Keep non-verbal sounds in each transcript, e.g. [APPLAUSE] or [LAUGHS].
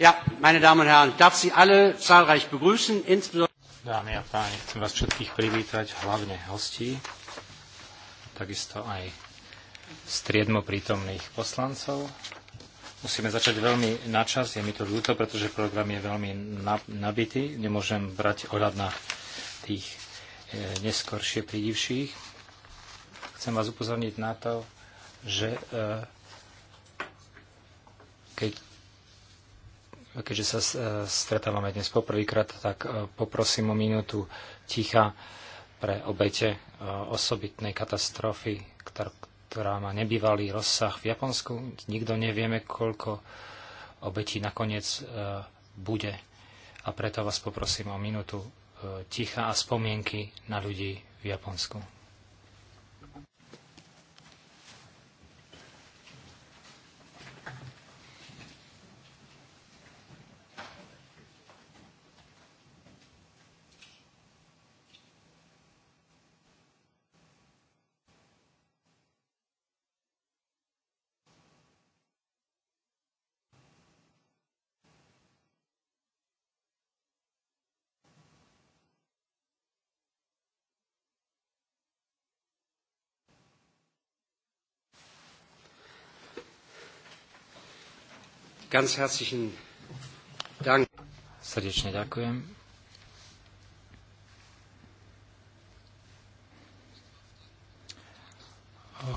Ja, meine Damen und Herren, darf Sie alle zahlreich begrüßen, insbesondere... Dámy a páni, chcem vás všetkých privítať, hlavne hostí, takisto aj striedmo prítomných poslancov. Musíme začať veľmi načas, je mi to ľúto, pretože program je veľmi nabitý, nemôžem brať ohľad na tých e, neskoršie prídivších. Chcem vás upozorniť na to, že e, keď Keďže sa e, stretávame dnes poprvýkrát, tak e, poprosím o minútu ticha pre obete e, osobitnej katastrofy, ktorá má nebývalý rozsah v Japonsku. Nikto nevieme, koľko obetí nakoniec bude. A preto vás poprosím o minútu ticha a spomienky na ľudí v Japonsku. Ganz herzlichen Dank. Srdečne ďakujem.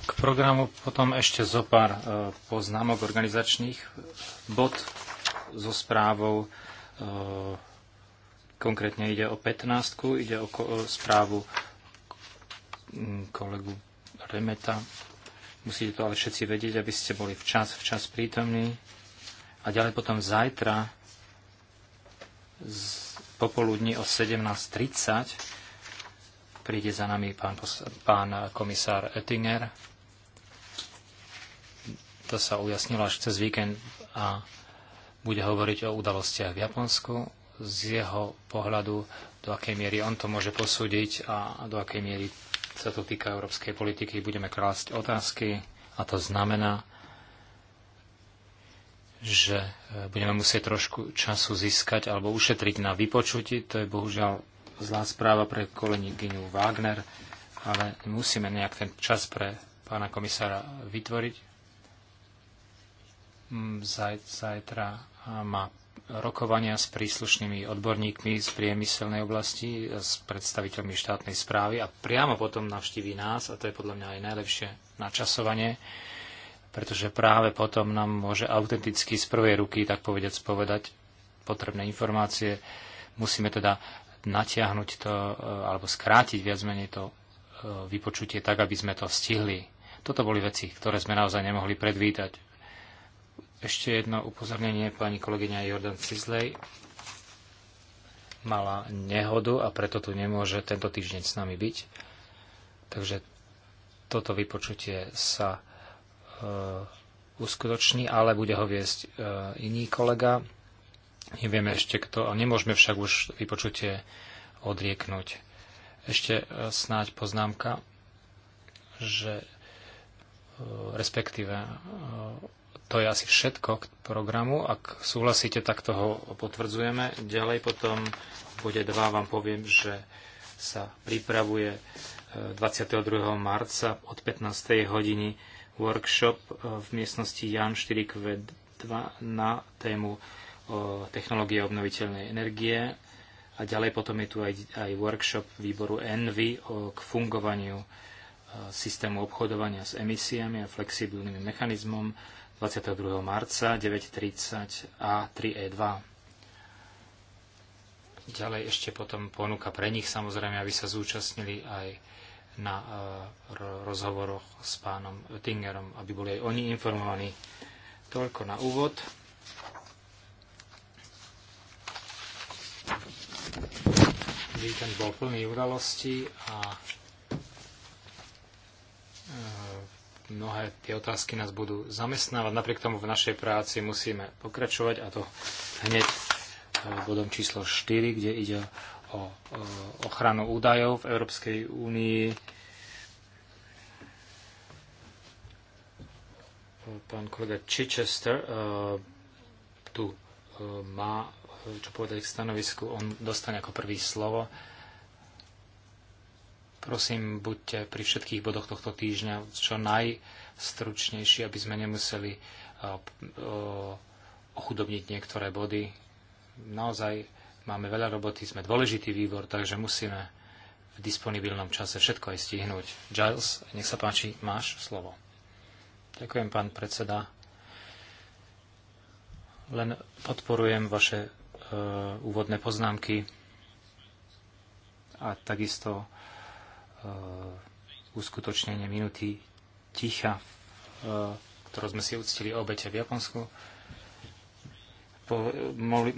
K programu potom ešte zo pár e, poznámok organizačných. Bod so správou e, konkrétne ide o 15, ide o e, správu kolegu Remeta. Musíte to ale všetci vedieť, aby ste boli včas, včas prítomní. A ďalej potom zajtra z popoludní o 17.30 príde za nami pán, pán komisár Oettinger. To sa ujasnilo až cez víkend a bude hovoriť o udalostiach v Japonsku z jeho pohľadu, do akej miery on to môže posúdiť a do akej miery sa to týka európskej politiky. Budeme klásť otázky a to znamená, že e, budeme musieť trošku času získať alebo ušetriť na vypočutí. To je bohužiaľ zlá správa pre kolegyňu Wagner, ale musíme nejak ten čas pre pána komisára vytvoriť. Mm, zajtra má rokovania s príslušnými odborníkmi z priemyselnej oblasti, s predstaviteľmi štátnej správy a priamo potom navštíví nás, a to je podľa mňa aj najlepšie načasovanie, pretože práve potom nám môže autenticky z prvej ruky, tak povedať, povedať potrebné informácie. Musíme teda natiahnuť to, e, alebo skrátiť viac menej to e, vypočutie tak, aby sme to stihli. Toto boli veci, ktoré sme naozaj nemohli predvídať. Ešte jedno upozornenie pani kolegyňa Jordan Cisley mala nehodu a preto tu nemôže tento týždeň s nami byť. Takže toto vypočutie sa E, uskutoční, ale bude ho viesť e, iný kolega. Nevieme ešte kto a nemôžeme však už vypočutie odrieknúť. Ešte e, snáď poznámka, že respektíve to je asi všetko k programu. Ak súhlasíte, tak toho potvrdzujeme. Ďalej potom bude dva, vám poviem, že sa pripravuje 22. marca od 15. hodiny workshop e, v miestnosti Jan 4Q2 na tému e, technológie obnoviteľnej energie. A ďalej potom je tu aj, aj workshop výboru ENVY k fungovaniu e, systému obchodovania s emisiami a flexibilným mechanizmom 22. marca 9.30 a 3E2. Ďalej ešte potom ponuka pre nich samozrejme, aby sa zúčastnili aj na e, rozhovoroch s pánom Tingerom, aby boli aj oni informovaní. Toľko na úvod. Víkend bol plný udalostí a e, mnohé tie otázky nás budú zamestnávať. Napriek tomu v našej práci musíme pokračovať a to hneď e, bodom číslo 4, kde ide o ochranu údajov v Európskej únii. Pán kolega Chichester e, tu e, má e, čo povedať k stanovisku. On dostane ako prvý slovo. Prosím, buďte pri všetkých bodoch tohto týždňa čo najstručnejší, aby sme nemuseli ochudobniť niektoré body. Naozaj Máme veľa roboty, sme dôležitý výbor, takže musíme v disponibilnom čase všetko aj stihnúť. Giles, nech sa páči, máš slovo. Ďakujem, pán predseda. Len podporujem vaše e, úvodné poznámky a takisto e, uskutočnenie minuty ticha, e, ktorú sme si uctili obete v Japonsku po, mol, e,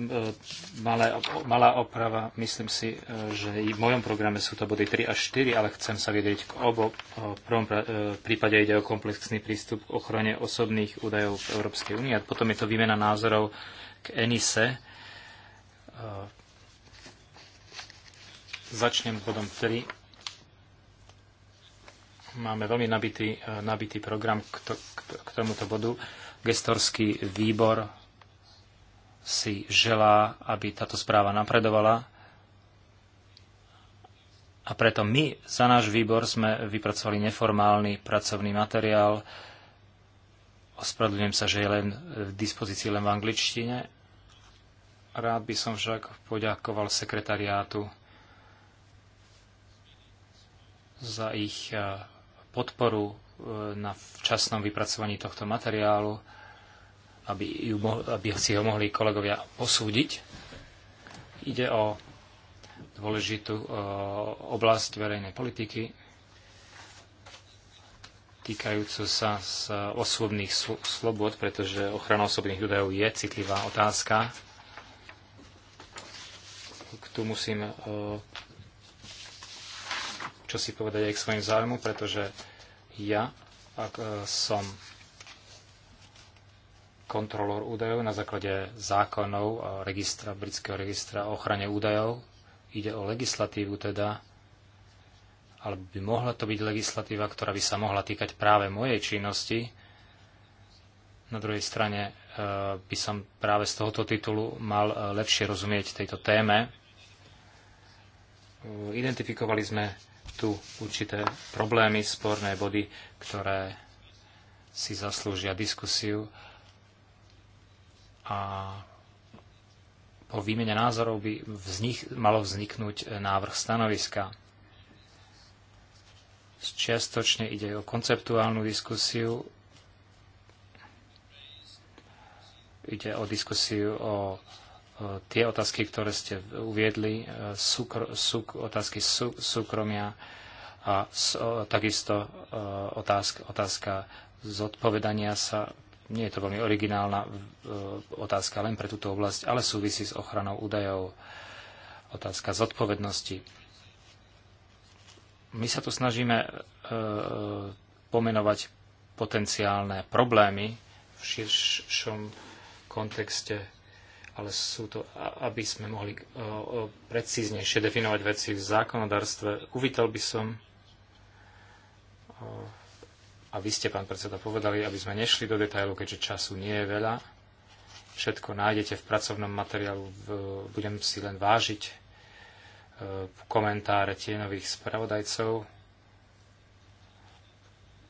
malé, malá oprava, myslím si, e, že i v mojom programe sú to body 3 až 4, ale chcem sa vyjadriť k obo. V prvom e, prípade ide o komplexný prístup k ochrane osobných údajov v Európskej únii a potom je to výmena názorov k ENISE. Začnem bodom 3 máme veľmi nabitý, nabitý program k, to, k, k tomuto bodu. Gestorský výbor si želá, aby táto správa napredovala. A preto my za náš výbor sme vypracovali neformálny pracovný materiál. Ospravedlňujem sa, že je len v dispozícii len v angličtine. Rád by som však poďakoval sekretariátu za ich eh, podporu eh, na včasnom vypracovaní tohto materiálu aby, ju, aby si ho mohli kolegovia posúdiť. Ide o dôležitú o, e, oblasť verejnej politiky, týkajúcu sa z osobných slobod, pretože ochrana osobných údajov je citlivá otázka. Tu musím e, čo si povedať aj k svojim záujmu, pretože ja ak e, som kontrolór údajov na základe zákonov registra, britského registra o ochrane údajov. Ide o legislatívu teda, ale by mohla to byť legislatíva, ktorá by sa mohla týkať práve mojej činnosti. Na druhej strane e, by som práve z tohoto titulu mal e, lepšie rozumieť tejto téme. E, identifikovali sme tu určité problémy, sporné body, ktoré si zaslúžia diskusiu a po výmene názorov by nich malo vzniknúť návrh stanoviska. Čiastočne ide o konceptuálnu diskusiu, ide o diskusiu o tie otázky, ktoré ste uviedli, e, súkr, súk, otázky sú, súkromia a s, o, takisto e, otázka, otázka zodpovedania sa nie je to veľmi originálna e, otázka len pre túto oblasť, ale súvisí s ochranou údajov. Otázka zodpovednosti. My sa tu snažíme e, e, pomenovať potenciálne problémy v širšom kontexte, ale sú to, aby sme mohli precíznejšie definovať veci v zákonodarstve. Uvítal by som a vy ste, pán predseda, povedali, aby sme nešli do detailu, keďže času nie je veľa. Všetko nájdete v pracovnom materiálu, budem si len vážiť e, komentáre tieňových spravodajcov.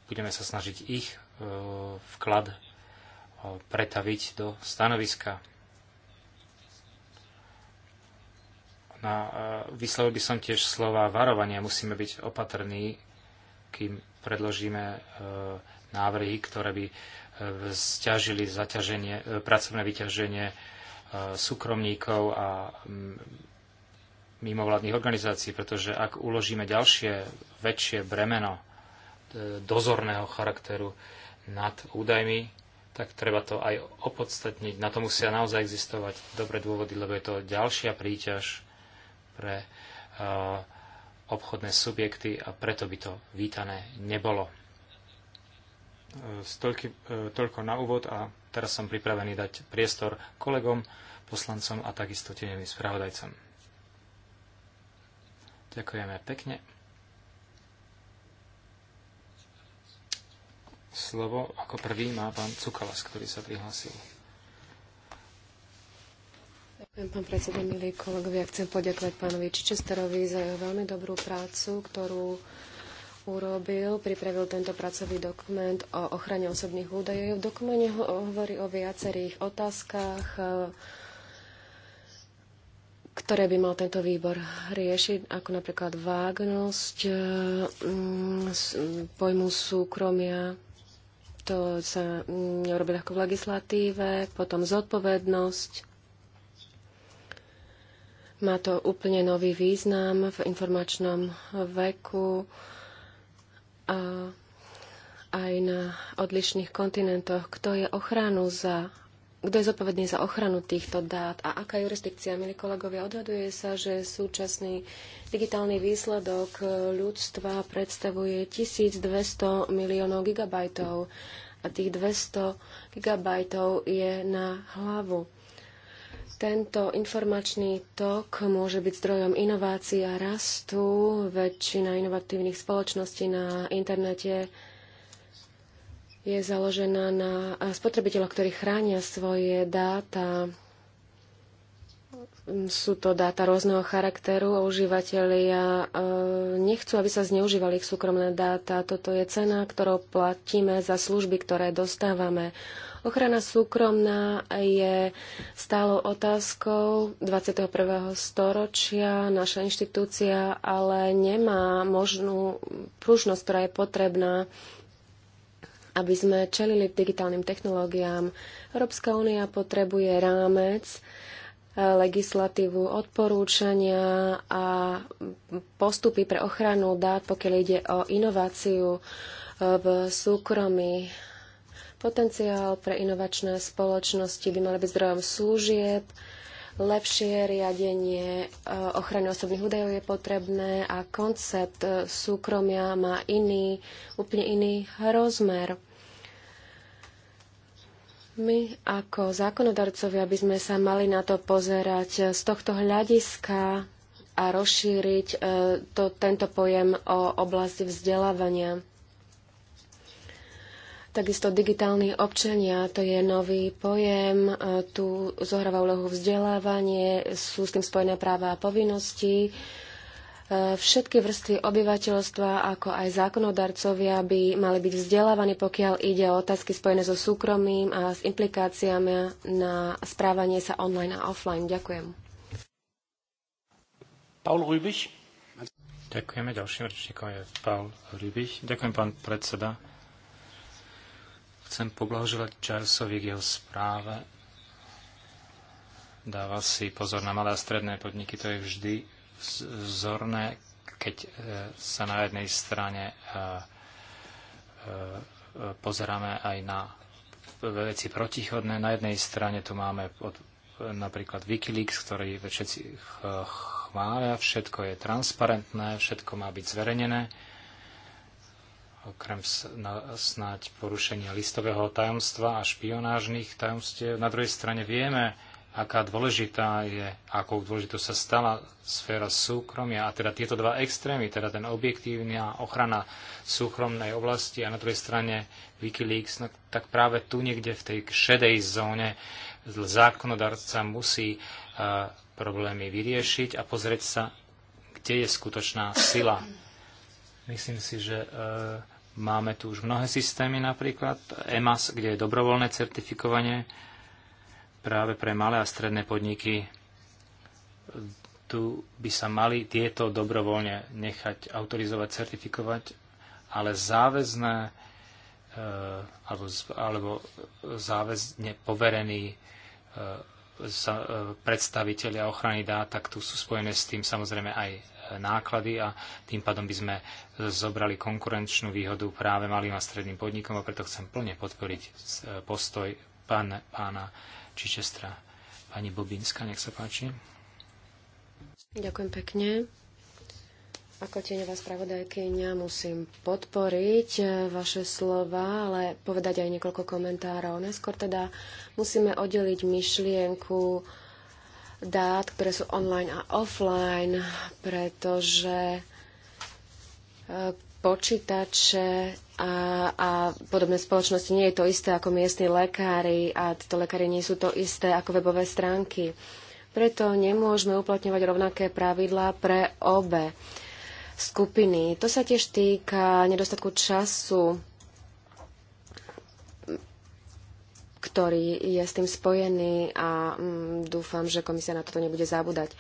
Budeme sa snažiť ich e, vklad e, pretaviť do stanoviska. vyslovil by som tiež slova varovania. Musíme byť opatrní, kým predložíme e, návrhy, ktoré by e, zťažili zaťaženie, e, pracovné vyťaženie súkromníkov a mimovládnych organizácií, pretože ak uložíme ďalšie väčšie bremeno dozorného charakteru nad údajmi, tak treba to aj opodstatniť. Na to musia naozaj existovať dobré dôvody, lebo je to ďalšia príťaž pre uh, obchodné subjekty a preto by to vítané nebolo. Stolky, e, toľko na úvod a teraz som pripravený dať priestor kolegom, poslancom a takisto tieňovým spravodajcom. Ďakujeme pekne. Slovo ako prvý má pán Cukalas, ktorý sa prihlásil. Pán predseda, milí kolegovia, chcem poďakovať pánovi Čičesterovi za jeho veľmi dobrú prácu, ktorú urobil, pripravil tento pracovný dokument o ochrane osobných údajov. V dokumente hovorí o viacerých otázkach, e, ktoré by mal tento výbor riešiť, ako napríklad vágnosť e, pojmu súkromia, to sa mm, robí ľahko v legislatíve, potom zodpovednosť, má to úplne nový význam v informačnom veku a aj na odlišných kontinentoch. Kto je ochranu za kto je zodpovedný za ochranu týchto dát a aká jurisdikcia, milí kolegovia, odhaduje sa, že súčasný digitálny výsledok ľudstva predstavuje 1200 miliónov gigabajtov a tých 200 gigabajtov je na hlavu. Tento informačný tok môže byť zdrojom inovácií a rastu. Väčšina inovatívnych spoločností na internete je založená na spotrebiteľoch, ktorí chránia svoje dáta. Sú to dáta rôzneho charakteru a užívateľia e, nechcú, aby sa zneužívali ich súkromné dáta. Toto je cena, ktorou platíme za služby, ktoré dostávame Ochrana súkromná je stálou otázkou 21. storočia. Naša inštitúcia ale nemá možnú pružnosť, ktorá je potrebná aby sme čelili digitálnym technológiám. Európska únia potrebuje rámec, legislatívu, odporúčania a postupy pre ochranu dát, pokiaľ ide o inováciu v súkromí. Potenciál pre inovačné spoločnosti by mali byť zdrojom služieb, lepšie riadenie e, ochrany osobných údajov je potrebné a koncept e, súkromia má iný, úplne iný rozmer. My ako zákonodarcovia by sme sa mali na to pozerať z tohto hľadiska a rozšíriť e, to, tento pojem o oblasť vzdelávania. Takisto digitálni občania, to je nový pojem, tu zohráva úlohu vzdelávanie, sú s tým spojené práva a povinnosti. E, všetky vrstvy obyvateľstva, ako aj zákonodarcovia, by mali byť vzdelávaní, pokiaľ ide o otázky spojené so súkromím a s implikáciami na správanie sa online a offline. Ďakujem. Paul Rübich. Ďakujeme. Ďalším rečníkom je Paul Rübich. Ďakujem, pán predseda. Chcem poblahoželať Charlesovi k jeho správe. Dáva si pozor na malé a stredné podniky, to je vždy vzorné, keď e, sa na jednej strane e, e, pozeráme aj na veci protichodné. Na jednej strane tu máme od, napríklad Wikileaks, ktorý všetci chvália, všetko je transparentné, všetko má byť zverejnené okrem snáď porušenia listového tajomstva a špionážnych tajomstiev. Na druhej strane vieme, aká dôležitá je, akou dôležitou sa stala sféra súkromia a teda tieto dva extrémy, teda ten objektívny a ochrana súkromnej oblasti a na druhej strane Wikileaks, no, tak práve tu niekde v tej šedej zóne zákonodarca musí uh, problémy vyriešiť a pozrieť sa, kde je skutočná sila. Myslím si, že uh, Máme tu už mnohé systémy, napríklad EMAS, kde je dobrovoľné certifikovanie práve pre malé a stredné podniky. Tu by sa mali tieto dobrovoľne nechať autorizovať, certifikovať, ale záväzné eh, alebo, alebo záväzne poverení eh, eh, predstaviteľia ochrany dát, tak tu sú spojené s tým samozrejme aj náklady a tým pádom by sme zobrali konkurenčnú výhodu práve malým a stredným podnikom a preto chcem plne podporiť postoj pán, pána Čičestra. Pani Bobínska, nech sa páči. Ďakujem pekne. Ako tieňová spravodajkyňa musím podporiť eh, vaše slova, ale povedať aj niekoľko komentárov. Neskôr teda musíme oddeliť myšlienku dát, ktoré sú online a offline, pretože e, počítače a, a podobné spoločnosti nie je to isté ako miestni lekári a títo lekári nie sú to isté ako webové stránky. Preto nemôžeme uplatňovať rovnaké pravidlá pre obe skupiny. To sa tiež týka nedostatku času ktorý je s tým spojený a mm, dúfam, že komisia na toto nebude zabúdať.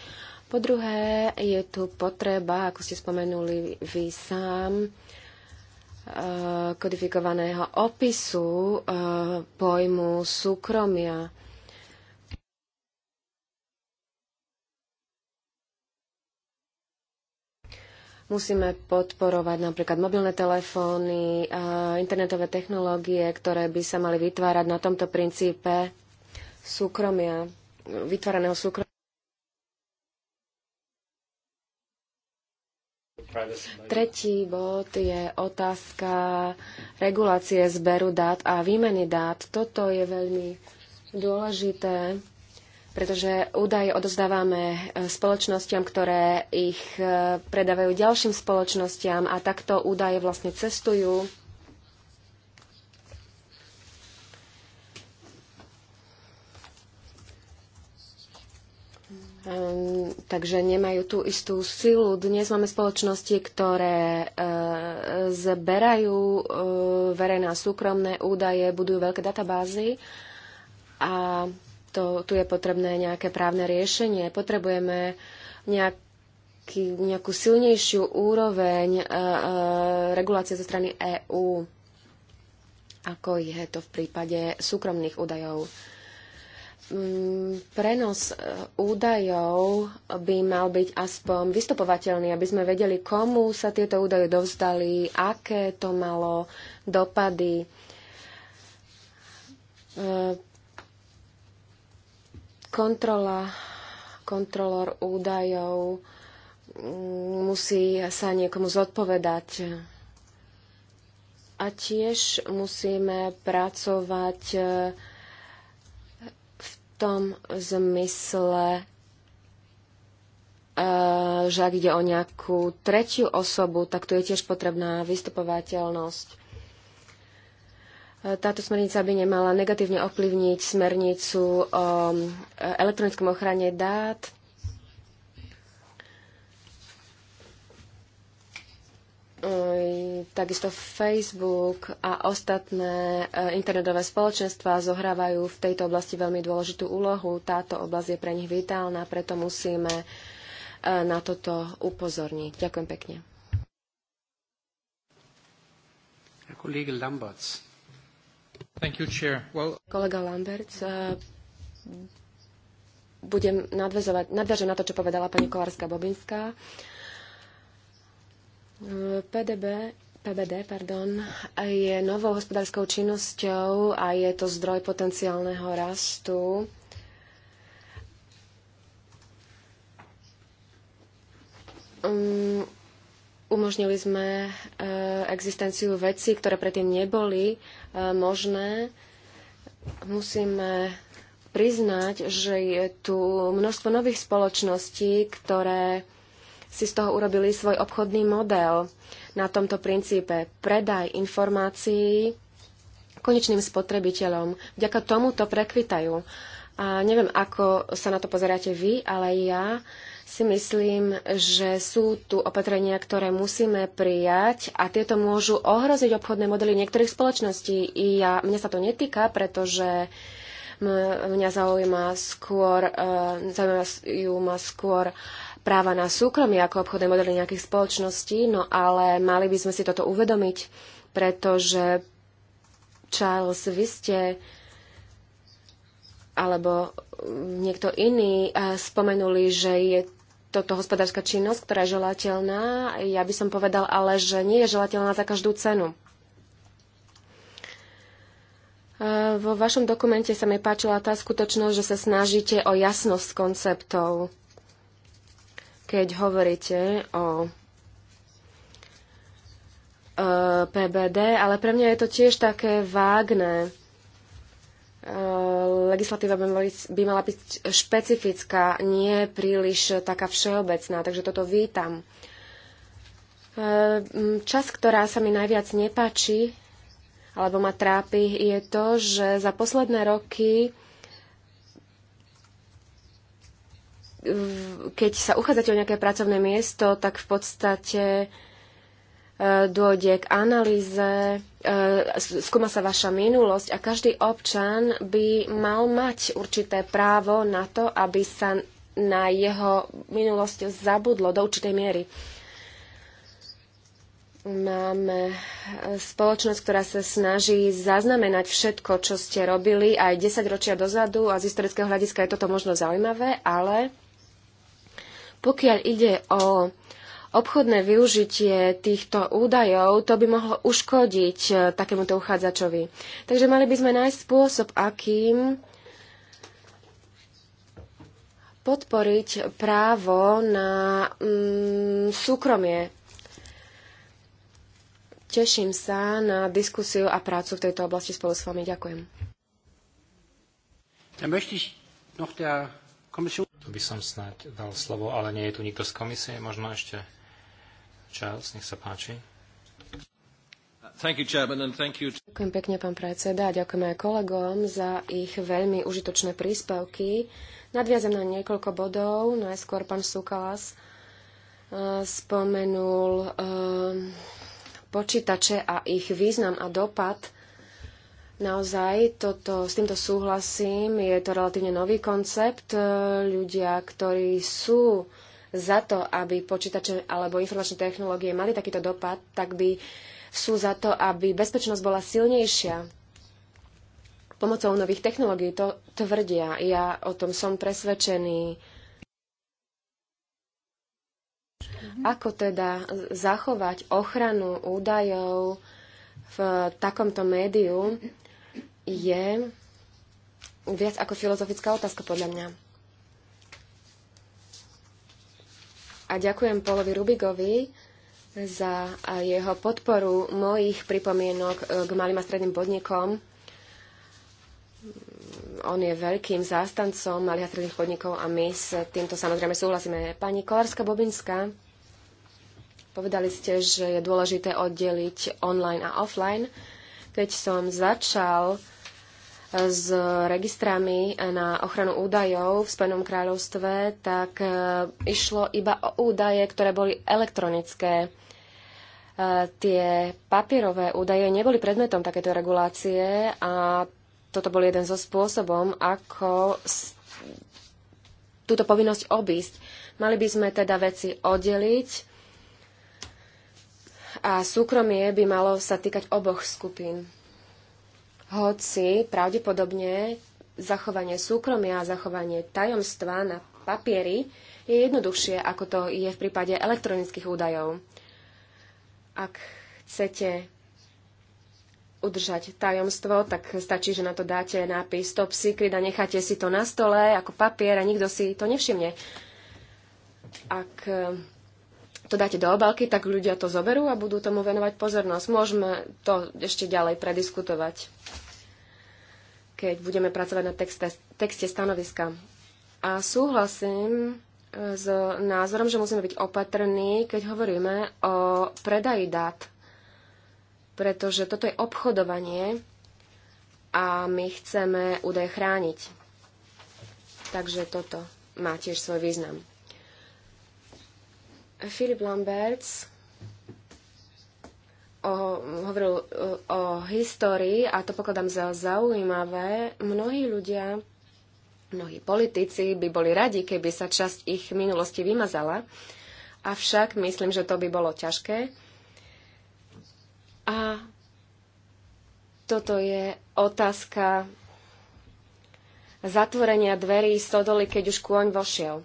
Po druhé, je tu potreba, ako ste spomenuli vy sám, e, kodifikovaného opisu e, pojmu súkromia Musíme podporovať napríklad mobilné telefóny, a internetové technológie, ktoré by sa mali vytvárať na tomto princípe súkromia, vytváraného súkromia. Tretí bod je otázka regulácie zberu dát a výmeny dát. Toto je veľmi dôležité pretože údaje odozdávame e, spoločnosťam, ktoré ich e, predávajú ďalším spoločnosťam a takto údaje vlastne cestujú. Ehm, takže nemajú tú istú silu. Dnes máme spoločnosti, ktoré e, zberajú verejné a súkromné údaje, budujú veľké databázy a to, tu je potrebné nejaké právne riešenie. Potrebujeme nejak nejakú silnejšiu úroveň e, e, regulácie zo strany EÚ, ako je to v prípade súkromných údajov. Mm, prenos e, údajov by mal byť aspoň vystupovateľný, aby sme vedeli, komu sa tieto údaje dovzdali, aké to malo dopady. E, Kontrola, kontrolór údajov mm, musí sa niekomu zodpovedať. A tiež musíme pracovať e, v tom zmysle, e, že ak ide o nejakú tretiu osobu, tak tu je tiež potrebná vystupovateľnosť. Táto smernica by nemala negatívne ovplyvniť smernicu o e, elektronickom ochrane dát. Takisto Facebook a ostatné e, internetové spoločenstva zohrávajú v tejto oblasti veľmi dôležitú úlohu. Táto oblasť je pre nich vitálna, preto musíme e, na toto upozorniť. Ďakujem pekne. Herr Kollege Lamberts. Kolega Lambert, e, budem nadväzovať, nadväžem na to, čo povedala pani Kolárska-Bobinská. E, PDB PBD pardon, je novou hospodárskou činnosťou a je to zdroj potenciálneho rastu. Um, Umožnili sme e, existenciu vecí, ktoré predtým neboli e, možné. Musíme priznať, že je tu množstvo nových spoločností, ktoré si z toho urobili svoj obchodný model na tomto princípe predaj informácií konečným spotrebiteľom. Vďaka tomu to prekvitajú. A neviem, ako sa na to pozeráte vy, ale ja si myslím, že sú tu opatrenia, ktoré musíme prijať a tieto môžu ohroziť obchodné modely niektorých spoločností. I ja, mňa sa to netýka, pretože mňa zaujíma skôr, e, zaujímajú ma skôr práva na súkromie ako obchodné modely nejakých spoločností, no ale mali by sme si toto uvedomiť, pretože Charles, vy ste uh, alebo mm, niekto iný spomenuli, že je toto hospodárska činnosť, ktorá je želateľná. Ja by som povedal ale, že nie je želateľná za každú cenu. Vo vašom dokumente sa mi páčila tá skutočnosť, že sa snažíte o jasnosť konceptov, keď hovoríte o e, PBD, ale pre mňa je to tiež také vágne Eh, legislatíva by, mali, by mala byť špecifická, nie príliš taká všeobecná, takže toto vítam. Eh, čas, ktorá sa mi najviac nepáči, alebo ma trápi, je to, že za posledné roky, keď sa uchádzate o nejaké pracovné miesto, tak v podstate uh, E, dôjde k analýze, e, skúma sa vaša minulosť a každý občan by mal mať určité právo na to, aby sa na jeho minulosť zabudlo do určitej miery. Máme e, spoločnosť, ktorá sa snaží zaznamenať všetko, čo ste robili aj 10 ročia dozadu a z historického hľadiska je toto možno zaujímavé, ale pokiaľ ide o obchodné využitie týchto údajov, to by mohlo uškodiť e, takémuto uchádzačovi. Takže mali by sme nájsť spôsob, akým podporiť právo na mm, súkromie. Teším sa na diskusiu a prácu v tejto oblasti spolu s vami. Ďakujem. To by som snáď dal slovo, ale nie je tu nikto z komisie. Možno ešte Charles, nech sa páči. ďakujem pekne, pán predseda. A ďakujem aj kolegom za ich veľmi užitočné príspevky. Nadviazem na niekoľko bodov. Najskôr pán Sukalas e, spomenul e, počítače a ich význam a dopad. Naozaj, toto, s týmto súhlasím. Je to relatívne nový koncept. E, ľudia, ktorí sú za to, aby počítače alebo informačné technológie mali takýto dopad, tak by sú za to, aby bezpečnosť bola silnejšia pomocou nových technológií. To tvrdia. Ja o tom som presvedčený. Ako teda zachovať ochranu údajov v takomto médiu je viac ako filozofická otázka podľa mňa. a ďakujem Polovi Rubigovi za jeho podporu mojich pripomienok e, k malým a stredným podnikom. On je veľkým zástancom malých a stredných podnikov a my s týmto samozrejme súhlasíme. Pani Kolárska-Bobinská, povedali ste, že je dôležité oddeliť online a offline. Keď som začal s registrami na ochranu údajov v Spojenom kráľovstve, tak e, išlo iba o údaje, ktoré boli elektronické. E, tie papierové údaje neboli predmetom takéto regulácie a toto bol jeden zo spôsobom, ako túto povinnosť obísť. Mali by sme teda veci oddeliť a súkromie by malo sa týkať oboch skupín. Hoci pravdepodobne zachovanie súkromia a zachovanie tajomstva na papieri je jednoduchšie, ako to je v prípade elektronických údajov. Ak chcete udržať tajomstvo, tak stačí, že na to dáte nápis Top Secret a necháte si to na stole ako papier a nikto si to nevšimne. Ak e, to dáte do obalky, tak ľudia to zoberú a budú tomu venovať pozornosť. Môžeme to ešte ďalej prediskutovať keď budeme pracovať na texte, texte stanoviska. A súhlasím eh, s názorom, že musíme byť opatrní, keď hovoríme o predaji dát, pretože toto je obchodovanie a my chceme údaje chrániť. Takže toto má tiež svoj význam. Filip Lamberts o, hovoril o, o histórii a to pokladám za zaujímavé. Mnohí ľudia, mnohí politici by boli radi, keby sa časť ich minulosti vymazala. Avšak myslím, že to by bolo ťažké. A toto je otázka zatvorenia dverí stodoly, keď už kôň vošiel.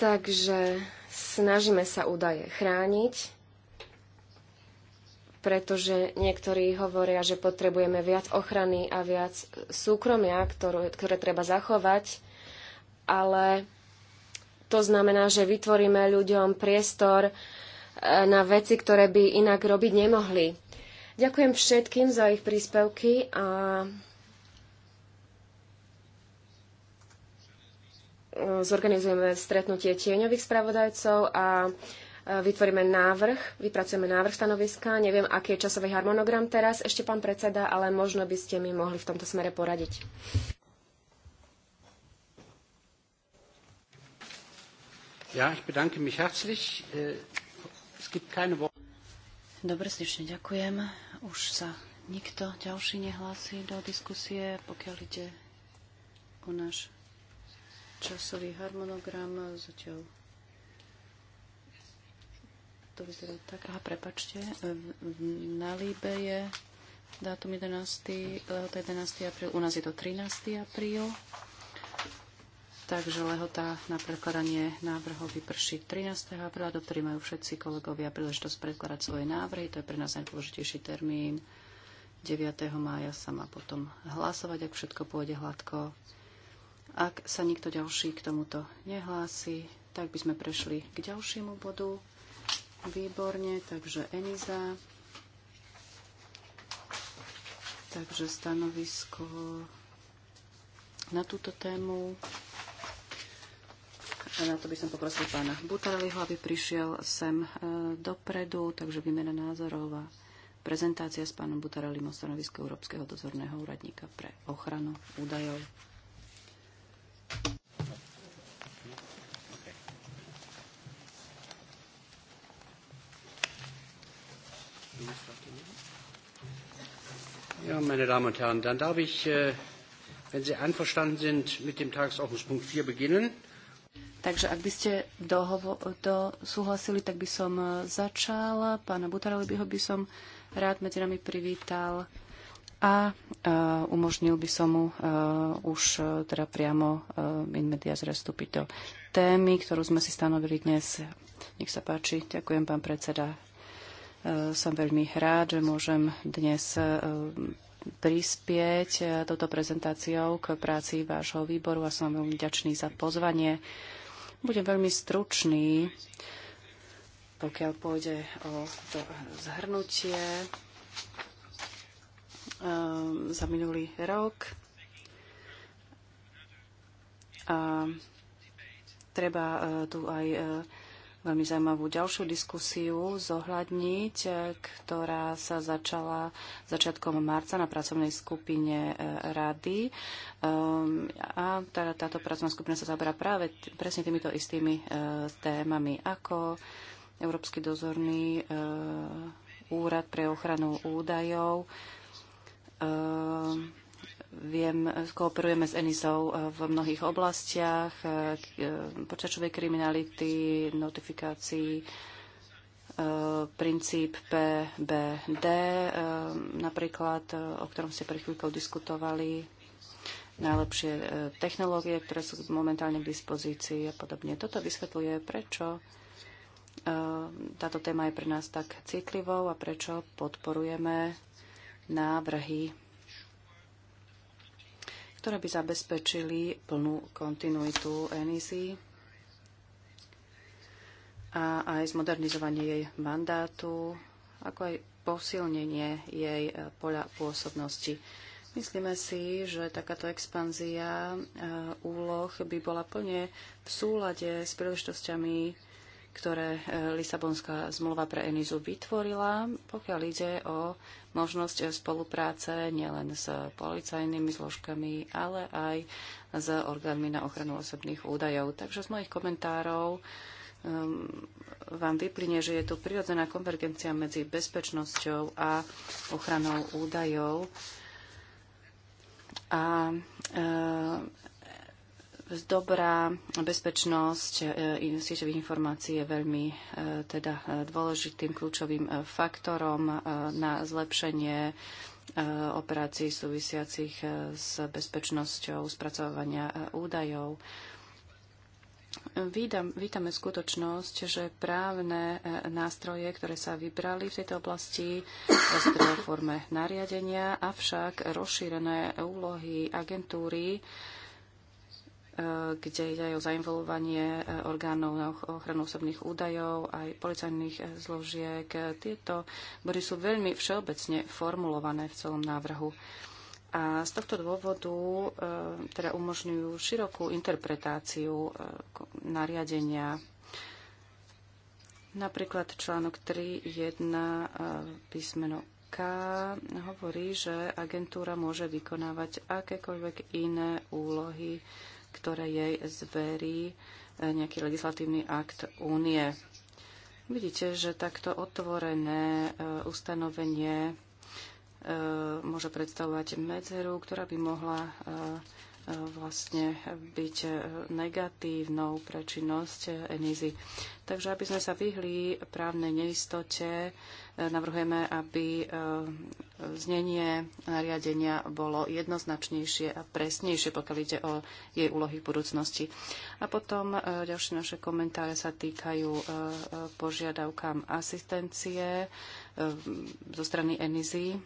Takže snažíme sa údaje chrániť pretože niektorí hovoria, že potrebujeme viac ochrany a viac súkromia, ktoré, ktoré treba zachovať, ale to znamená, že vytvoríme ľuďom priestor e, na veci, ktoré by inak robiť nemohli. Ďakujem všetkým za ich príspevky a zorganizujeme stretnutie tieňových spravodajcov a vytvoríme návrh, vypracujeme návrh stanoviska. Neviem, aký je časový harmonogram teraz ešte, pán predseda, ale možno by ste mi mohli v tomto smere poradiť. Ja, ich bedanke mich herzlich. Äh, es gibt keine Dobre, srdečne ďakujem. Už sa nikto ďalší nehlási do diskusie, pokiaľ ide o náš časový harmonogram. Zatiaľ to vyzerá tak. Aha, prepačte. Na Líbe je dátum 11. Lehota 11. apríl. U nás je to 13. apríl. Takže lehota na prekladanie návrhov vyprší 13. apríla, do ktorých majú všetci kolegovia príležitosť predkladať svoje návrhy. To je pre nás najdôležitejší termín. 9. mája sa má potom hlasovať, ak všetko pôjde hladko. Ak sa nikto ďalší k tomuto nehlási, tak by sme prešli k ďalšiemu bodu. Výborne, takže Eniza. Takže stanovisko na túto tému. A Na to by som poprosil pána Butareliho, aby prišiel sem e, dopredu, takže výmena názorov a prezentácia s pánom Butarelim o stanovisku Európskeho dozorného úradníka pre ochranu údajov. Ja, meine Damen und Herren, dann darf ich, äh, wenn Sie einverstanden sind, mit dem Tagesordnungspunkt 4 beginnen. Takže ak by ste dohovo, do, súhlasili, tak by som äh, začal. Pána Butarovi by ho by som rád medzi nami privítal a uh, umožnil by som mu uh, už uh, teda priamo uh, in media zrestúpiť do témy, ktorú sme si stanovili dnes. Nech sa páči. Ďakujem, pán predseda. Eh, som veľmi rád, že môžem dnes eh, prispieť eh, toto prezentáciou k práci vášho výboru a som veľmi vďačný za pozvanie. Budem veľmi stručný, pokiaľ pôjde o to zhrnutie za minulý rok. A treba tu aj veľmi zaujímavú ďalšiu diskusiu zohľadniť, e, ktorá sa začala začiatkom marca na pracovnej skupine e, rady. Ehm, a tá, teda táto pracovná skupina sa zaberá práve presne týmito istými e, témami, ako Európsky dozorný úrad pre ochranu údajov ehm, viem, kooperujeme s ENISou eh, v mnohých oblastiach eh, eh, počačovej kriminality, notifikácií, princíp PBD, napríklad, o ktorom ste pred chvíľkou diskutovali, najlepšie technológie, ktoré sú momentálne k dispozícii a podobne. Toto vysvetľuje, prečo táto téma je pre nás tak citlivou a prečo podporujeme návrhy ktoré by zabezpečili plnú kontinuitu NEC a aj zmodernizovanie jej mandátu, ako aj posilnenie jej e, poľa pôsobnosti. Myslíme si, že takáto expanzia e, úloh by bola plne v súlade s príležitosťami ktoré e, Lisabonská zmluva pre Enizu vytvorila, pokiaľ ide o možnosť spolupráce nielen s policajnými zložkami, ale aj s orgánmi na ochranu osobných údajov. Takže z mojich komentárov ehm, vám vyplyne, že je tu prirodzená konvergencia medzi bezpečnosťou a ochranou údajov. A e, Dobrá bezpečnosť e, sieťových informácií je veľmi e, teda e, dôležitým kľúčovým faktorom na zlepšenie operácií súvisiacich s bezpečnosťou spracovania údajov. Vítam, vítame skutočnosť, že právne nástroje, ktoré sa vybrali v tejto oblasti, v forme nariadenia, avšak rozšírené úlohy agentúry kde ide aj o zainvolovanie e, orgánov na ochranu osobných údajov, aj policajných e, zložiek. Tieto body sú veľmi všeobecne formulované v celom návrhu. A z tohto dôvodu e, teda umožňujú širokú interpretáciu nariadenia Napríklad článok 3.1 písmeno K hovorí, že agentúra môže vykonávať akékoľvek iné úlohy ktoré jej zverí e, nejaký legislatívny akt únie. Vidíte, že takto otvorené e, ustanovenie e, môže predstavovať medzeru, ktorá by mohla vlastne byť negatívnou pre činnosť ENIZY. Takže aby sme sa vyhli právnej neistote, e, navrhujeme, aby e, znenie nariadenia bolo jednoznačnejšie a presnejšie, pokiaľ ide o jej úlohy v budúcnosti. A potom e, ďalšie naše komentáre sa týkajú požiadavkám asistencie zo strany ENIZY.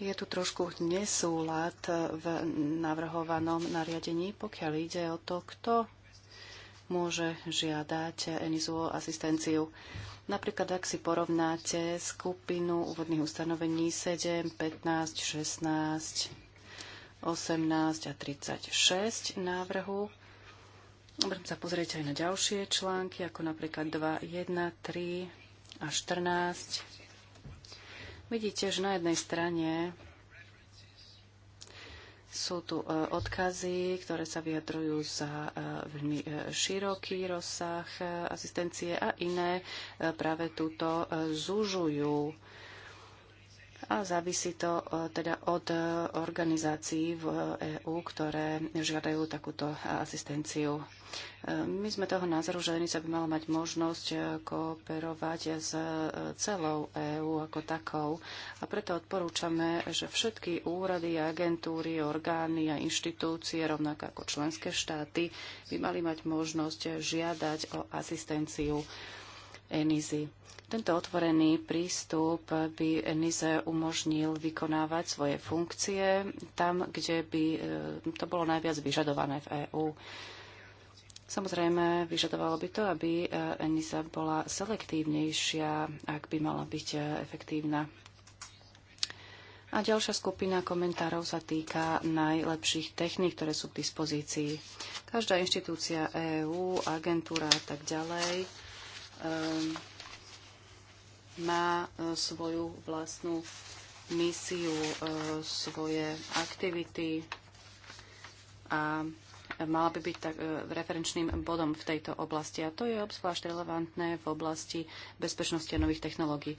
Je tu trošku nesúlad v navrhovanom nariadení, pokiaľ ide o to, kto môže žiadať ENISU o asistenciu. Napríklad, ak si porovnáte skupinu úvodných ustanovení 7, 15, 16, 18 a 36 návrhu, Budem sa pozrieť aj na ďalšie články, ako napríklad 2, 1, 3 a 14. Vidíte, že na jednej strane sú tu e, odkazy, ktoré sa vyjadrujú za e, veľmi e, široký rozsah asistencie a iné práve túto zužujú a závisí to e, teda od e, organizácií v EÚ, e ktoré žiadajú takúto asistenciu. My sme toho názoru, že Lenica by mala mať možnosť kooperovať s celou EÚ ako takou a preto odporúčame, že všetky úrady, agentúry, orgány a inštitúcie, rovnako ako členské štáty, by mali mať možnosť žiadať o asistenciu ENIZY. Tento otvorený prístup by ENIZE umožnil vykonávať svoje funkcie tam, kde by e, to bolo najviac vyžadované v EÚ. Samozrejme, vyžadovalo by to, aby e, ENISA bola selektívnejšia, ak by mala byť e, efektívna. A ďalšia skupina komentárov sa týka najlepších techník, ktoré sú k dispozícii. Každá inštitúcia EÚ, agentúra a tak ďalej Ehm, má e, svoju vlastnú misiu, e, svoje aktivity a mala by byť tak, e, referenčným bodom v tejto oblasti. A to je obzvlášť relevantné v oblasti bezpečnosti a nových technológií.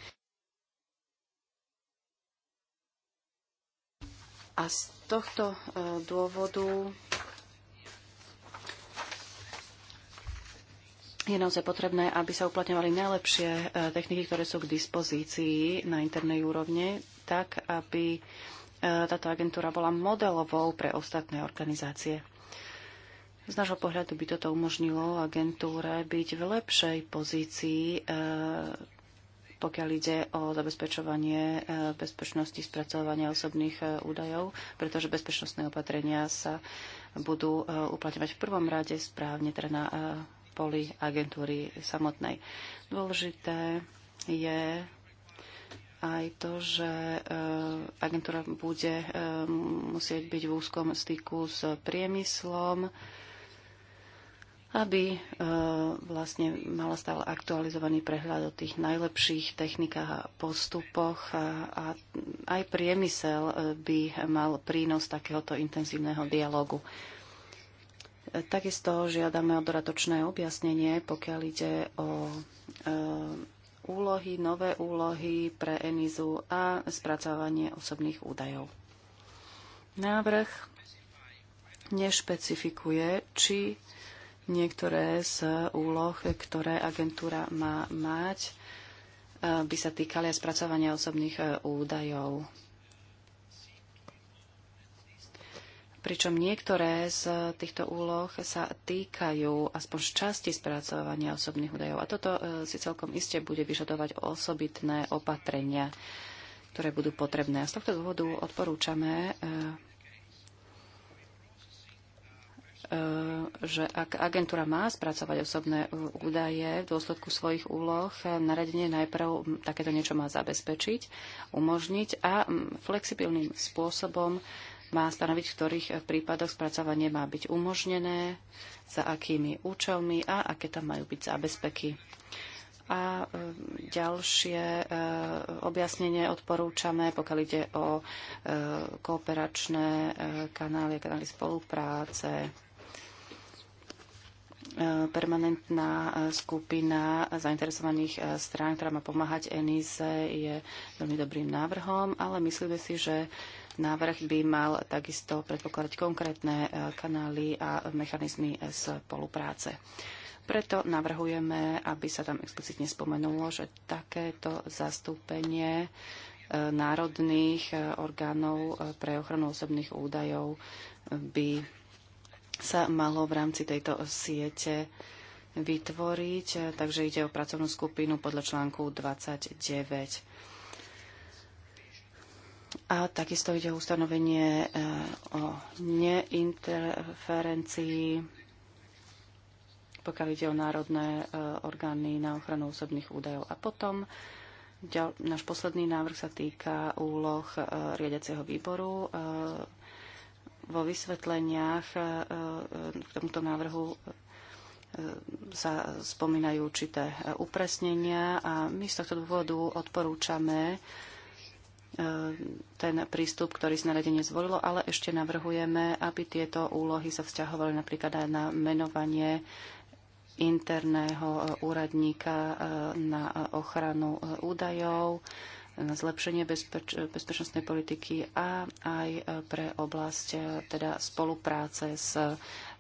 A z tohto dôvodu je naozaj potrebné, aby sa uplatňovali najlepšie e, techniky, ktoré sú k dispozícii na internej úrovne, tak aby e, táto agentúra bola modelovou pre ostatné organizácie. Z nášho pohľadu by toto umožnilo agentúre byť v lepšej pozícii, e, pokiaľ ide o zabezpečovanie bezpečnosti spracovania osobných údajov, pretože bezpečnostné opatrenia sa budú uplatňovať v prvom rade správne, teda na poli agentúry samotnej. Dôležité je aj to, že e, agentúra bude e, musieť byť v úzkom styku s priemyslom, aby e, vlastne mala stále aktualizovaný prehľad o tých najlepších technikách a postupoch a, aj priemysel by mal prínos takéhoto intenzívneho dialogu. Takisto žiadame o doratočné objasnenie, pokiaľ ide o e, úlohy, nové úlohy pre ENIZu a spracávanie osobných údajov. Návrh nešpecifikuje, či niektoré z úloh, ktoré agentúra má mať, e, by sa týkali aj spracovania osobných e, údajov. pričom niektoré z týchto úloh sa týkajú aspoň z časti spracovania osobných údajov. A toto e, si celkom iste bude vyžadovať osobitné opatrenia, ktoré budú potrebné. A z tohto dôvodu odporúčame e, e, že ak agentúra má spracovať osobné údaje v dôsledku svojich úloh, naredenie najprv takéto niečo má zabezpečiť, umožniť a flexibilným spôsobom má stanoviť, v ktorých eh, prípadoch spracovanie má byť umožnené, za akými účelmi a aké tam majú byť zábezpeky. A eh, ďalšie eh, objasnenie odporúčame, pokiaľ ide o kooperačné kanály, kanály spolupráce, permanentná skupina zainteresovaných strán, ktorá má pomáhať ENISE, je veľmi dobrým návrhom, ale myslíme si, že Návrh by mal takisto predpokladať konkrétne e, kanály a mechanizmy spolupráce. Preto navrhujeme, aby sa tam explicitne spomenulo, že takéto zastúpenie e, národných e, orgánov pre ochranu osobných údajov by sa malo v rámci tejto siete vytvoriť. Takže ide o pracovnú skupinu podľa článku 29. A takisto ide o ustanovenie eh, o neinterferencii, pokiaľ ide o národné eh, orgány na ochranu osobných údajov. A potom ďal, náš posledný návrh sa týka úloh eh, riadiaceho výboru. Vo vysvetleniach k tomuto návrhu sa spomínajú určité upresnenia a my z tohto dôvodu odporúčame, ten prístup, ktorý si naradenie zvolilo, ale ešte navrhujeme, aby tieto úlohy sa vzťahovali napríklad aj na menovanie interného e, úradníka e, na ochranu e, údajov, na zlepšenie bezpeč- bezpečnostnej politiky a aj pre oblasť teda spolupráce s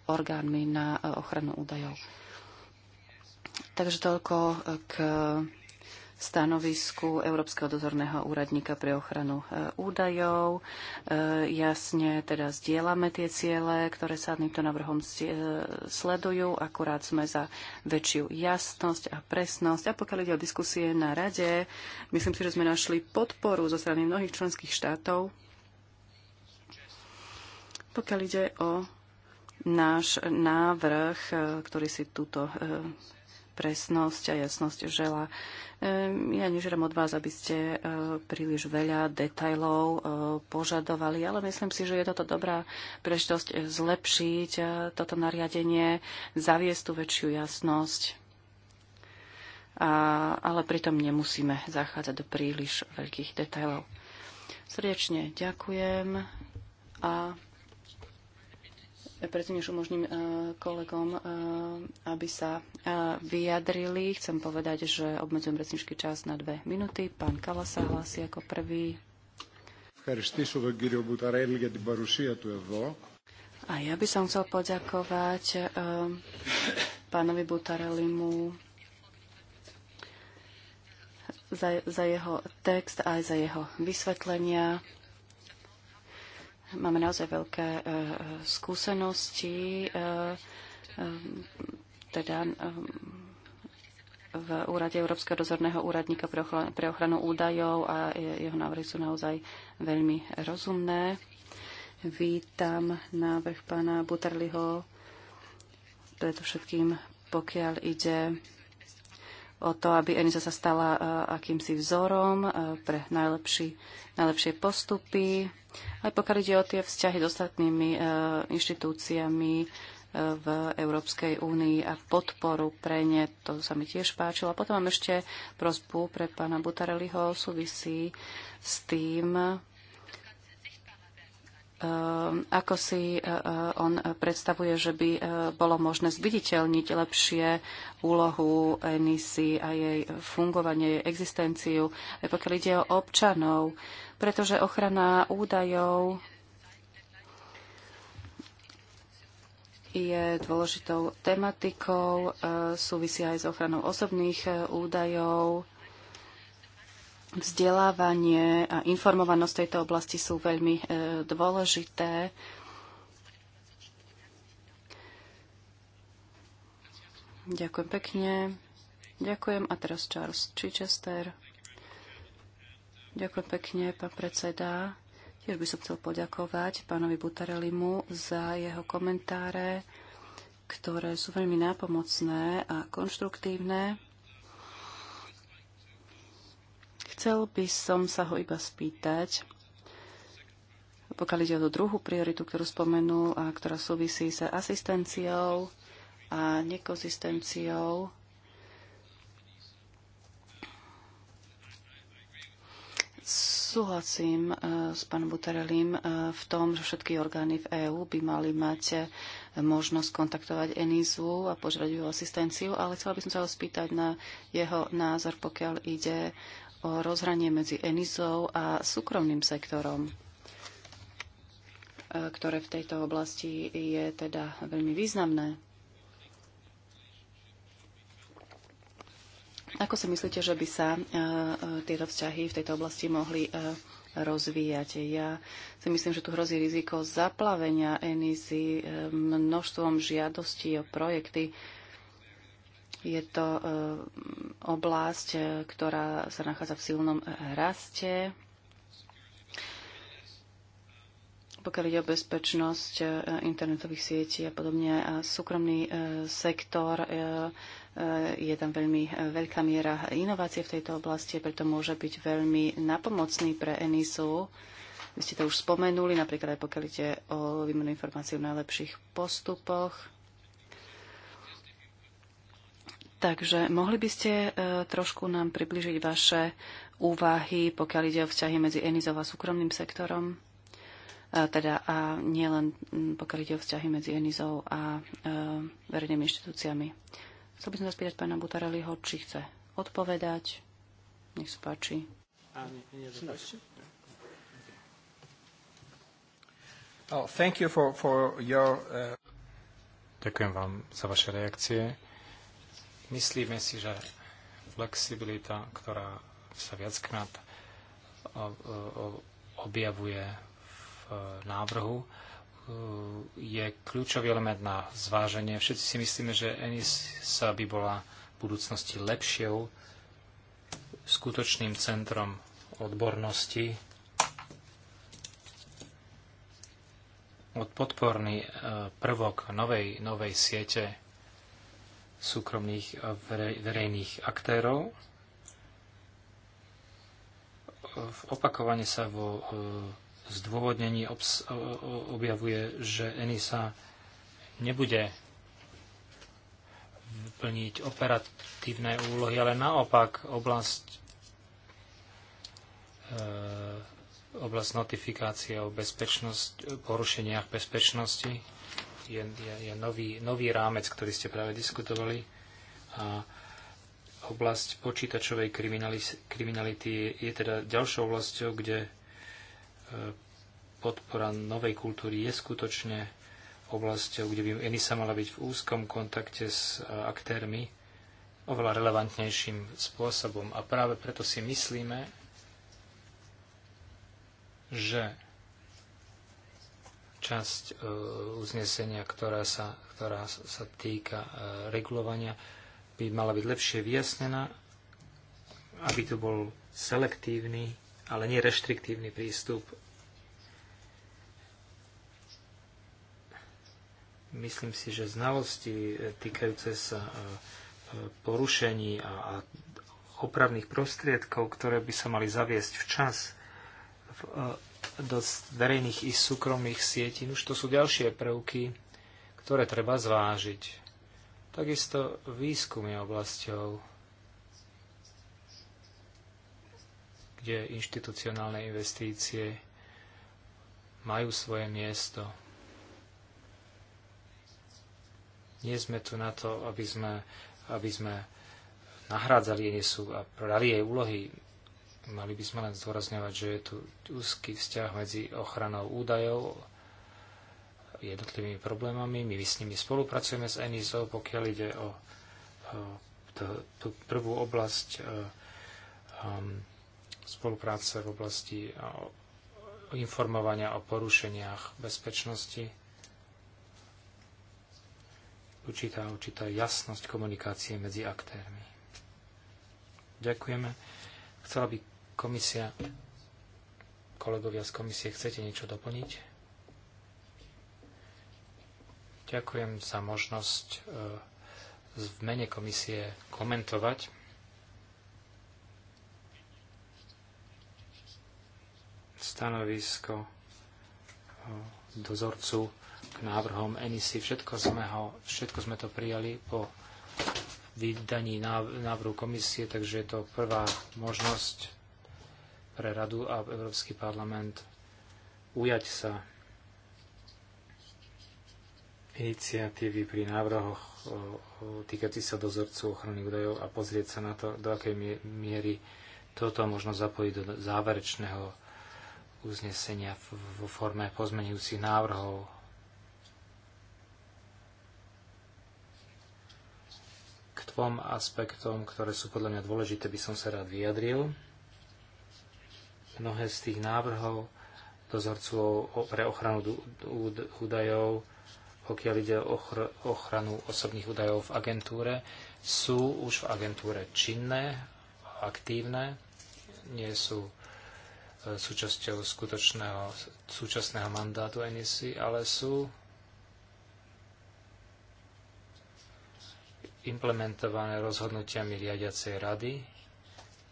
orgánmi na ochranu údajov. Takže toľko k stanovisku Európskeho dozorného úradníka pre ochranu e, údajov. E, jasne teda zdieľame tie ciele, ktoré sa týmto navrhom e, sledujú, akurát sme za väčšiu jasnosť a presnosť. A pokiaľ ide o diskusie na rade, myslím si, že sme našli podporu zo strany mnohých členských štátov, pokiaľ ide o náš návrh, ktorý si túto presnosť a jasnosť žela. Ja nežiadam od vás, aby ste eh, príliš veľa detajlov eh, požadovali, ale myslím si, že je toto dobrá príležitosť eh, zlepšiť toto nariadenie, zaviesť tú väčšiu jasnosť, a, ale pritom nemusíme zachádzať do príliš veľkých detajlov. Srdečne ďakujem a Predtým, než umožním e, kolegom, e, aby sa e, vyjadrili, chcem povedať, že obmedzujem rečnícky čas na dve minúty. Pán Kala sa hlási ako prvý. A ja by som chcel poďakovať pánovi Butarelimu za, za jeho text a aj za jeho vysvetlenia. Máme naozaj veľké eh, eh, skúsenosti, eh, teda v úrade Európskeho dozorného úradníka pre ochranu údajov a jeho návrhy sú naozaj veľmi rozumné. Vítam návrh pána Buterliho, všetkým, pokiaľ ide o to, aby ENISA sa stala e, akýmsi vzorom e, pre najlepší, najlepšie postupy. Aj pokiaľ ide o tie vzťahy s ostatnými e, inštitúciami v Európskej únii a podporu pre ne, to sa mi tiež páčilo. A potom mám ešte prosbu pre pána Butareliho, súvisí s tým, Ehm, ako si e, e, on predstavuje, že by e, bolo možné zviditeľniť lepšie úlohu NISI a jej fungovanie, jej existenciu, aj pokiaľ ide o občanov, pretože ochrana údajov je dôležitou tematikou, súvisí aj s ochranou osobných údajov Vzdelávanie a informovanosť tejto oblasti sú veľmi e, dôležité. Ďakujem pekne. Ďakujem. A teraz Charles Chichester. Ďakujem pekne, pán predseda. Tiež by som chcel poďakovať pánovi Butarelimu za jeho komentáre, ktoré sú veľmi nápomocné a konštruktívne. Chcel by som sa ho iba spýtať, pokiaľ ide o druhú prioritu, ktorú spomenul a ktorá súvisí s asistenciou a nekonzistenciou. Súhlasím eh, s pánom Buterelim eh, v tom, že všetky orgány v EÚ by mali mať eh, možnosť kontaktovať Enizu a požiadať o asistenciu, ale chcela by som sa ho spýtať na jeho názor, pokiaľ ide o rozhranie medzi Enizou a súkromným sektorom, e, ktoré v tejto oblasti je teda veľmi významné. Ako si myslíte, že by sa e, e, tieto vzťahy v tejto oblasti mohli rozvíjať. Ja si myslím, že tu hrozí riziko zaplavenia Enisy množstvom žiadostí o projekty, je to e, oblasť, e, ktorá sa nachádza v silnom raste. pokiaľ ide o bezpečnosť e, internetových sietí a podobne. A súkromný sektor je tam veľmi veľká miera inovácie v tejto oblasti, preto môže byť veľmi napomocný pre ENISu. Vy ste to už spomenuli, napríklad aj pokiaľ ide o výmenu informácií o najlepších postupoch Takže mohli by ste e, trošku nám približiť vaše úvahy, pokiaľ ide o vzťahy medzi Enizov a súkromným sektorom? E, teda a nielen pokiaľ ide o vzťahy medzi Enizou a e, verejnými inštitúciami. Chcel by som sa pána Butareliho, či chce odpovedať. Nech sa páči. Ďakujem vám za vaše reakcie. Myslíme si, že flexibilita, ktorá sa viackrát objavuje v návrhu, e, je kľúčový element na zváženie. Všetci si myslíme, že ENIS sa by bola v budúcnosti lepšou skutočným centrom odbornosti od podporný e, prvok novej, novej siete súkromných a eh, verejných aktérov. Opakovane sa vo eh, zdôvodnení objavuje, že ENISA nebude plniť operatívne úlohy, ale naopak oblasť, eh, oblasť notifikácie o bezpečnosť, porušeniach bezpečnosti je, je, je nový, nový rámec, ktorý ste práve diskutovali. A oblasť počítačovej kriminality je teda ďalšou oblasťou, kde e, podpora novej kultúry je skutočne oblasťou, kde by ENISA mala byť v úzkom kontakte s e, aktérmi oveľa relevantnejším spôsobom. A práve preto si myslíme, že časť e, uznesenia, ktorá sa, ktorá sa týka e, regulovania, by mala byť lepšie vyjasnená, aby tu bol selektívny, ale nie reštriktívny prístup. Myslím si, že znalosti e, týkajúce sa porušení a opravných prostriedkov, ktoré by sa mali zaviesť včas do verejných i súkromných sietí. Už to sú ďalšie prvky, ktoré treba zvážiť. Takisto výskum je oblasťou, kde inštitucionálne investície majú svoje miesto. Nie sme tu na to, aby sme, aby sme nahrádzali jej sú a brali jej úlohy Mali by sme len zdôrazňovať, že je tu úzky vzťah medzi ochranou údajov, jednotlivými problémami. My s nimi spolupracujeme s ENISO, pokiaľ ide o, tú prvú oblasť e, um, spolupráce v oblasti e, informovania o porušeniach bezpečnosti. Určitá, určitá jasnosť komunikácie medzi aktérmi. Ďakujeme. Chcela by Komisia, kolegovia z komisie, chcete niečo doplniť? Ďakujem za možnosť e, v mene komisie komentovať. stanovisko e, dozorcu k návrhom emisí. Všetko sme, ho, všetko sme to prijali po vydaní návrhu komisie, takže je to prvá možnosť pre Radu a Európsky parlament ujať sa iniciatívy pri návrhoch týkajúci sa dozorcu ochrany údajov a pozrieť sa na to, do akej miery toto možno zapojiť do záverečného uznesenia vo forme pozmenujúcich návrhov. K dvom aspektom, ktoré sú podľa mňa dôležité, by som sa rád vyjadril. Mnohé z tých návrhov dozorcov pre ochranu údajov, pokiaľ ide o ochranu osobných údajov v agentúre, sú už v agentúre činné, aktívne, nie sú e, súčasťou skutočného, súčasného mandátu NEC, ale sú implementované rozhodnutiami riadiacej rady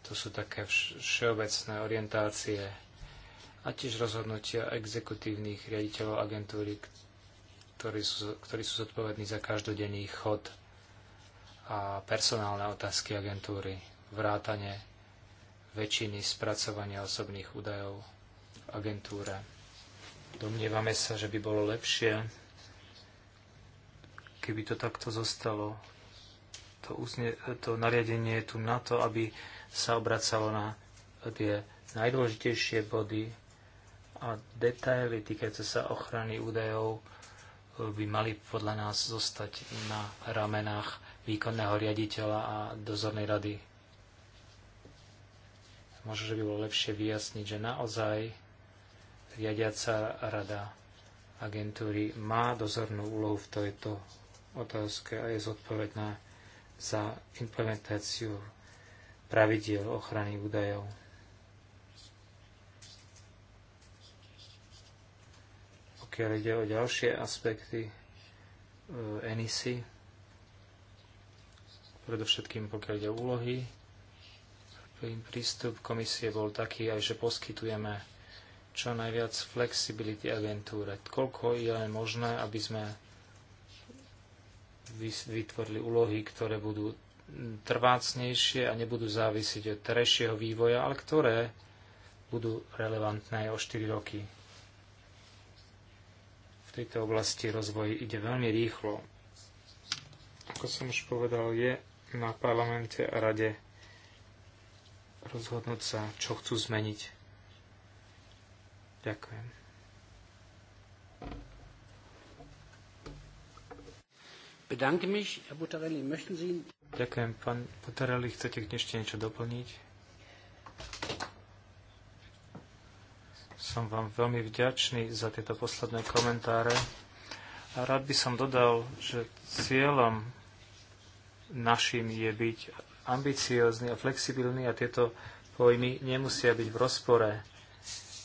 to sú také všeobecné orientácie a tiež rozhodnutia exekutívnych riaditeľov agentúry, ktorí sú, ktorí sú zodpovední za každodenný chod a personálne otázky agentúry, vrátanie väčšiny spracovania osobných údajov v agentúre. Domnievame sa, že by bolo lepšie, keby to takto zostalo. To, uzne, to nariadenie je tu na to, aby sa obracalo na tie najdôležitejšie body a detaily týkajúce sa ochrany údajov e, by mali podľa nás zostať na ramenách výkonného riaditeľa a dozornej rady. Možno, že by bolo lepšie vyjasniť, že naozaj riadiaca rada agentúry má dozornú úlohu v tejto otázke a je zodpovedná za implementáciu pravidiel ochrany údajov. Pokiaľ ide o ďalšie aspekty ENISY, e predovšetkým pokiaľ ide o úlohy, prístup komisie bol taký, aj že poskytujeme čo najviac flexibility agentúre. Koľko je len možné, aby sme vytvorili úlohy, ktoré budú trvácnejšie a nebudú závisiť od terajšieho vývoja, ale ktoré budú relevantné aj o 4 roky. V tejto oblasti rozvoj ide veľmi rýchlo. Ako som už povedal, je na parlamente a rade rozhodnúť sa, čo chcú zmeniť. Ďakujem. Bedanke mich, Herr Buttarelli, möchten Sie... Ďakujem. Pán Potarelli, chcete ešte niečo doplniť? Som vám veľmi vďačný za tieto posledné komentáre. A rád by som dodal, že cieľom našim je byť ambiciózny a flexibilný a tieto pojmy nemusia byť v rozpore,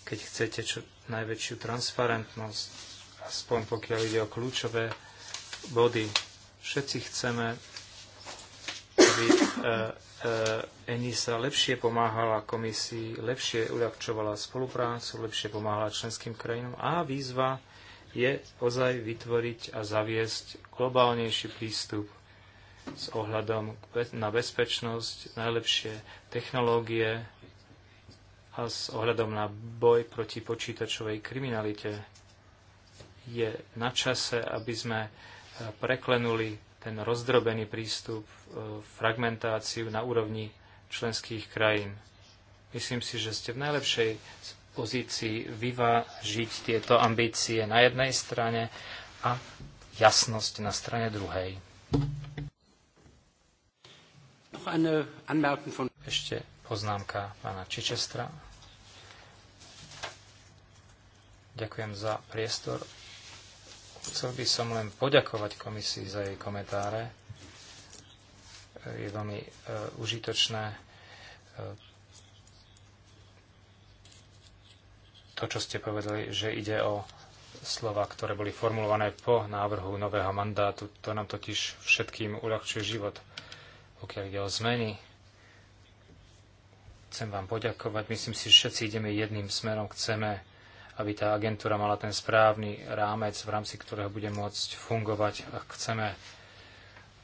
keď chcete čo najväčšiu transparentnosť, aspoň pokiaľ ide o kľúčové body. Všetci chceme aby e, e, ENISA lepšie pomáhala komisii, lepšie uľahčovala spoluprácu, lepšie pomáhala členským krajinom a výzva je ozaj vytvoriť a zaviesť globálnejší prístup s ohľadom na bezpečnosť, najlepšie technológie a s ohľadom na boj proti počítačovej kriminalite. Je na čase, aby sme e, preklenuli ten rozdrobený prístup, e, fragmentáciu na úrovni členských krajín. Myslím si, že ste v najlepšej pozícii vyvážiť tieto ambície na jednej strane a jasnosť na strane druhej. Ešte poznámka pána Čičestra. Ďakujem za priestor Chcel by som len poďakovať komisii za jej komentáre. Je veľmi e, užitočné e, to, čo ste povedali, že ide o slova, ktoré boli formulované po návrhu nového mandátu. To nám totiž všetkým uľahčuje život, pokiaľ ide o zmeny. Chcem vám poďakovať. Myslím si, že všetci ideme jedným smerom. Chceme aby tá agentúra mala ten správny rámec, v rámci ktorého bude môcť fungovať, ak chceme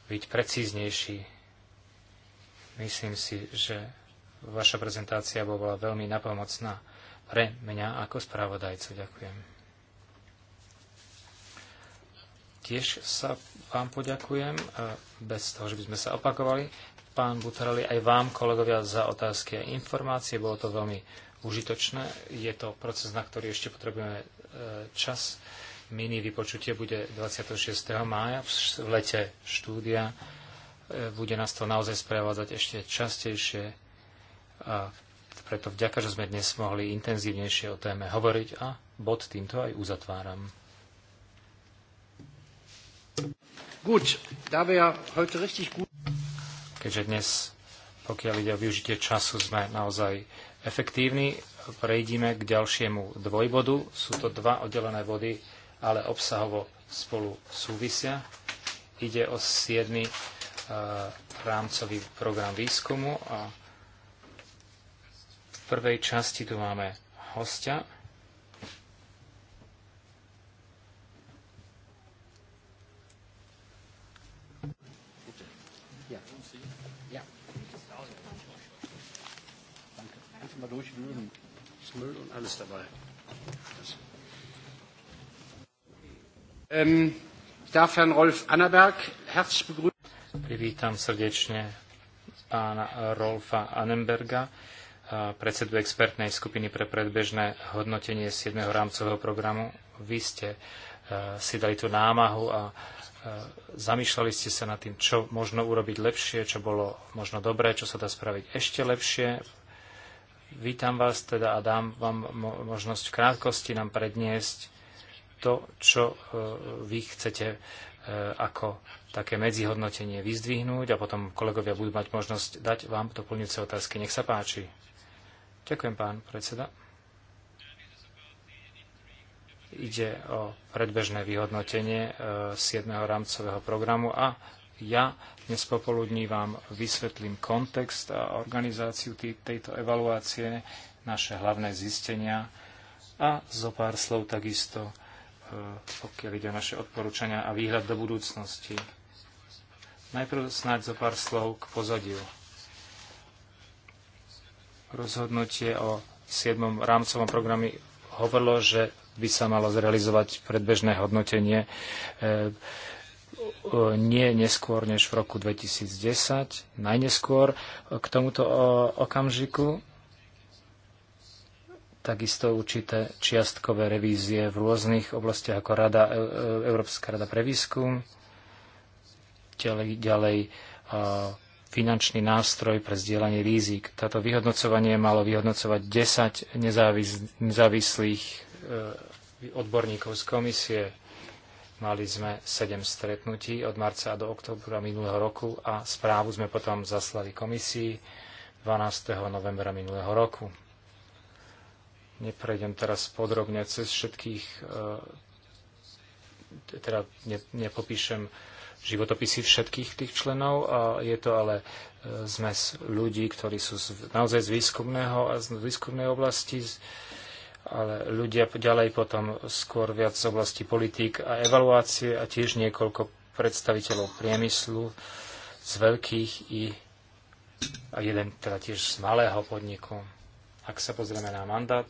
byť precíznejší. Myslím si, že vaša prezentácia bola veľmi napomocná pre mňa ako správodajcu. Ďakujem. Tiež sa vám poďakujem, bez toho, že by sme sa opakovali. Pán Butarali, aj vám, kolegovia, za otázky a informácie. Bolo to veľmi užitočné. Je to proces, na ktorý ešte potrebujeme e, čas. Mini vypočutie bude 26. mája v lete štúdia. E, bude nás to naozaj sprevádzať ešte častejšie. A preto vďaka, že sme dnes mohli intenzívnejšie o téme hovoriť a bod týmto aj uzatváram. Gut, da wir heute richtig gut... Keďže dnes, pokiaľ ide o využitie času, sme naozaj efektívny. Prejdime k ďalšiemu dvojbodu. Sú to dva oddelené body, ale obsahovo spolu súvisia. Ide o 7. E, rámcový program výskumu a v prvej časti tu máme hostia, einmal durchwühlen. Das Müll und alles dabei. Ähm, ich darf Herrn Rolf herzlich begrüßen. Privítam srdečne pána Rolfa Annenberga, predsedu expertnej skupiny pre predbežné hodnotenie 7. rámcového programu. Vy ste e, si dali tú námahu a e, zamýšľali ste sa nad tým, čo možno urobiť lepšie, čo bolo možno dobré, čo sa dá spraviť ešte lepšie Vítam vás teda a dám vám možnosť v krátkosti nám predniesť to, čo e, vy chcete e, ako také medzihodnotenie vyzdvihnúť a potom kolegovia budú mať možnosť dať vám doplňujúce otázky. Nech sa páči. Ďakujem, pán predseda. Ide o predbežné vyhodnotenie 7. E, rámcového programu a ja dnes popoludní vám vysvetlím kontext a organizáciu tejto evaluácie, naše hlavné zistenia a zo pár slov takisto, e, pokiaľ ide o naše odporúčania a výhľad do budúcnosti. Najprv snáď zo pár slov k pozadiu. Rozhodnutie o 7. rámcovom programe hovorilo, že by sa malo zrealizovať predbežné hodnotenie e, E, nie neskôr než v roku 2010, najneskôr k tomuto e, okamžiku. Takisto určité čiastkové revízie v rôznych oblastiach ako Rada, e, Európska rada pre výskum, ďalej, ďalej finančný nástroj pre zdieľanie rizik. Táto vyhodnocovanie malo vyhodnocovať 10 nezávislých odborníkov z komisie Mali sme sedem stretnutí od marca do oktobra minulého roku a správu sme potom zaslali komisii 12. novembra minulého roku. Neprejdem teraz podrobne cez všetkých, e, teda nepopíšem životopisy všetkých tých členov, a e, je to ale e, zmes ľudí, ktorí sú z, naozaj z výskumného a z výskumnej oblasti, z, ale ľudia ďalej potom skôr viac z oblasti politík a evaluácie a tiež niekoľko predstaviteľov priemyslu z veľkých i a jeden teda tiež z malého podniku. Ak sa pozrieme na mandát,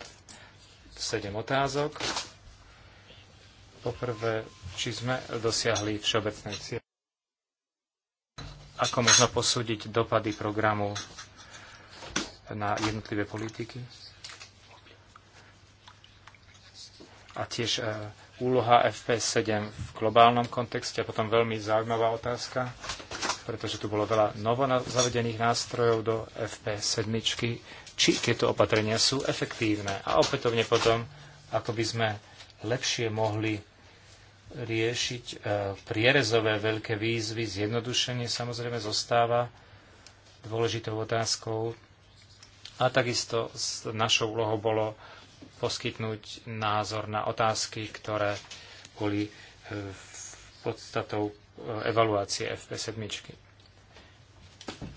sedem otázok. Poprvé, či sme dosiahli všeobecné cieľ. Ako možno posúdiť dopady programu na jednotlivé politiky? a tiež e, úloha FP7 v globálnom kontexte. A potom veľmi zaujímavá otázka, pretože tu bolo veľa novo zavedených nástrojov do FP7, či tieto opatrenia sú efektívne. A opätovne potom, ako by sme lepšie mohli riešiť e, prierezové veľké výzvy. Zjednodušenie samozrejme zostáva dôležitou otázkou. A takisto našou úlohou bolo poskytnúť názor na otázky, ktoré boli e, podstatou e, evaluácie FP7.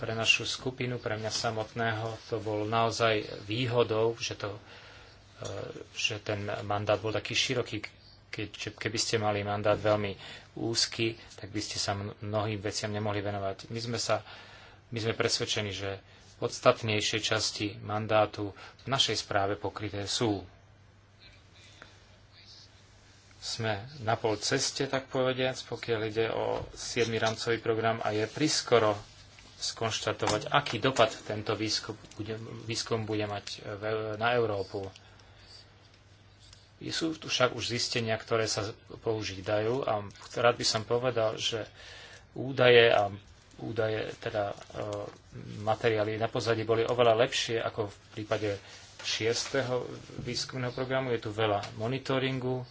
Pre našu skupinu, pre mňa samotného, to bol naozaj výhodou, že, to, e, že ten mandát bol taký široký. Keď, keby ste mali mandát veľmi úzky, tak by ste sa mnohým veciam nemohli venovať. My sme, sa, my sme presvedčení, že podstatnejšej časti mandátu v našej správe pokryté sú. Sme na pol ceste, tak povediac, pokiaľ ide o 7. rámcový program a je priskoro skonštatovať, aký dopad tento výskum bude, výskum bude mať e, na Európu. Sú tu však už zistenia, ktoré sa použiť dajú a rád by som povedal, že údaje a údaje, teda e, materiály na pozadí boli oveľa lepšie ako v prípade šiestého výskumného programu. Je tu veľa monitoringu. E,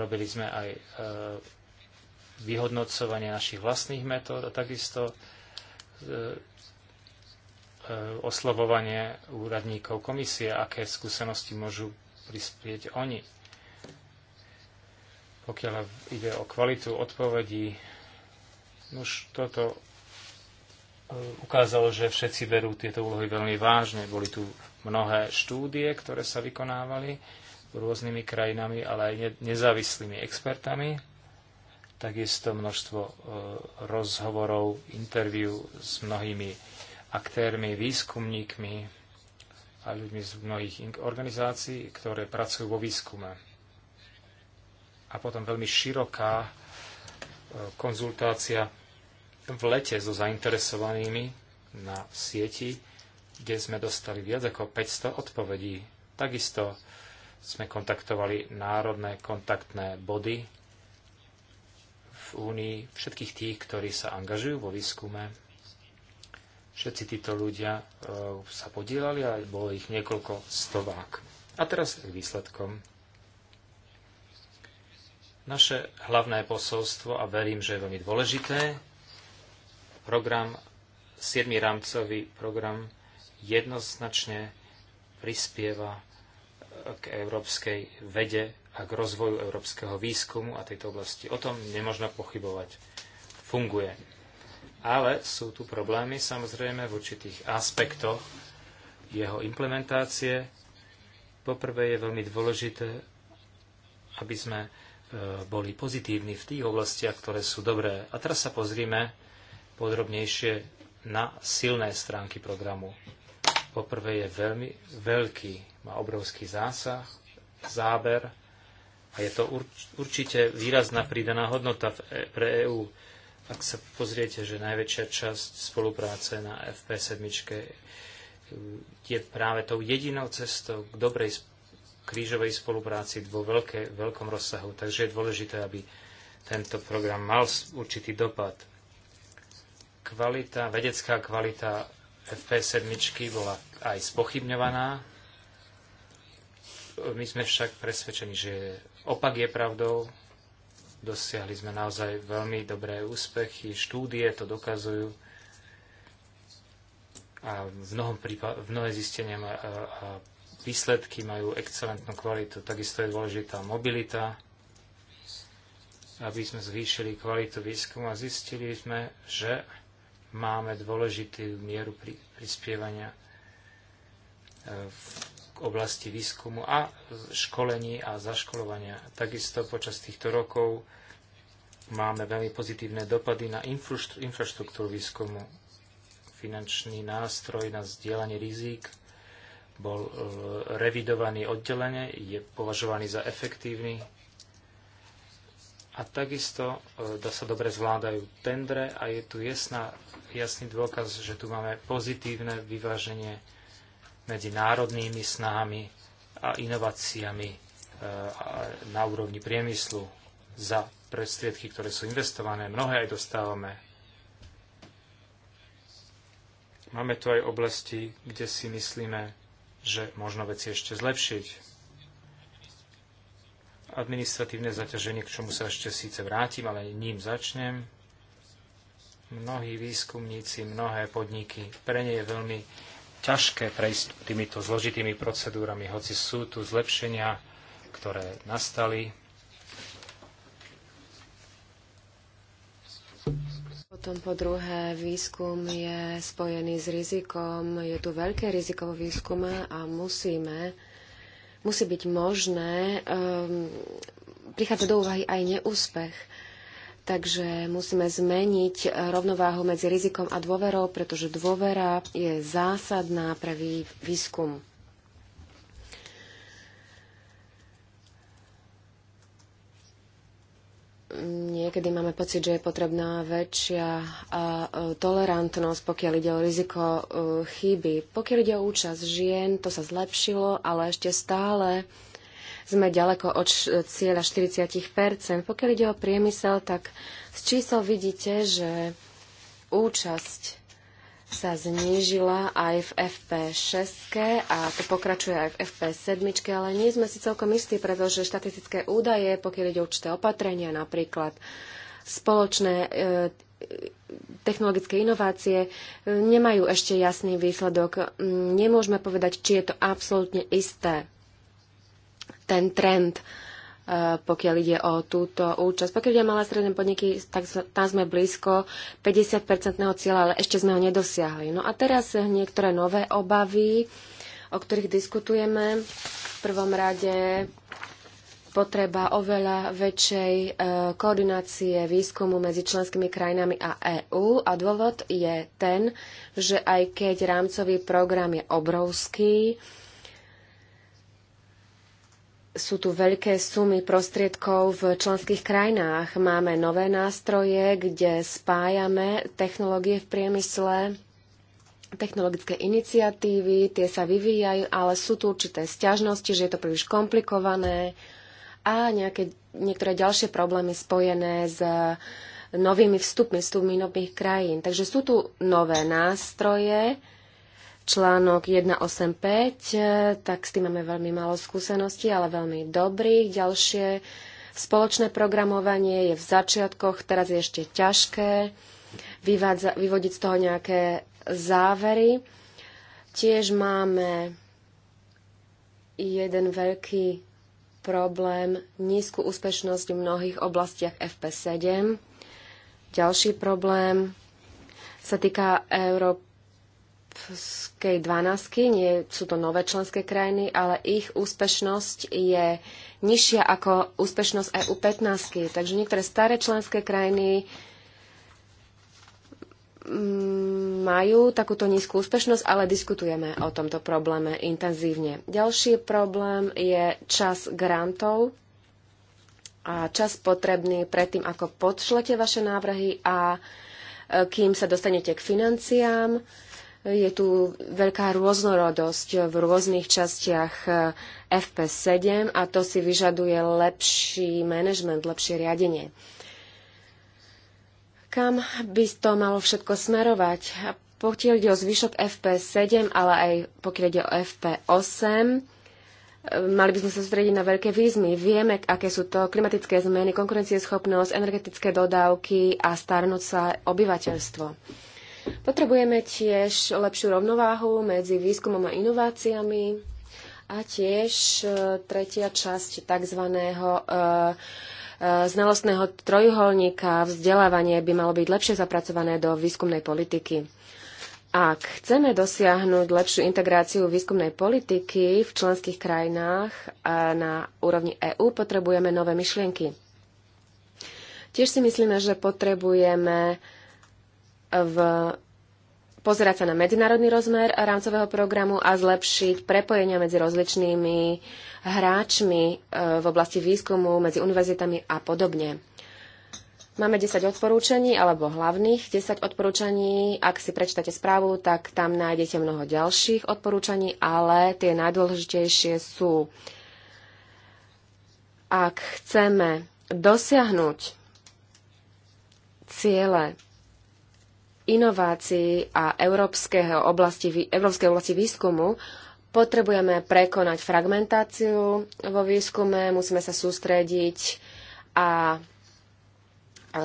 robili sme aj e, vyhodnocovanie našich vlastných metód a takisto oslovovanie úradníkov komisie, aké skúsenosti môžu prispieť oni. Pokiaľ ide o kvalitu odpovedí, už toto e, ukázalo, že všetci berú tieto úlohy veľmi vážne. Boli tu mnohé štúdie, ktoré sa vykonávali rôznymi krajinami, ale aj nezávislými expertami. Takisto množstvo e, rozhovorov, interviu s mnohými aktérmi, výskumníkmi a ľuďmi z mnohých organizácií, ktoré pracujú vo výskume. A potom veľmi široká konzultácia v lete so zainteresovanými na sieti, kde sme dostali viac ako 500 odpovedí. Takisto sme kontaktovali národné kontaktné body v Únii, všetkých tých, ktorí sa angažujú vo výskume. Všetci títo ľudia e, sa podielali a bolo ich niekoľko stovák. A teraz k výsledkom naše hlavné posolstvo, a verím, že je veľmi dôležité, program, 7. rámcový program jednoznačne prispieva e, k európskej vede a k rozvoju európskeho výskumu a tejto oblasti. O tom nemožno pochybovať. Funguje. Ale sú tu problémy samozrejme v určitých aspektoch jeho implementácie. Poprvé je veľmi dôležité, aby sme E, boli pozitívni v tých oblastiach, ktoré sú dobré. A teraz sa pozrime podrobnejšie na silné stránky programu. Poprvé je veľmi veľký, má obrovský zásah, záber a je to určite výrazná pridaná hodnota e-, pre EÚ. Ak sa pozriete, že najväčšia časť spolupráce na FP7 e, je práve tou jedinou cestou k dobrej krížovej spolupráci vo veľké, veľkom rozsahu. Takže je dôležité, aby tento program mal určitý dopad. Kvalita, vedecká kvalita FP7 bola aj spochybňovaná. My sme však presvedčení, že opak je pravdou. Dosiahli sme naozaj veľmi dobré úspechy, štúdie to dokazujú a v, mnohom prípa- v mnohé zistenia a, a výsledky majú excelentnú kvalitu. Takisto je dôležitá mobilita, aby sme zvýšili kvalitu výskumu a zistili sme, že máme dôležitú mieru pri, prispievania eh, v oblasti výskumu a školení a zaškolovania. Takisto počas týchto rokov máme veľmi pozitívne dopady na infraštruktúru výskumu. Finančný nástroj na zdieľanie rizík bol e, revidovaný oddelenie, je považovaný za efektívny a takisto e, da sa dobre zvládajú tendre a je tu jasná, jasný dôkaz, že tu máme pozitívne vyváženie medzi národnými snahami a inováciami e, na úrovni priemyslu za prostriedky, ktoré sú investované. Mnohé aj dostávame. Máme tu aj oblasti, kde si myslíme, že možno veci ešte zlepšiť. Administratívne zaťaženie, k čomu sa ešte síce vrátim, ale ním začnem. Mnohí výskumníci, mnohé podniky, pre ne je veľmi ťažké prejsť týmito zložitými procedúrami, hoci sú tu zlepšenia, ktoré nastali Potom po druhé, výskum je spojený s rizikom. Je tu veľké riziko vo výskume a musíme, musí byť možné, um, ehm, prichádza do úvahy aj neúspech. Takže musíme zmeniť rovnováhu medzi rizikom a dôverou, pretože dôvera je zásadná pre výskum. niekedy máme pocit, že je potrebná väčšia e, tolerantnosť, pokiaľ ide o riziko e, chyby. Pokiaľ ide o účasť žien, to sa zlepšilo, ale ešte stále sme ďaleko od cieľa 40 Pokiaľ ide o priemysel, tak z čísel vidíte, že účasť sa znížila aj v FP6 a to pokračuje aj v FP7, ale nie sme si celkom istí, pretože štatistické údaje, pokiaľ ide určité opatrenia, napríklad spoločné e, technologické inovácie, e, nemajú ešte jasný výsledok. Nemôžeme povedať, či je to absolútne isté. Ten trend Eh, pokiaľ ide o túto účasť. Pokiaľ ide o malé stredné podniky, tak tam sme blízko 50-percentného cieľa, ale ešte sme ho nedosiahli. No a teraz eh, niektoré nové obavy, o ktorých diskutujeme. V prvom rade potreba oveľa väčšej eh, koordinácie výskumu medzi členskými krajinami a EÚ a dôvod je ten, že aj keď rámcový program je obrovský, sú tu veľké sumy prostriedkov v členských krajinách. Máme nové nástroje, kde spájame technológie v priemysle, technologické iniciatívy, tie sa vyvíjajú, ale sú tu určité stiažnosti, že je to príliš komplikované a nejaké, niektoré ďalšie problémy spojené s novými vstupmi, vstupmi nových krajín. Takže sú tu nové nástroje, článok 185, e, tak s tým máme veľmi málo skúseností, ale veľmi dobrých. Ďalšie spoločné programovanie je v začiatkoch, teraz je ešte ťažké vyvádza, vyvodiť z toho nejaké závery. Tiež máme jeden veľký problém, nízku úspešnosť v mnohých oblastiach FP7. Ďalší problém sa týka Európy európskej dvanástky, nie sú to nové členské krajiny, ale ich úspešnosť je nižšia ako úspešnosť EU 15. Takže niektoré staré členské krajiny mm, majú takúto nízku úspešnosť, ale diskutujeme o tomto probléme intenzívne. Ďalší problém je čas grantov a čas potrebný predtým, ako podšlete vaše návrhy a e, kým sa dostanete k financiám. Je tu veľká rôznorodosť v rôznych častiach eh, FP7 a to si vyžaduje lepší manažment, lepšie riadenie. Kam by to malo všetko smerovať? Pokiaľ ide o zvyšok FP7, ale aj pokiaľ ide o FP8, eh, mali by sme sa strediť na veľké výzmy. Vieme, aké sú to klimatické zmeny, konkurencieschopnosť, energetické dodávky a starnúca obyvateľstvo Potrebujeme tiež lepšiu rovnováhu medzi výskumom a inováciami a tiež e, tretia časť tzv. E, e, znalostného trojuholníka vzdelávanie by malo byť lepšie zapracované do výskumnej politiky. Ak chceme dosiahnuť lepšiu integráciu výskumnej politiky v členských krajinách na úrovni EÚ, potrebujeme nové myšlienky. Tiež si myslíme, že potrebujeme v pozerať sa na medzinárodný rozmer rámcového programu a zlepšiť prepojenia medzi rozličnými hráčmi e, v oblasti výskumu, medzi univerzitami a podobne. Máme 10 odporúčaní, alebo hlavných 10 odporúčaní. Ak si prečítate správu, tak tam nájdete mnoho ďalších odporúčaní, ale tie najdôležitejšie sú, ak chceme dosiahnuť ciele inovácií a európskeho oblasti, európskej oblasti výskumu potrebujeme prekonať fragmentáciu vo výskume, musíme sa sústrediť a e,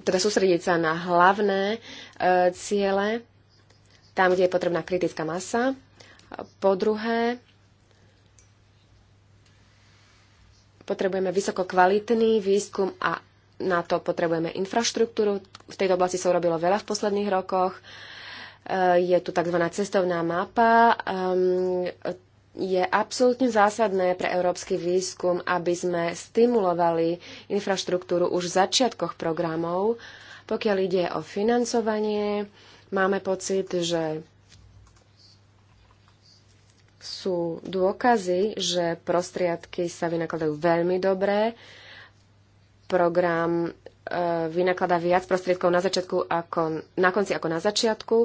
teda sústrediť sa na hlavné e, ciele, tam, kde je potrebná kritická masa. Po druhé, potrebujeme vysokokvalitný výskum a na to potrebujeme infraštruktúru. V tejto oblasti sa urobilo veľa v posledných rokoch. E, je tu tzv. cestovná mapa. Ehm, je absolútne zásadné pre európsky výskum, aby sme stimulovali infraštruktúru už v začiatkoch programov. Pokiaľ ide o financovanie, máme pocit, že sú dôkazy, že prostriedky sa vynakladajú veľmi dobre program e, vynakladá viac prostriedkov na, začiatku ako, na konci ako na začiatku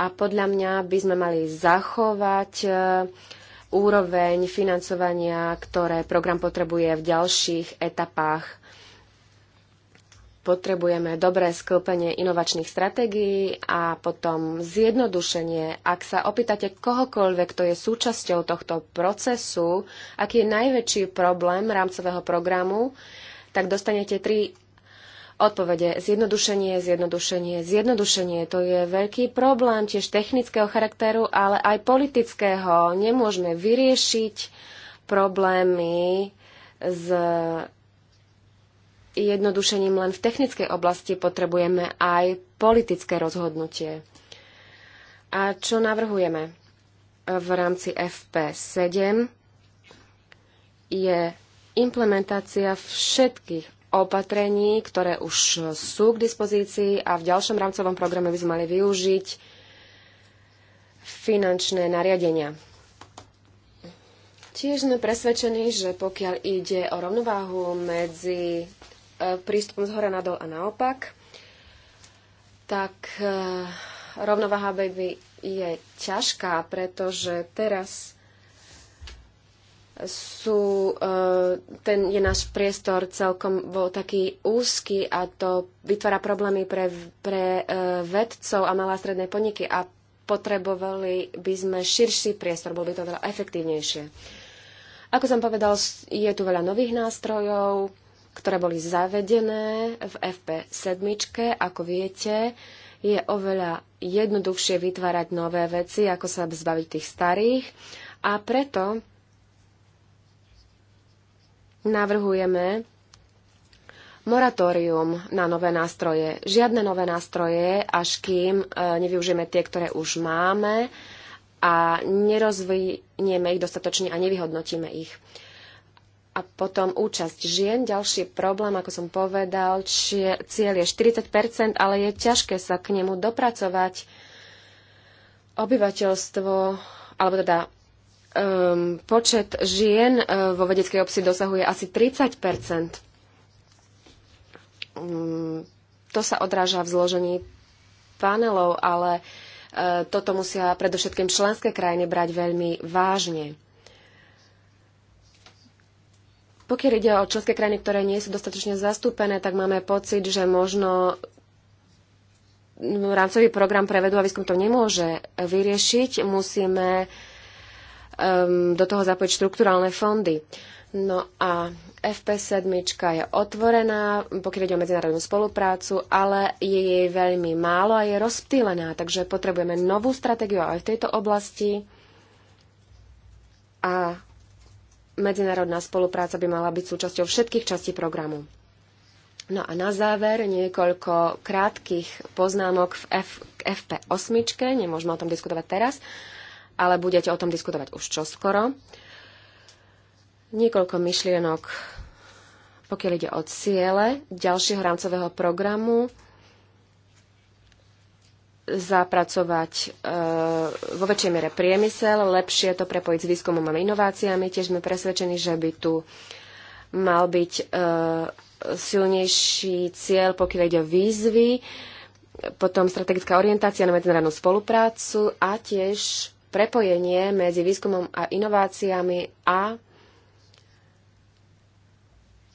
a podľa mňa by sme mali zachovať e, úroveň financovania, ktoré program potrebuje v ďalších etapách. Potrebujeme dobré sklpenie inovačných stratégií a potom zjednodušenie. Ak sa opýtate kohokoľvek, kto je súčasťou tohto procesu, aký je najväčší problém rámcového programu, tak dostanete tri odpovede. Zjednodušenie, zjednodušenie, zjednodušenie. To je veľký problém, tiež technického charakteru, ale aj politického. Nemôžeme vyriešiť problémy s jednodušením len v technickej oblasti potrebujeme aj politické rozhodnutie. A čo navrhujeme v rámci FP7 je implementácia všetkých opatrení, ktoré už sú k dispozícii a v ďalšom rámcovom programe by sme mali využiť finančné nariadenia. Tiež sme presvedčení, že pokiaľ ide o rovnováhu medzi e, prístupom z hora nadol a naopak, tak e, rovnováha by je ťažká, pretože teraz sú, e, ten je náš priestor celkom bol taký úzky a to vytvára problémy pre, pre e, vedcov a malé a stredné podniky a potrebovali by sme širší priestor, bol by to veľa efektívnejšie. Ako som povedal, je tu veľa nových nástrojov, ktoré boli zavedené v FP7. Ako viete, je oveľa jednoduchšie vytvárať nové veci, ako sa zbaviť tých starých. A preto navrhujeme moratórium na nové nástroje. Žiadne nové nástroje, až kým e, nevyužijeme tie, ktoré už máme a nerozvinieme ich dostatočne a nevyhodnotíme ich. A potom účasť žien. Ďalší problém, ako som povedal, či cieľ je 40%, ale je ťažké sa k nemu dopracovať. Obyvateľstvo, alebo teda um, počet žien uh, vo vedeckej obci dosahuje asi 30 um, To sa odráža v zložení panelov, ale uh, toto musia predovšetkým členské krajiny brať veľmi vážne. Pokiaľ ide o členské krajiny, ktoré nie sú dostatočne zastúpené, tak máme pocit, že možno mm, rámcový program pre vedu a výskum to nemôže vyriešiť. Musíme uh, um, do toho zapojiť štrukturálne fondy. No a FP7 je otvorená, pokiaľ ide o medzinárodnú spoluprácu, ale je jej veľmi málo a je rozptýlená, takže potrebujeme novú stratégiu aj v tejto oblasti. A medzinárodná spolupráca by mala byť súčasťou všetkých častí programu. No a na záver niekoľko krátkých poznámok v F, k FP8. Nemôžeme o tom diskutovať teraz. Uh, ale budete o tom diskutovať už čoskoro. Niekoľko myšlienok, pokiaľ ide o ciele ďalšieho rámcového programu zapracovať e, vo väčšej miere priemysel, lepšie to prepojiť s výskumom a inováciami. Tiež sme presvedčení, že by tu mal byť e, silnejší cieľ, pokiaľ ide o výzvy, potom strategická orientácia na medzinárodnú spoluprácu a tiež prepojenie medzi výskumom a inováciami a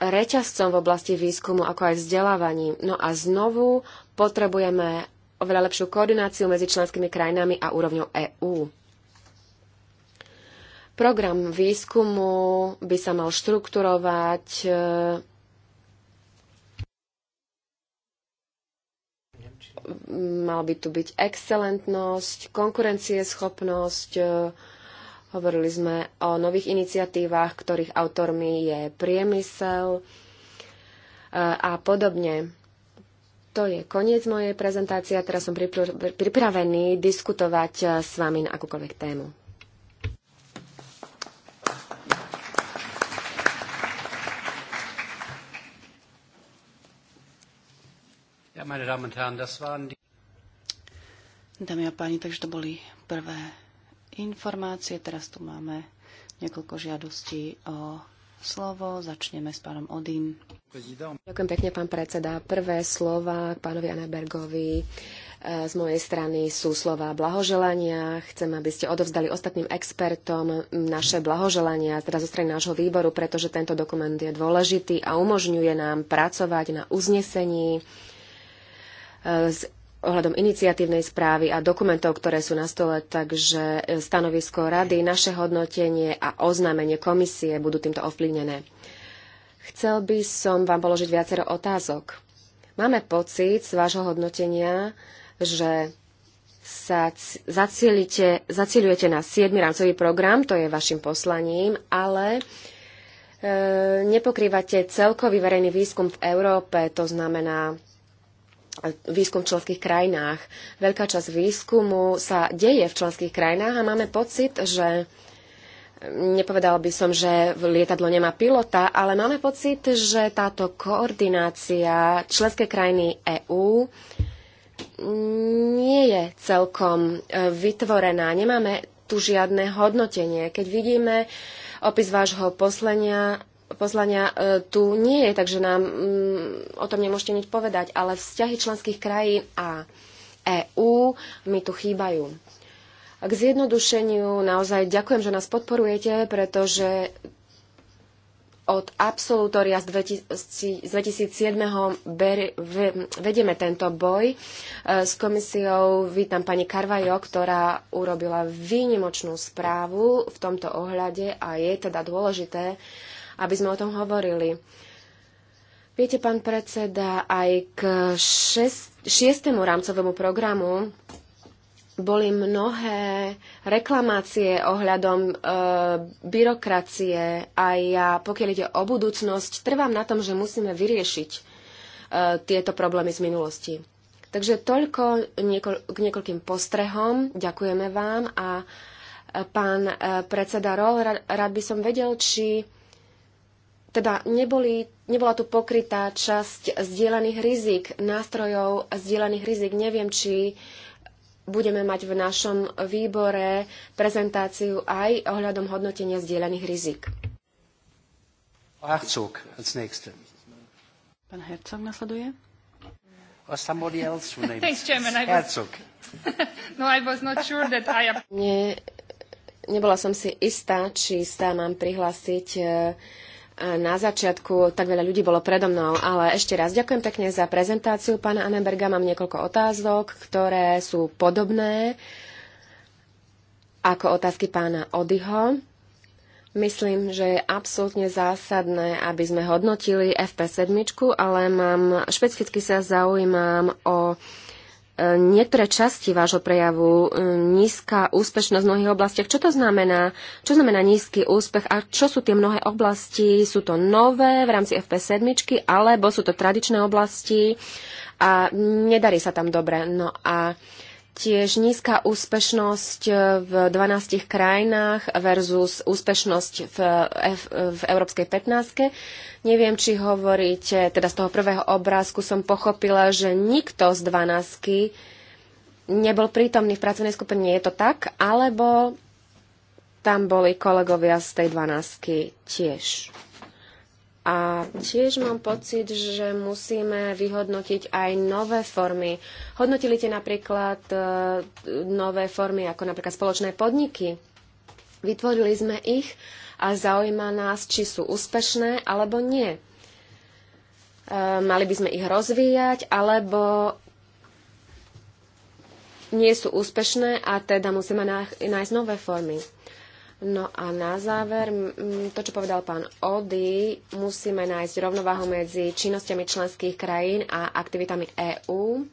reťazcom v oblasti výskumu, ako aj vzdelávaním. No a znovu potrebujeme oveľa lepšiu koordináciu medzi členskými krajinami a úrovňou EÚ. Program výskumu by sa mal štrukturovať mal by tu byť excelentnosť, konkurencieschopnosť. E, hovorili sme o nových iniciatívach, ktorých autormi je priemysel e, a podobne. To je koniec mojej prezentácie a teraz som pripravený diskutovať e, s vami na akúkoľvek tému. Ja, meine Damen und Herren, das waren die... Dámy a páni, takže to boli prvé informácie. Teraz tu máme niekoľko žiadostí o slovo. Začneme s pánom Odím. Ďakujem pekne, pán predseda. Prvé slova k pánovi Anabergovi eh, z mojej strany sú slova blahoželania. Chcem, aby ste odovzdali ostatným expertom naše blahoželania teda zo strany nášho výboru, pretože tento dokument je dôležitý a umožňuje nám pracovať na uznesení s ohľadom iniciatívnej správy a dokumentov, ktoré sú na stole, takže e, stanovisko rady, naše hodnotenie a oznámenie komisie budú týmto ovplyvnené. Chcel by som vám položiť viacero otázok. Máme pocit z vášho hodnotenia, že sa zacielujete na 7. rámcový program, to je vašim poslaním, ale e, nepokrývate celkový verejný výskum v Európe, to znamená výskum v členských krajinách. Veľká časť výskumu sa deje v členských krajinách a máme pocit, že nepovedal by som, že lietadlo nemá pilota, ale máme pocit, že táto koordinácia členskej krajiny EÚ nie je celkom e, vytvorená. Nemáme tu žiadne hodnotenie. Keď vidíme opis vášho poslenia, poslania e, tu nie je, takže nám mm, o tom nemôžete nič povedať, ale vzťahy členských krajín a EÚ mi tu chýbajú. K zjednodušeniu naozaj ďakujem, že nás podporujete, pretože od absolutória z 2007 vedieme tento boj e, s komisiou. Vítam pani Karvajo, ktorá urobila výnimočnú správu v tomto ohľade a je teda dôležité, aby sme o tom hovorili. Viete, pán predseda, aj k šiestému rámcovému programu boli mnohé reklamácie ohľadom e, byrokracie a ja, pokiaľ ide o budúcnosť, trvám na tom, že musíme vyriešiť e, tieto problémy z minulosti. Takže toľko niekoľ, k niekoľkým postrehom. Ďakujeme vám a e, pán e, predseda Rol, rád, rád by som vedel, či teda neboli, nebola tu pokrytá časť zdieľaných rizik, nástrojov zdieľaných rizik. Neviem, či budeme mať v našom výbore prezentáciu aj ohľadom hodnotenia zdieľaných rizik. Herzog als nächste. Pán Herzog nasleduje. Or somebody else who named Thanks, Chairman. I Herzog. [LAUGHS] no, I was not sure that I... Nie, nebola som si istá, či sa mám prihlásiť uh, na začiatku tak veľa ľudí bolo predo mnou, ale ešte raz ďakujem pekne za prezentáciu pána Annenberga. Mám niekoľko otázok, ktoré sú podobné ako otázky pána Odyho. Myslím, že je absolútne zásadné, aby sme hodnotili FP7, ale mám, špecificky sa zaujímam o uh, niektoré časti vášho prejavu, e, nízka úspešnosť v mnohých oblastiach. Čo to znamená? Čo znamená nízky úspech a čo sú tie mnohé oblasti? Sú to nové v rámci FP7, alebo sú to tradičné oblasti a nedarí sa tam dobre. No a uh, Tiež nízka úspešnosť e, v 12 krajinách versus úspešnosť v, F, e, v Európskej 15. Neviem, či hovoríte, teda z toho prvého obrázku som pochopila, že nikto z 12 nebol prítomný v pracovnej skupine. Je to tak? Alebo tam boli kolegovia z tej 12 tiež? A tiež mám pocit, že musíme vyhodnotiť aj nové formy. Hodnotili ste napríklad e, nové formy, ako napríklad spoločné podniky. Vytvorili sme ich a zaujíma nás, či sú úspešné alebo nie. E, mali by sme ich rozvíjať, alebo nie sú úspešné a teda musíme nájsť nové formy. No a na záver, to, čo povedal pán Ody, musíme nájsť rovnováhu medzi činnosťami členských krajín a aktivitami EÚ.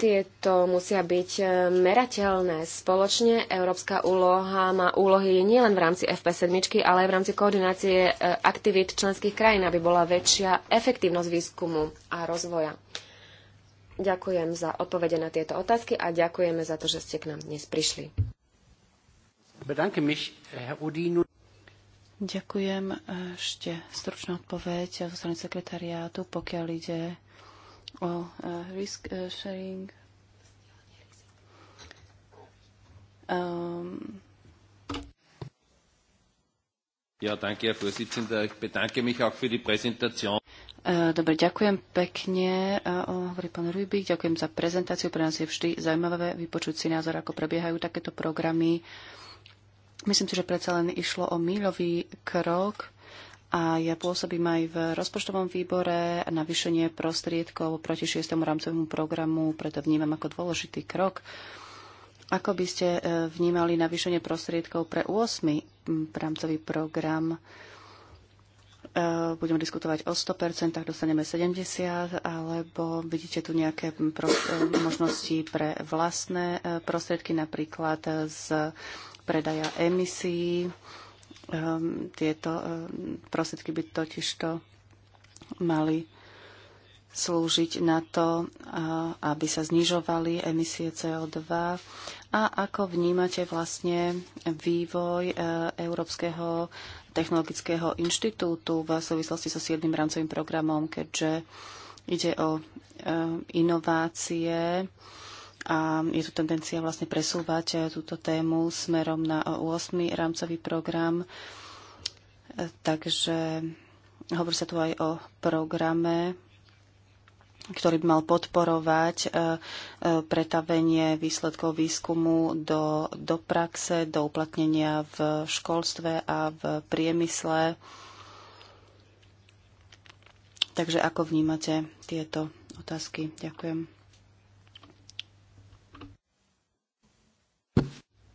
Tieto musia byť e, merateľné spoločne. Európska úloha má úlohy nielen v rámci FP7, ale aj v rámci koordinácie e, aktivít členských krajín, aby bola väčšia efektívnosť výskumu a rozvoja. Ďakujem za odpovede na tieto otázky a ďakujeme za to, že ste k nám dnes prišli. Ďakujem. Eh, ešte stručná odpoveď zo strany sekretariátu, pokiaľ ide o eh, risk eh, sharing. Um, ja, danke, Herr Vorsitzender. Ich bedanke mich auch für die Präsentation. Dobre, ďakujem pekne, hovorí pán Rubik. Ďakujem za prezentáciu. Pre nás je vždy zaujímavé vypočuť si názor, ako prebiehajú takéto programy. Myslím si, že predsa len išlo o míľový krok a ja pôsobím aj v rozpočtovom výbore a navýšenie prostriedkov proti 6. rámcovému programu, preto vnímam ako dôležitý krok. Ako by ste e, vnímali navýšenie prostriedkov pre 8. rámcový program? E, budeme diskutovať o 100%, tak dostaneme 70, alebo vidíte tu nejaké e, možnosti pre vlastné prostriedky, napríklad z predaja emisí. Ehm, tieto ehm, prostriedky by totižto mali slúžiť na to, aby sa znižovali emisie CO2 a ako vnímate vlastne vývoj e, Európskeho technologického inštitútu v súvislosti so 7. rámcovým programom, keďže ide o e, inovácie, a je tu tendencia vlastne presúvať eh, túto tému smerom na 8. Eh, rámcový program. Eh, takže hovorí sa tu aj o programe, ktorý by mal podporovať pretavenie výsledkov výskumu do, do praxe, do uplatnenia v školstve a v priemysle. Takže ako vnímate tieto otázky? Ďakujem.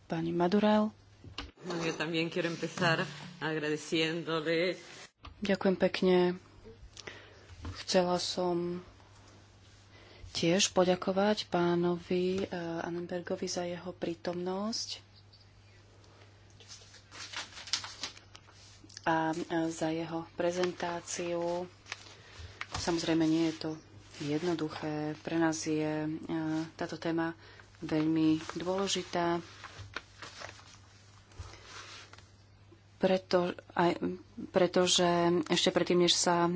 Pani Madurel. Ďakujem pekne. Chcela som tiež poďakovať pánovi eh, Annenbergovi za jeho prítomnosť a eh, za jeho prezentáciu. Samozrejme, nie je to jednoduché. Pre nás je eh, táto téma veľmi dôležitá. preto, aj, pretože ešte predtým, než sa e,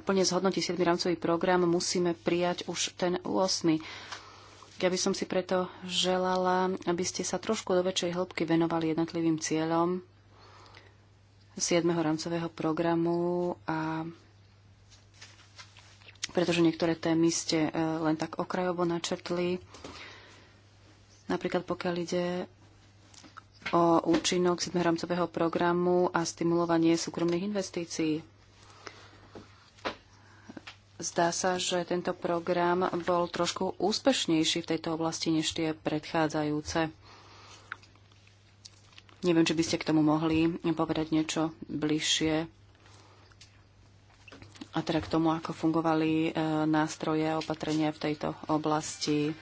plne zhodnotí 7. rámcový program, musíme prijať už ten 8. Ja by som si preto želala, aby ste sa trošku do väčšej hĺbky venovali jednotlivým cieľom 7. rámcového programu a pretože niektoré témy ste e, len tak okrajovo načrtli. Napríklad pokiaľ ide o účinok 7. programu a stimulovanie súkromných investícií. Zdá sa, že tento program bol trošku úspešnejší v tejto oblasti než tie predchádzajúce. Neviem, či by ste k tomu mohli povedať niečo bližšie. A teda k tomu, ako fungovali e, nástroje a opatrenia v tejto oblasti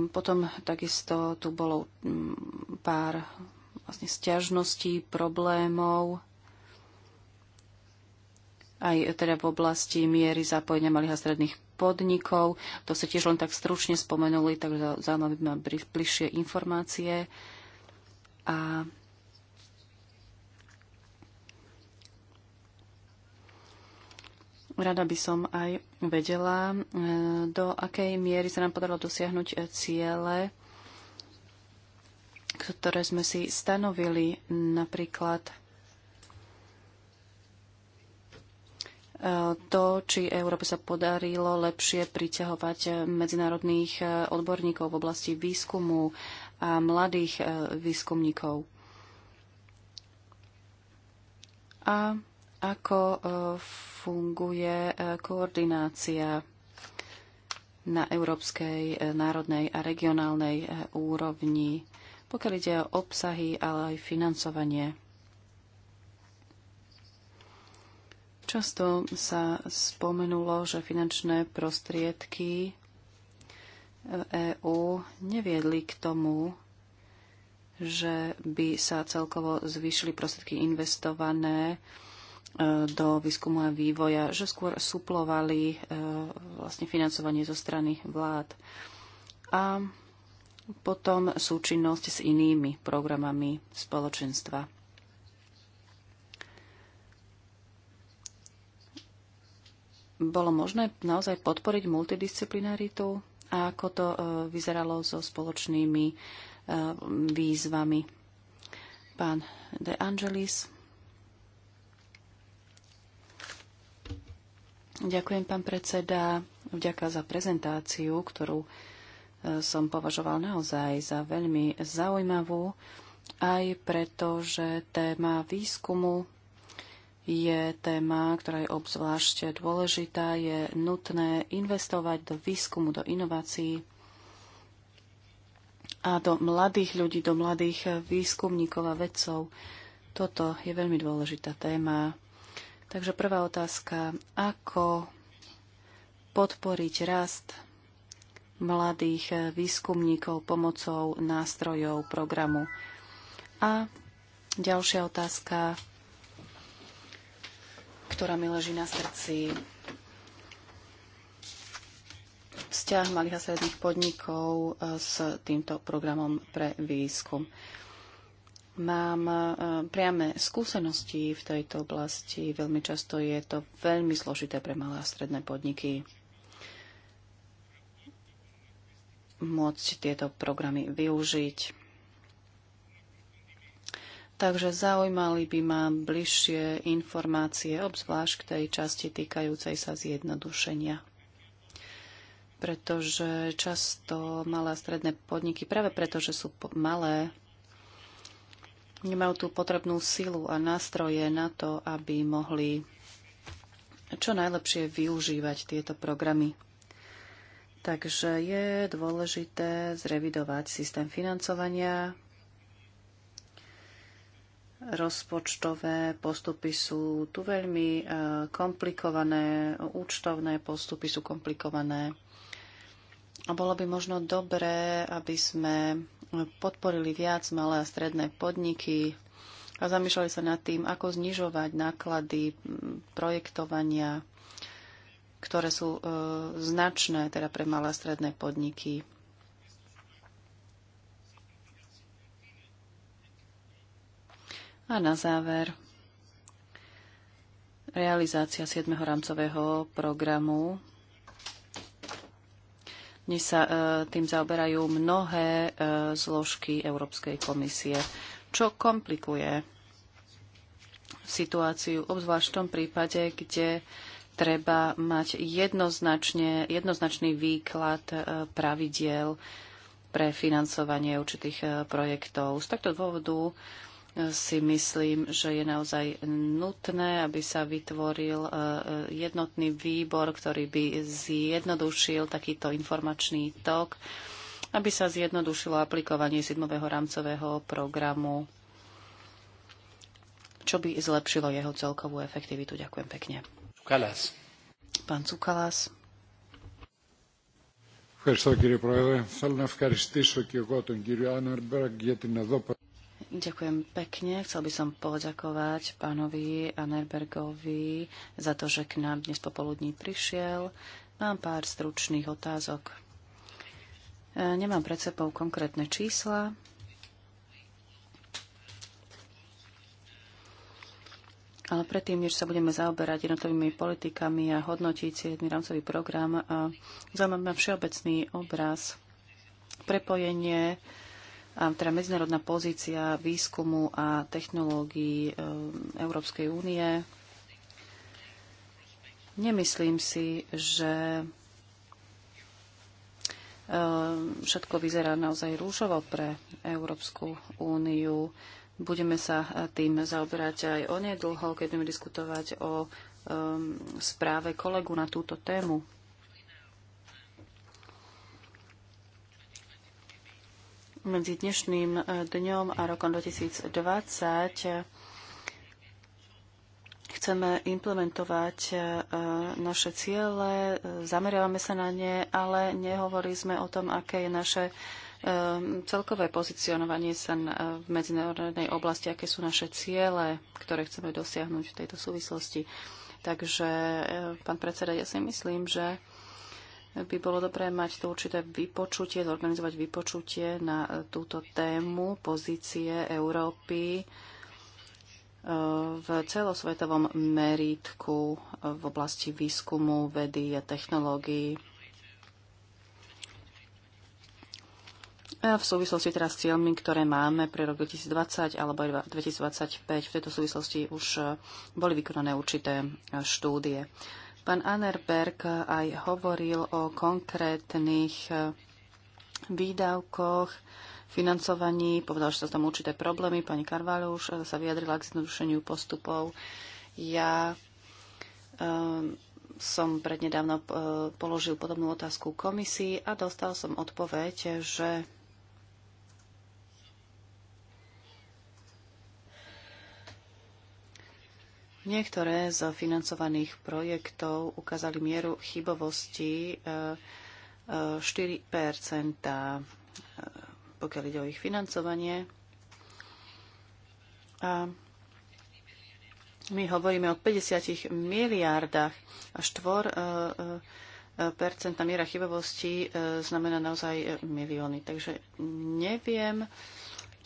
Ehm, potom takisto tu bolo mm, pár vlastne stiažností, problémov, aj teda v oblasti miery zapojenia malých a stredných podnikov. To sa tiež len tak stručne spomenuli, takže zaujímavé ma bližšie informácie. A Rada by som aj vedela, e, do akej miery sa nám podarilo dosiahnuť e, ciele, ktoré sme si stanovili napríklad e, to, či Európe sa podarilo lepšie priťahovať medzinárodných odborníkov v oblasti výskumu a mladých výskumníkov. A ako e, funguje e, koordinácia na európskej, e, národnej a regionálnej úrovni, pokiaľ ide o obsahy, ale aj financovanie. Často sa spomenulo, že finančné prostriedky EÚ neviedli k tomu, že by sa celkovo zvyšili prostriedky investované do výskumu a vývoja, že skôr suplovali e, vlastne financovanie zo strany vlád. A potom súčinnosť s inými programami spoločenstva. Bolo možné naozaj podporiť multidisciplinaritu a ako to e, vyzeralo so spoločnými e, výzvami. Pán De Angelis. Ďakujem, pán predseda. Vďaka za prezentáciu, ktorú e, som považoval naozaj za veľmi zaujímavú, aj preto, že téma výskumu je téma, ktorá je obzvlášť dôležitá. Je nutné investovať do výskumu, do inovácií a do mladých ľudí, do mladých výskumníkov a vedcov. Toto je veľmi dôležitá téma Takže prvá otázka, ako podporiť rast mladých výskumníkov pomocou nástrojov programu. A ďalšia otázka, ktorá mi leží na srdci. Vzťah malých a stredných podnikov s týmto programom pre výskum. Mám e, priame skúsenosti v tejto oblasti. Veľmi často je to veľmi zložité pre malé a stredné podniky môcť tieto programy využiť. Takže zaujímali by ma bližšie informácie, obzvlášť k tej časti týkajúcej sa zjednodušenia. Pretože často malé a stredné podniky, práve preto, že sú malé, nemajú tú potrebnú silu a nástroje na to, aby mohli čo najlepšie využívať tieto programy. Takže je dôležité zrevidovať systém financovania. Rozpočtové postupy sú tu veľmi e, komplikované, účtovné postupy sú komplikované. A bolo by možno dobré, aby sme podporili viac malé a stredné podniky a zamýšľali sa nad tým, ako znižovať náklady projektovania, ktoré sú e, značné teda pre malé a stredné podniky. A na záver realizácia 7. rámcového programu dnes sa e, tým zaoberajú mnohé e, zložky Európskej komisie, čo komplikuje situáciu, obzvlášť v tom prípade, kde treba mať jednoznačne, jednoznačný výklad e, pravidiel pre financovanie určitých projektov. Z takto dôvodu si myslím, že je naozaj nutné, aby sa vytvoril e, e, jednotný výbor, ktorý by zjednodušil takýto informačný tok, aby sa zjednodušilo aplikovanie 7. rámcového programu, čo by zlepšilo jeho celkovú efektivitu. Ďakujem pekne. Cukalas. Pán Cukalas. Ευχαριστώ κύριε Πρόεδρε. Θέλω να ευχαριστήσω και εγώ τον κύριο Άνερμπεργκ για την εδώ Ďakujem pekne. Chcel by som poďakovať pánovi Anerbergovi za to, že k nám dnes popoludní prišiel. Mám pár stručných otázok. E, nemám pred sebou konkrétne čísla, Ale predtým, než sa budeme zaoberať jednotlivými politikami a hodnotiť si jedný rámcový program, e, zaujímavý ma všeobecný obraz, prepojenie teda medzinárodná pozícia výskumu a technológií eh, Európskej únie. Nemyslím si, že eh, všetko vyzerá naozaj rúžovo pre Európsku úniu. Budeme sa tým zaoberať aj onedlho, keď budeme diskutovať o eh, správe kolegu na túto tému. medzi dnešným e, dňom a rokom 2020 e, chceme implementovať e, naše ciele, zameriavame sa na ne, ale nehovorili sme o tom, aké je naše celkové pozicionovanie sa v medzinárodnej oblasti, aké sú naše ciele, ktoré chceme dosiahnuť v tejto súvislosti. Takže, pán predseda, ja si myslím, že by bolo dobré mať to určité vypočutie, zorganizovať vypočutie na e, túto tému pozície Európy e, v celosvetovom meritku e, v oblasti výskumu, vedy a technológií. A v súvislosti teraz s cieľmi, ktoré máme pre rok 2020 alebo 2025, v tejto súvislosti už boli vykonané určité štúdie. Pán Anerberg aj hovoril o konkrétnych e, výdavkoch, financovaní, povedal, že sa tam určité problémy. Pani Karvalo už e, sa vyjadrila k zjednodušeniu postupov. Ja um, som prednedávno položil podobnú otázku komisii a dostal som odpoveď, že Niektoré z financovaných projektov ukázali mieru chybovosti 4 eh, eh, eh, pokiaľ ide o ich financovanie. A my hovoríme o 50 miliardách a štvor percentná miera chybovosti znamená naozaj milióny. Takže neviem,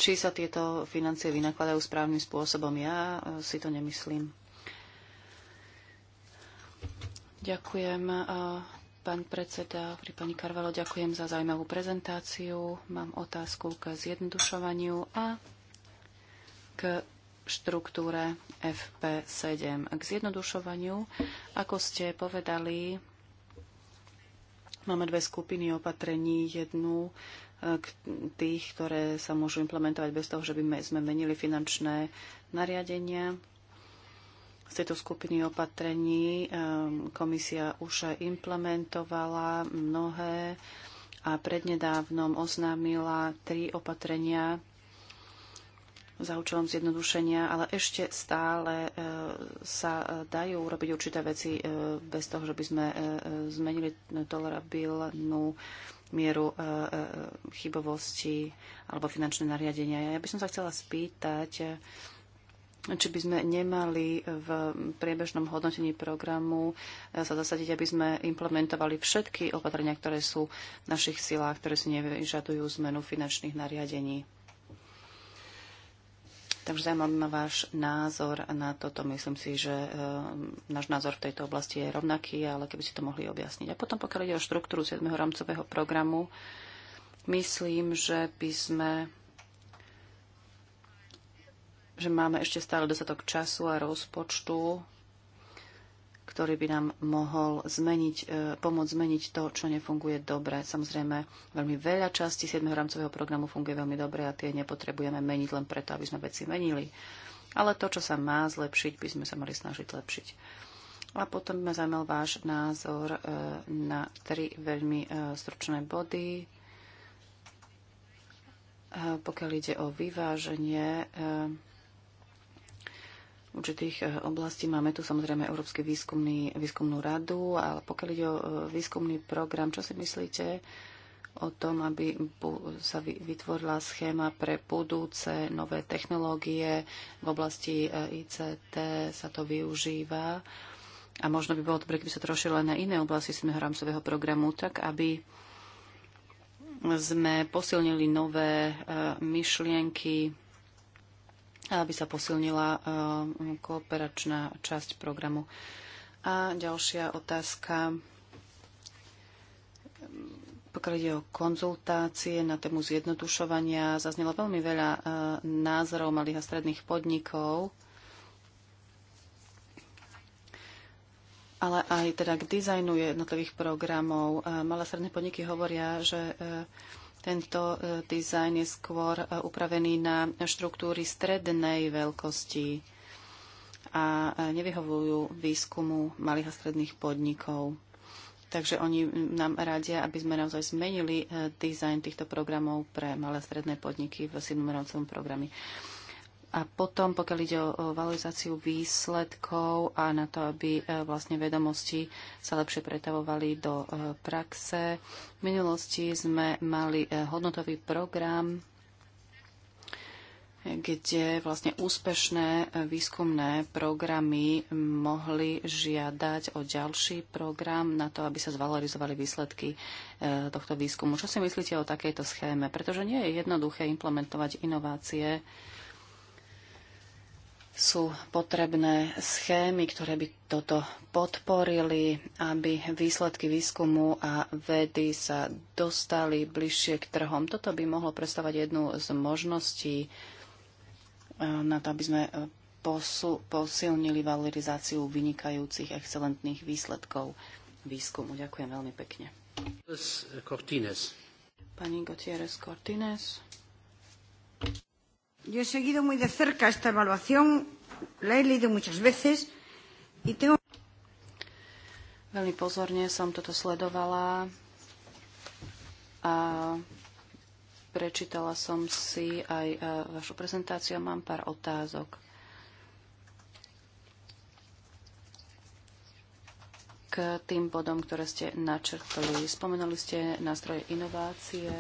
či sa tieto financie vynakladajú správnym spôsobom. Ja si to nemyslím. Ďakujem, eh, pán predseda, pri pani Karvalo, ďakujem za zaujímavú prezentáciu. Mám otázku k zjednodušovaniu a k štruktúre FP7. K zjednodušovaniu, ako ste povedali, máme dve skupiny opatrení. Jednu eh, k tých, ktoré sa môžu implementovať bez toho, že by sme menili finančné nariadenia z tejto skupiny opatrení ehm, komisia už implementovala mnohé a prednedávnom oznámila tri opatrenia za účelom zjednodušenia, ale ešte stále e, sa dajú urobiť určité veci e, bez toho, že by sme e, zmenili tolerabilnú mieru chybovosti alebo finančné nariadenia. Ja by som sa chcela spýtať, či by sme nemali v priebežnom hodnotení programu eh, sa zasadiť, aby sme implementovali všetky opatrenia, ktoré sú v našich silách, ktoré si nevyžadujú zmenu finančných nariadení. Takže zaujímavý ma váš názor na toto. Myslím si, že eh, náš názor v tejto oblasti je rovnaký, ale keby ste to mohli objasniť. A potom, pokiaľ ide o štruktúru 7. rámcového programu, myslím, že by sme že máme ešte stále dostatok času a rozpočtu, ktorý by nám mohol zmeniť, e, pomôcť zmeniť to, čo nefunguje dobre. Samozrejme, veľmi veľa častí 7. rámcového programu funguje veľmi dobre a tie nepotrebujeme meniť len preto, aby sme veci menili. Ale to, čo sa má zlepšiť, by sme sa mali snažiť lepšiť. A potom by ma zaujímal váš názor e, na tri veľmi e, stručné body. Pokiaľ ide o vyváženie, určitých eh, oblastí. Máme tu samozrejme Európsky výskumný, výskumnú radu, ale pokiaľ ide o eh, výskumný program, čo si myslíte o tom, aby sa vytvorila schéma pre budúce nové technológie v oblasti eh, ICT sa to využíva a možno by bolo dobre, keby sa to rozšírilo na iné oblasti sme rámcového programu, tak aby sme posilnili nové myšlienky aby sa posilnila eh, kooperačná časť programu. A ďalšia otázka. Pokiaľ ide o konzultácie na tému zjednodušovania, zaznelo veľmi veľa eh, názorov malých a stredných podnikov, ale aj teda k dizajnu jednotlivých programov. Eh, malé a stredné podniky hovoria, že tento e, dizajn je skôr e, upravený na štruktúry strednej veľkosti a e, nevyhovujú výskumu malých a stredných podnikov. Takže oni nám radia, aby sme naozaj zmenili dizajn týchto programov pre malé a stredné podniky v 7. rámcovom programe. A potom, pokiaľ ide o valorizáciu výsledkov a na to, aby e, vlastne vedomosti sa lepšie pretavovali do e, praxe, v minulosti sme mali e, hodnotový program, kde vlastne úspešné výskumné programy mohli žiadať o ďalší program na to, aby sa zvalorizovali výsledky tohto výskumu. Čo si myslíte o takejto schéme? Pretože nie je jednoduché implementovať inovácie sú potrebné schémy, ktoré by toto podporili, aby výsledky výskumu a vedy sa dostali bližšie k trhom. Toto by mohlo predstavať jednu z možností eh, na to, aby sme eh, posu, posilnili valorizáciu vynikajúcich excelentných výsledkov výskumu. Ďakujem veľmi pekne. Pani Gutierrez Cortines. Yo he seguido muy de cerca esta evaluación, la he leído muchas veces y tengo... Veľmi pozorne som toto sledovala a prečítala som si aj e, vašu prezentáciu a mám pár otázok. K tým bodom, ktoré ste načrtli. Spomenuli ste nástroje inovácie,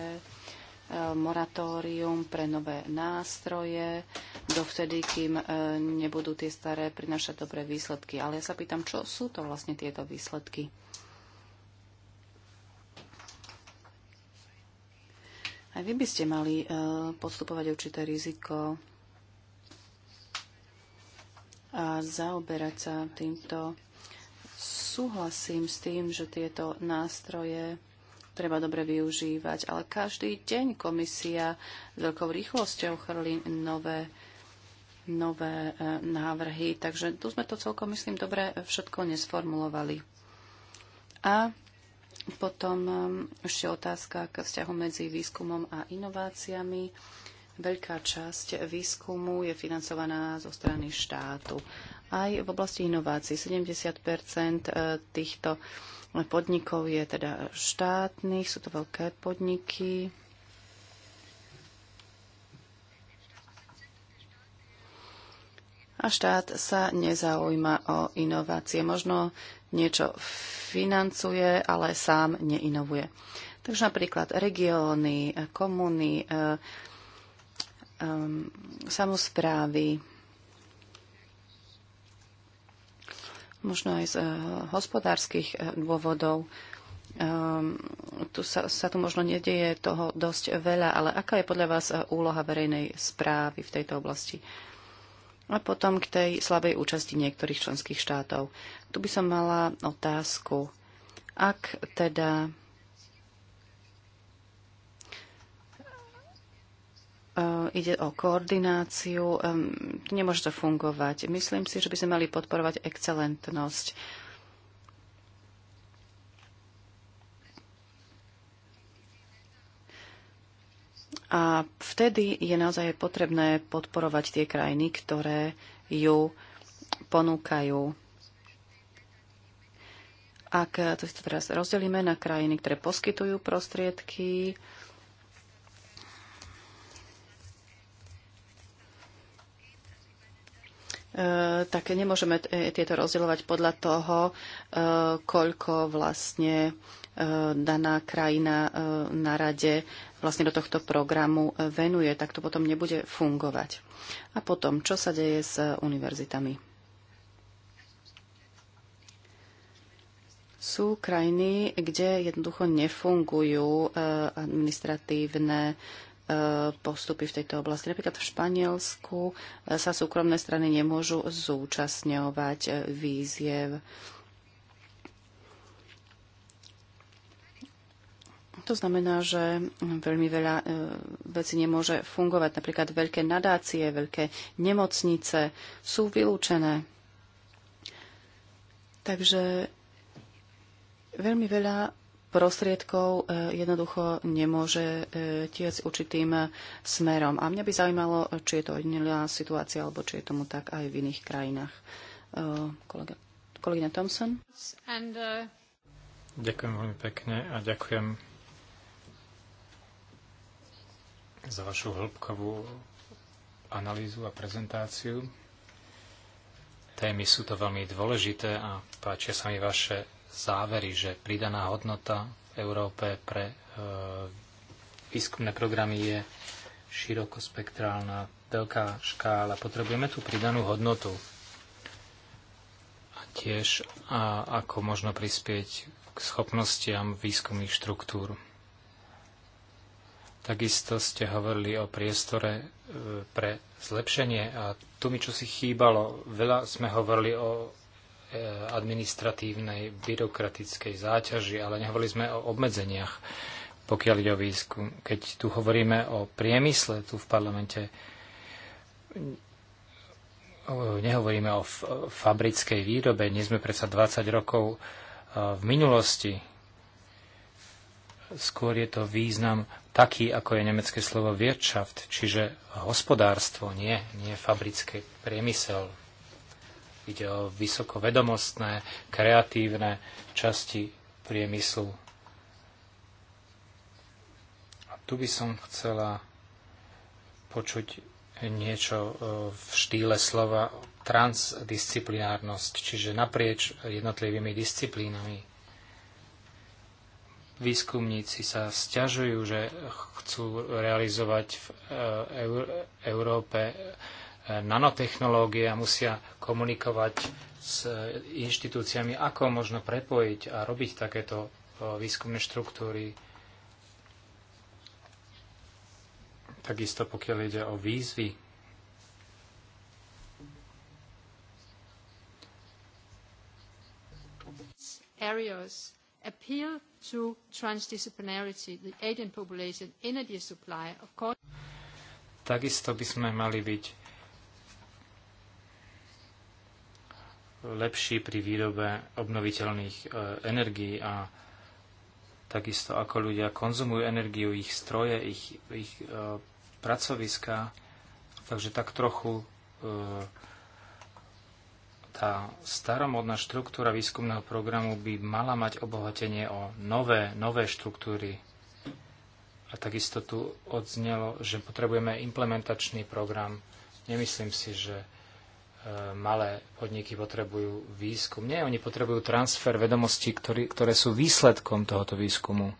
E, moratórium pre nové nástroje, dovtedy, kým e, nebudú tie staré prinašať dobré výsledky. Ale ja sa pýtam, čo sú to vlastne tieto výsledky? Aj vy by ste mali e, podstupovať určité riziko a zaoberať sa týmto. Súhlasím s tým, že tieto nástroje treba dobre využívať. Ale každý deň komisia s veľkou rýchlosťou chrlí nové nové e, návrhy. Takže tu sme to celkom, myslím, dobre všetko nesformulovali. A potom e, ešte otázka k vzťahu medzi výskumom a inováciami. Veľká časť výskumu je financovaná zo strany štátu. Aj v oblasti inovácií 70 e, týchto podnikov je teda štátnych, sú to veľké podniky. A štát sa nezaujíma o inovácie. Možno niečo financuje, ale sám neinovuje. Takže napríklad regióny, komuny, um, samozprávy, možno aj z eh, hospodárskych eh, dôvodov. Um, tu sa, sa tu možno nedieje toho dosť veľa, ale aká je podľa vás eh, úloha verejnej správy v tejto oblasti? A potom k tej slabej účasti niektorých členských štátov. Tu by som mala otázku. Ak teda E, ide o koordináciu, e, nemôže to fungovať. Myslím si, že by sme mali podporovať excelentnosť. A vtedy je naozaj potrebné podporovať tie krajiny, ktoré ju ponúkajú. Ak to si to teraz rozdelíme na krajiny, ktoré poskytujú prostriedky, E, tak nemôžeme e, tieto rozdielovať podľa toho, e, koľko vlastne daná krajina na rade vlastne do tohto programu venuje, tak to potom nebude fungovať. A potom, čo sa deje s univerzitami? Sú krajiny, kde jednoducho nefungujú administratívne E, postupy v tejto oblasti. Napríklad v Španielsku e, sa súkromné strany nemôžu zúčastňovať e, výziev. To znamená, že veľmi veľa vecí nemôže fungovať. Napríklad veľké nadácie, veľké nemocnice sú vylúčené. Takže veľmi veľa prostriedkov e, jednoducho nemôže e, tiec určitým e, smerom. A mňa by zaujímalo, či je to ojedinelá situácia, alebo či je tomu tak aj v iných krajinách. Kolega, kolegyňa Thompson. And, uh... Ďakujem veľmi pekne a ďakujem za vašu hĺbkovú analýzu a prezentáciu témy sú to veľmi dôležité a páčia sa mi vaše závery, že pridaná hodnota v Európe pre e, výskumné programy je širokospektrálna, veľká škála. Potrebujeme tú pridanú hodnotu. A tiež a ako možno prispieť k schopnostiam výskumných štruktúr. Takisto ste hovorili o priestore e, pre zlepšenie a tu mi čo si chýbalo. Veľa sme hovorili o Eh, administratívnej, byrokratickej záťaži, ale nehovorili sme o obmedzeniach, pokiaľ ide o výskum. Keď tu hovoríme o priemysle tu v parlamente, eh, nehovoríme o fabrickej výrobe, nie sme predsa 20 rokov eh, v minulosti. Skôr je to význam taký, ako je nemecké slovo Wirtschaft, čiže hospodárstvo, nie, nie fabrické priemysel, Ide o vysoko vedomostné, kreatívne časti priemyslu. A tu by som chcela počuť niečo e, v štýle slova transdisciplinárnosť, čiže naprieč jednotlivými disciplínami výskumníci sa stiažujú, že chcú realizovať v e, Európe nanotechnológie a musia komunikovať s e, inštitúciami, ako možno prepojiť a robiť takéto e, výskumné štruktúry. Takisto pokiaľ ide o výzvy, areas appeal to transdisciplinarity, the population energy supply of course. Takisto by sme mali byť lepší pri výrobe obnoviteľných e, energií a takisto ako ľudia konzumujú energiu, ich stroje, ich, ich e, pracoviská. Takže tak trochu e, tá staromodná štruktúra výskumného programu by mala mať obohatenie o nové, nové štruktúry. A takisto tu odznelo, že potrebujeme implementačný program. Nemyslím si, že E, malé podniky potrebujú výskum. Nie, oni potrebujú transfer vedomostí, ktorý, ktoré sú výsledkom tohoto výskumu.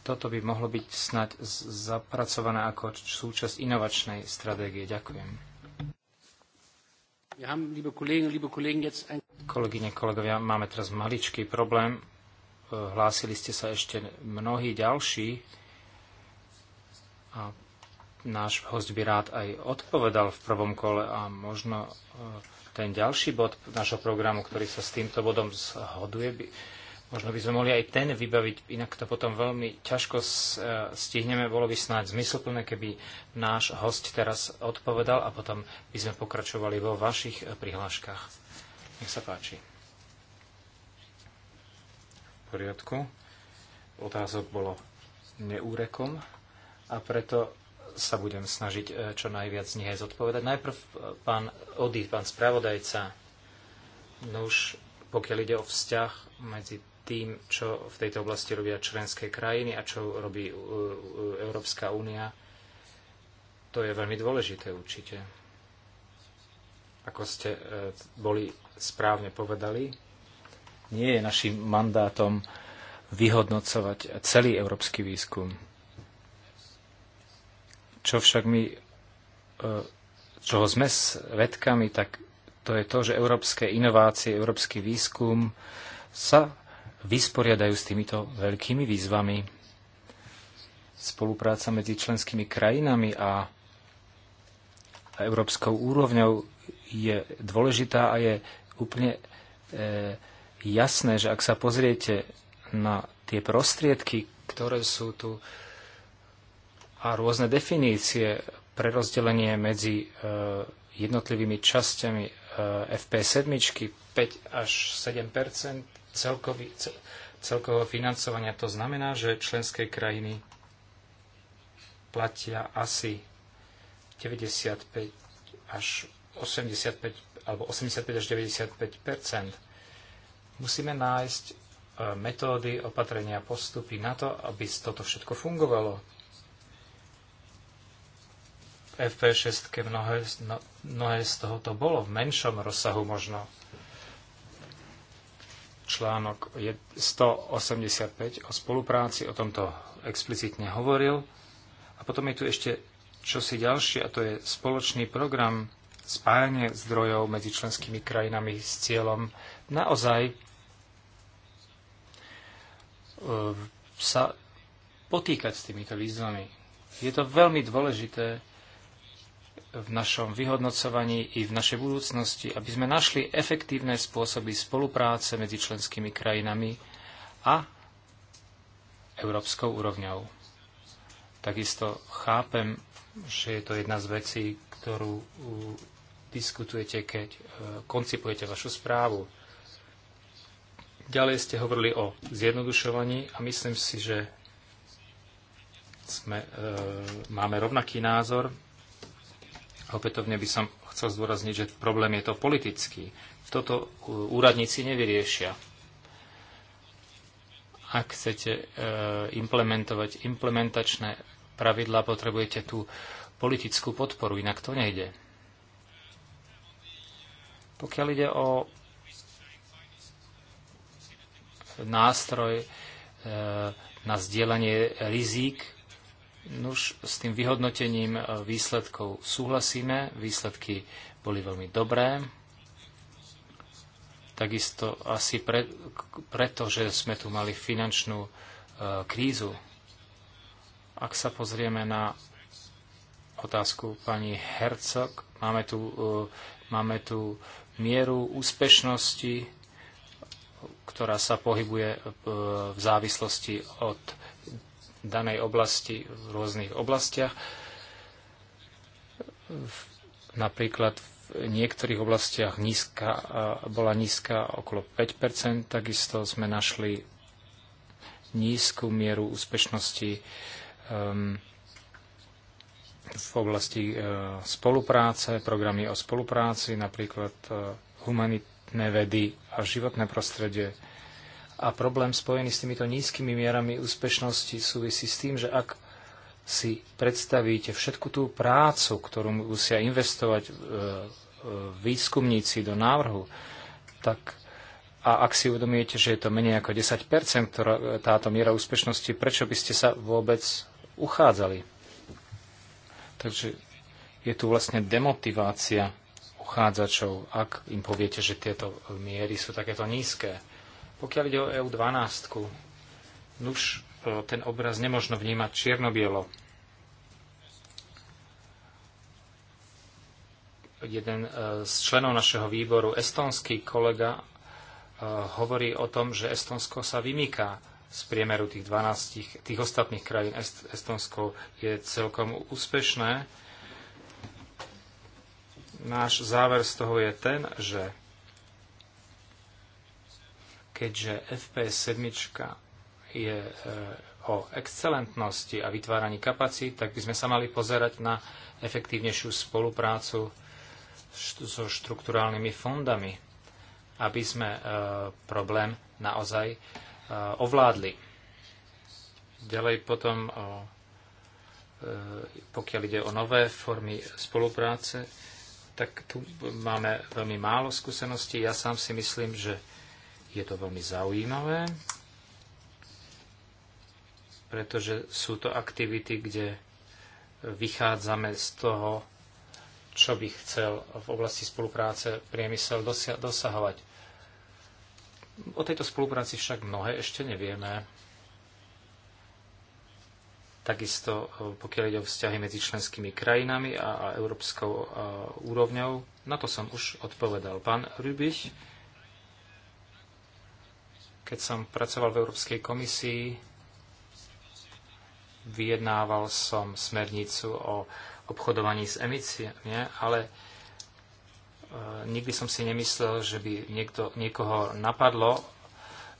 Toto by mohlo byť snať zapracované ako súčasť inovačnej stratégie. Ďakujem. Kolegyne, kolegovia, máme teraz maličký problém. E, hlásili ste sa ešte mnohí ďalší. A náš host by rád aj odpovedal v prvom kole a možno e, ten ďalší bod našho programu, ktorý sa s týmto bodom zhoduje, by, možno by sme mohli aj ten vybaviť, inak to potom veľmi ťažko e, stihneme. Bolo by snáď zmyslplné, keby náš host teraz odpovedal a potom by sme pokračovali vo vašich e, prihláškach. Nech sa páči. V poriadku. Otázok bolo neúrekom a preto sa budem snažiť e, čo najviac z nich aj zodpovedať. Najprv e, pán Ody, pán spravodajca. No už pokiaľ ide o vzťah medzi tým, čo v tejto oblasti robia členské krajiny a čo robí e, Európska únia, to je veľmi dôležité určite. Ako ste boli správne povedali, nie je našim mandátom vyhodnocovať celý európsky výskum čo však my, e, čoho sme vedkami, tak to je to, že európske inovácie, európsky výskum sa vysporiadajú s týmito veľkými výzvami. Spolupráca medzi členskými krajinami a európskou úrovňou je dôležitá a je úplne e, jasné, že ak sa pozriete na tie prostriedky, ktoré sú tu a rôzne definície pre rozdelenie medzi e, jednotlivými časťami e, FP7, 5 až 7 celkový, celkového financovania. To znamená, že členské krajiny platia asi 95 až 85 alebo 85 až 95 Musíme nájsť e, metódy, opatrenia, postupy na to, aby toto všetko fungovalo FP6 mnohé, no, mnohé z tohoto bolo v menšom rozsahu možno. Článok 185 o spolupráci o tomto explicitne hovoril. A potom je tu ešte čosi ďalšie, a to je spoločný program spájanie zdrojov medzi členskými krajinami s cieľom naozaj e, sa potýkať s týmito výzvami. Je to veľmi dôležité v našom vyhodnocovaní i v našej budúcnosti, aby sme našli efektívne spôsoby spolupráce medzi členskými krajinami a európskou úrovňou. Takisto chápem, že je to jedna z vecí, ktorú diskutujete, keď e, koncipujete vašu správu. Ďalej ste hovorili o zjednodušovaní a myslím si, že sme, e, máme rovnaký názor Opätovne by som chcel zdôrazniť, že problém je to politický. Toto e, úradníci nevyriešia. Ak chcete e, implementovať implementačné pravidlá, potrebujete tú politickú podporu, inak to nejde. Pokiaľ ide o nástroj e, na zdieľanie rizík, Nuž, s tým vyhodnotením e, výsledkov súhlasíme. Výsledky boli veľmi dobré. Takisto asi pre, preto, že sme tu mali finančnú e, krízu. Ak sa pozrieme na otázku pani Hercog, máme tu, e, máme tu mieru úspešnosti, ktorá sa pohybuje e, v závislosti od danej oblasti v rôznych oblastiach. Napríklad v niektorých oblastiach nízka, bola nízka okolo 5 takisto sme našli nízku mieru úspešnosti ehm, v oblasti e, spolupráce, programy o spolupráci, napríklad e, humanitné vedy a životné prostredie, a problém spojený s týmito nízkymi mierami úspešnosti súvisí s tým, že ak si predstavíte všetku tú prácu, ktorú musia investovať e, e, výskumníci do návrhu, tak a ak si uvedomiete, že je to menej ako 10%, ktorá, táto miera úspešnosti, prečo by ste sa vôbec uchádzali? Takže je tu vlastne demotivácia uchádzačov, ak im poviete, že tieto miery sú takéto nízke. Pokiaľ ide o EU12, už e, ten obraz nemožno vnímať čierno-bielo. Jeden e, z členov našeho výboru, estonský kolega, e, hovorí o tom, že Estonsko sa vymýka z priemeru tých 12, tých ostatných krajín. Estonsko je celkom úspešné. Náš záver z toho je ten, že keďže FPS 7 je e, o excelentnosti a vytváraní kapacít, tak by sme sa mali pozerať na efektívnejšiu spoluprácu so štrukturálnymi fondami, aby sme e, problém naozaj e, ovládli. Ďalej potom, pokiaľ ide o nové formy spolupráce, tak tu máme veľmi málo skúseností. Ja sám si myslím, že je to veľmi zaujímavé, pretože sú to aktivity, kde vychádzame z toho, čo by chcel v oblasti spolupráce priemysel dosahovať. O tejto spolupráci však mnohé ešte nevieme. Takisto, eh, pokiaľ ide o vzťahy medzi členskými krajinami a, a európskou a, eh, úrovňou, na to som už odpovedal. Pán Rubich, keď som pracoval v Európskej komisii, vyjednával som smernicu o obchodovaní s emisiami, ale e, nikdy som si nemyslel, že by niekto, niekoho napadlo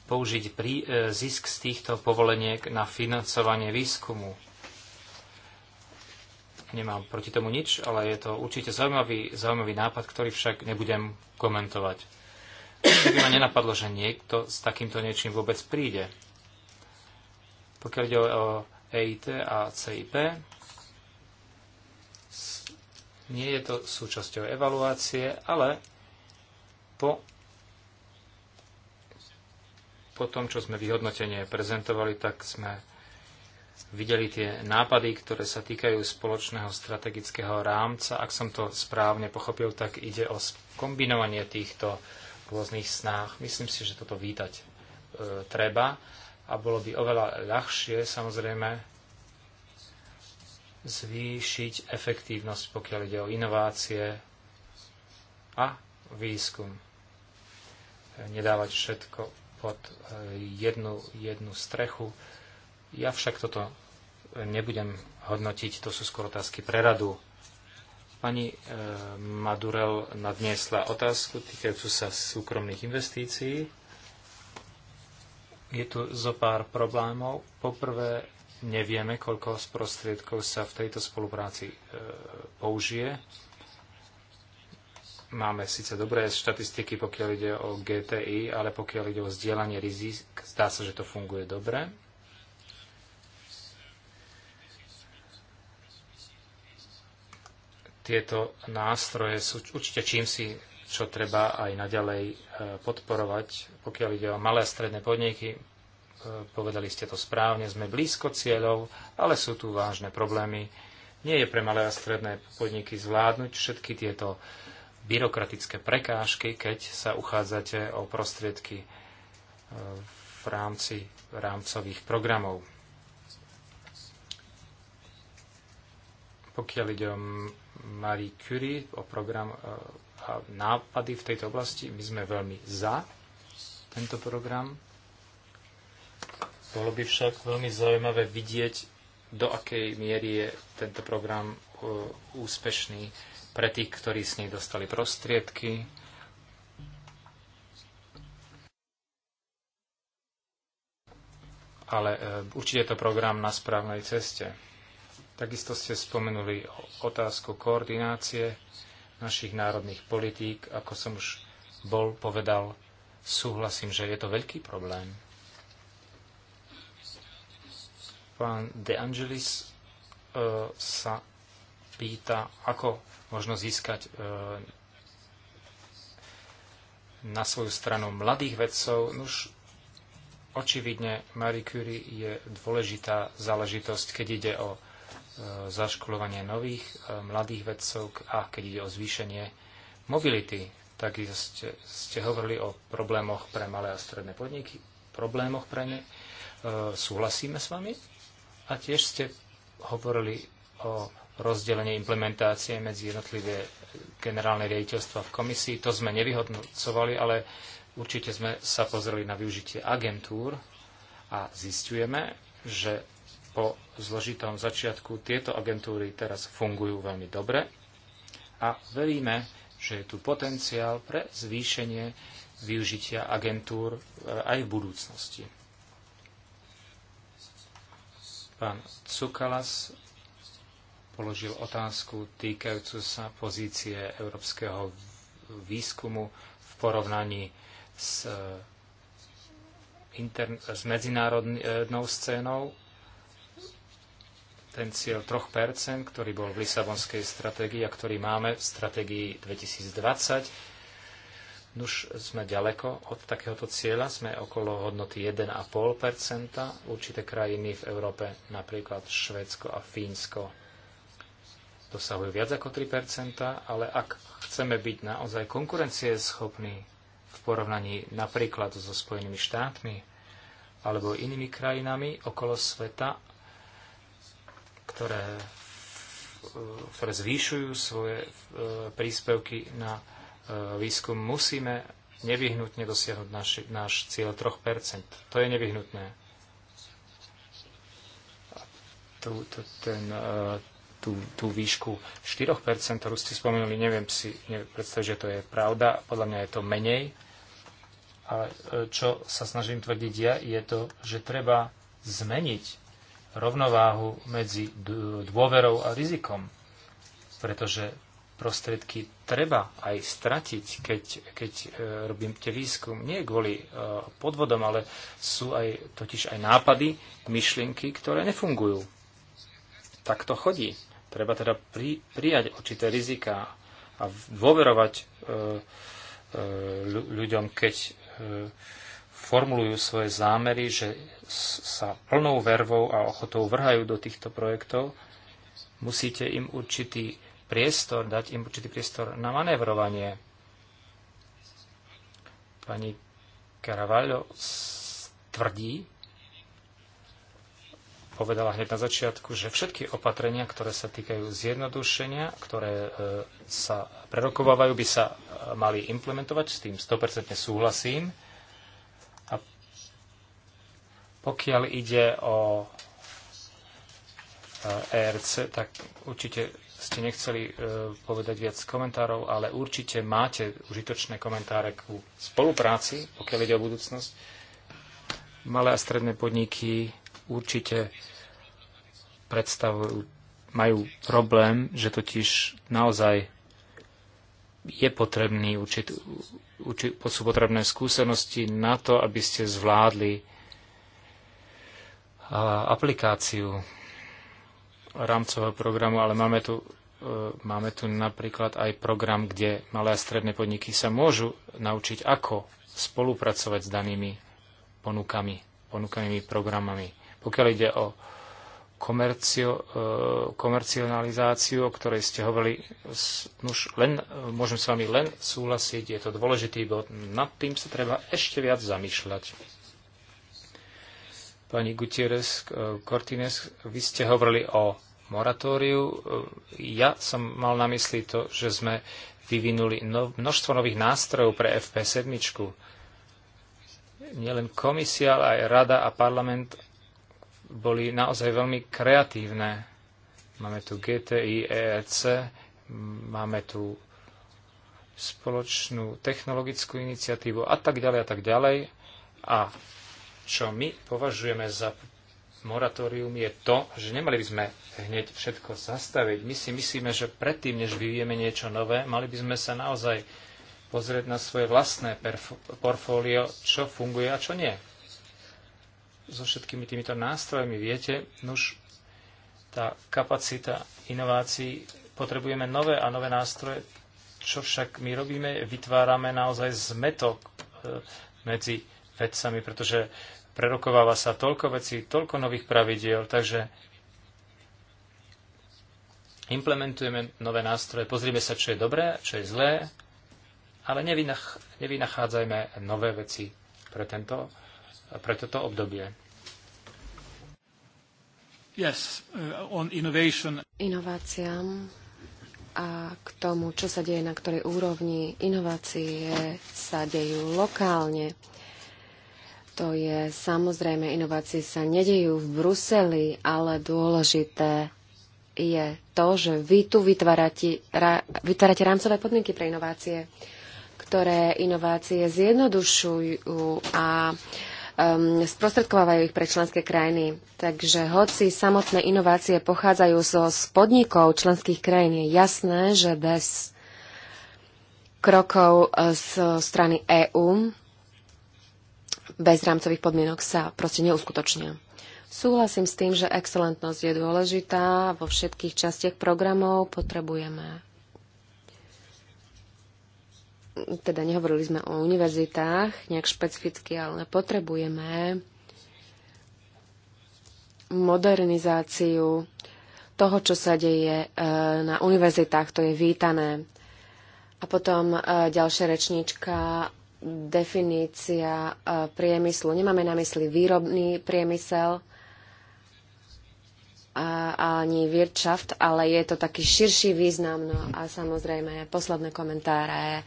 použiť prí, e, zisk z týchto povoleniek na financovanie výskumu. Nemám proti tomu nič, ale je to určite zaujímavý, zaujímavý nápad, ktorý však nebudem komentovať by ma nenapadlo, že niekto s takýmto niečím vôbec príde. Pokiaľ ide o EIT a CIP, nie je to súčasťou evaluácie, ale po, po tom, čo sme vyhodnotenie prezentovali, tak sme videli tie nápady, ktoré sa týkajú spoločného strategického rámca. Ak som to správne pochopil, tak ide o kombinovanie týchto rôznych snách. Myslím si, že toto vítať e, treba a bolo by oveľa ľahšie samozrejme zvýšiť efektívnosť, pokiaľ ide o inovácie a výskum. Nedávať všetko pod e, jednu, jednu strechu. Ja však toto nebudem hodnotiť, to sú skôr otázky preradu. Pani e, Madurel nadniesla otázku týkajúcu sa súkromných investícií. Je tu zo pár problémov. Poprvé, nevieme, koľko z prostriedkov sa v tejto spolupráci e, použije. Máme síce dobré štatistiky, pokiaľ ide o GTI, ale pokiaľ ide o zdieľanie rizik, zdá sa, že to funguje dobre Tieto nástroje sú určite čím si, čo treba aj naďalej e, podporovať. Pokiaľ ide o malé a stredné podniky, e, povedali ste to správne, sme blízko cieľov, ale sú tu vážne problémy. Nie je pre malé a stredné podniky zvládnuť všetky tieto byrokratické prekážky, keď sa uchádzate o prostriedky e, v rámci rámcových programov. Pokiaľ ide o Marie Curie o program e, a nápady v tejto oblasti. My sme veľmi za tento program. Bolo by však veľmi zaujímavé vidieť, do akej miery je tento program e, úspešný pre tých, ktorí s nej dostali prostriedky. Ale e, určite je to program na správnej ceste. Takisto ste spomenuli otázku koordinácie našich národných politík. Ako som už bol povedal, súhlasím, že je to veľký problém. Pán De Angelis e, sa pýta, ako možno získať e, na svoju stranu mladých vedcov. Nuž, očividne Marie Curie je dôležitá záležitosť, keď ide o E, zaškolovanie nových e, mladých vedcov a keď ide o zvýšenie mobility, tak ste, ste hovorili o problémoch pre malé a stredné podniky, problémoch pre ne. E, súhlasíme s vami? A tiež ste hovorili o rozdelení implementácie medzi jednotlivé generálne riaditeľstva v komisii. To sme nevyhodnocovali, ale určite sme sa pozreli na využitie agentúr a zistujeme, že po zložitom začiatku tieto agentúry teraz fungujú veľmi dobre a veríme, že je tu potenciál pre zvýšenie využitia agentúr e, aj v budúcnosti. Pán Cukalas položil otázku týkajúcu sa pozície európskeho výskumu v porovnaní s, e, s medzinárodnou scénou ten cieľ 3%, ktorý bol v Lisabonskej stratégii a ktorý máme v stratégii 2020. Už sme ďaleko od takéhoto cieľa, sme okolo hodnoty 1,5%. Určité krajiny v Európe, napríklad Švédsko a Fínsko, dosahujú viac ako 3%, ale ak chceme byť naozaj konkurencieschopní v porovnaní napríklad so Spojenými štátmi alebo inými krajinami okolo sveta, ktoré, ktoré zvýšujú svoje e, príspevky na e, výskum, musíme nevyhnutne dosiahnuť náš, náš cieľ 3%. To je nevyhnutné. Tú, tú, ten, e, tú, tú výšku 4%, ktorú ste spomenuli, neviem si predstaviť, že to je pravda. Podľa mňa je to menej. Ale čo sa snažím tvrdiť ja, je to, že treba zmeniť rovnováhu medzi dôverou a rizikom, pretože prostriedky treba aj stratiť, keď, keď e, tie výskum. Nie kvôli e, podvodom, ale sú aj, totiž aj nápady, myšlienky, ktoré nefungujú. Tak to chodí. Treba teda pri, prijať určité rizika a dôverovať e, e, ľuďom, keď e, formulujú svoje zámery, že sa plnou vervou a ochotou vrhajú do týchto projektov, musíte im určitý priestor, dať im určitý priestor na manévrovanie. Pani Caravaglio tvrdí, povedala hneď na začiatku, že všetky opatrenia, ktoré sa týkajú zjednodušenia, ktoré e, sa prerokovávajú, by sa e, mali implementovať. S tým 100% súhlasím. Pokiaľ ide o ERC, e tak určite ste nechceli e, povedať viac komentárov, ale určite máte užitočné komentáre ku spolupráci, pokiaľ ide o budúcnosť. Malé a stredné podniky určite predstavujú, majú problém, že totiž naozaj je potrebný určit, určit, sú potrebné skúsenosti na to, aby ste zvládli aplikáciu rámcového programu, ale máme tu, e, máme tu napríklad aj program, kde malé a stredné podniky sa môžu naučiť, ako spolupracovať s danými ponukami, ponukanými programami. Pokiaľ ide o komercio, e, komercionalizáciu, o ktorej ste hovorili, nuž len, e, môžem s vami len súhlasiť, je to dôležitý bod, nad tým sa treba ešte viac zamýšľať. Pani Gutierrez eh, Cortines, vy ste hovorili o moratóriu. Eh, ja som mal na mysli to, že sme vyvinuli no, množstvo nových nástrojov pre FP7. Nielen komisia, ale aj rada a parlament boli naozaj veľmi kreatívne. Máme tu GTI, EEC, máme tu spoločnú technologickú iniciatívu a tak ďalej a tak ďalej. A čo my považujeme za moratórium, je to, že nemali by sme hneď všetko zastaviť. My si myslíme, že predtým, než vyvieme niečo nové, mali by sme sa naozaj pozrieť na svoje vlastné portfólio, čo funguje a čo nie. So všetkými týmito nástrojmi, viete, nuž tá kapacita inovácií, potrebujeme nové a nové nástroje, čo však my robíme, vytvárame naozaj zmetok e, medzi vedcami, pretože prerokováva sa toľko vecí, toľko nových pravidiel, takže implementujeme nové nástroje, pozrieme sa, čo je dobré, čo je zlé, ale nevynach, nevynachádzajme nové veci pre, tento, pre toto obdobie. Yes, uh, on innovation. Inováciám a k tomu, čo sa deje na ktorej úrovni inovácie sa dejú lokálne to je samozrejme, inovácie sa nedejú v Bruseli, ale dôležité je to, že vy tu vytvárate, ra, vytvárate rámcové podmienky pre inovácie, ktoré inovácie zjednodušujú a um, sprostredkovávajú ich pre členské krajiny. Takže hoci samotné inovácie pochádzajú zo spodnikov členských krajín, je jasné, že bez krokov uh, z strany EÚ bez rámcových podmienok sa proste neuskutočnia. Súhlasím s tým, že excelentnosť je dôležitá. Vo všetkých častiach programov potrebujeme teda nehovorili sme o univerzitách nejak špecificky, ale potrebujeme modernizáciu toho, čo sa deje e, na univerzitách, to je vítané. A potom e, ďalšia rečníčka definícia e, priemyslu. Nemáme na mysli výrobný priemysel a, ani Wirtschaft, ale je to taký širší význam. No a samozrejme, posledné komentáre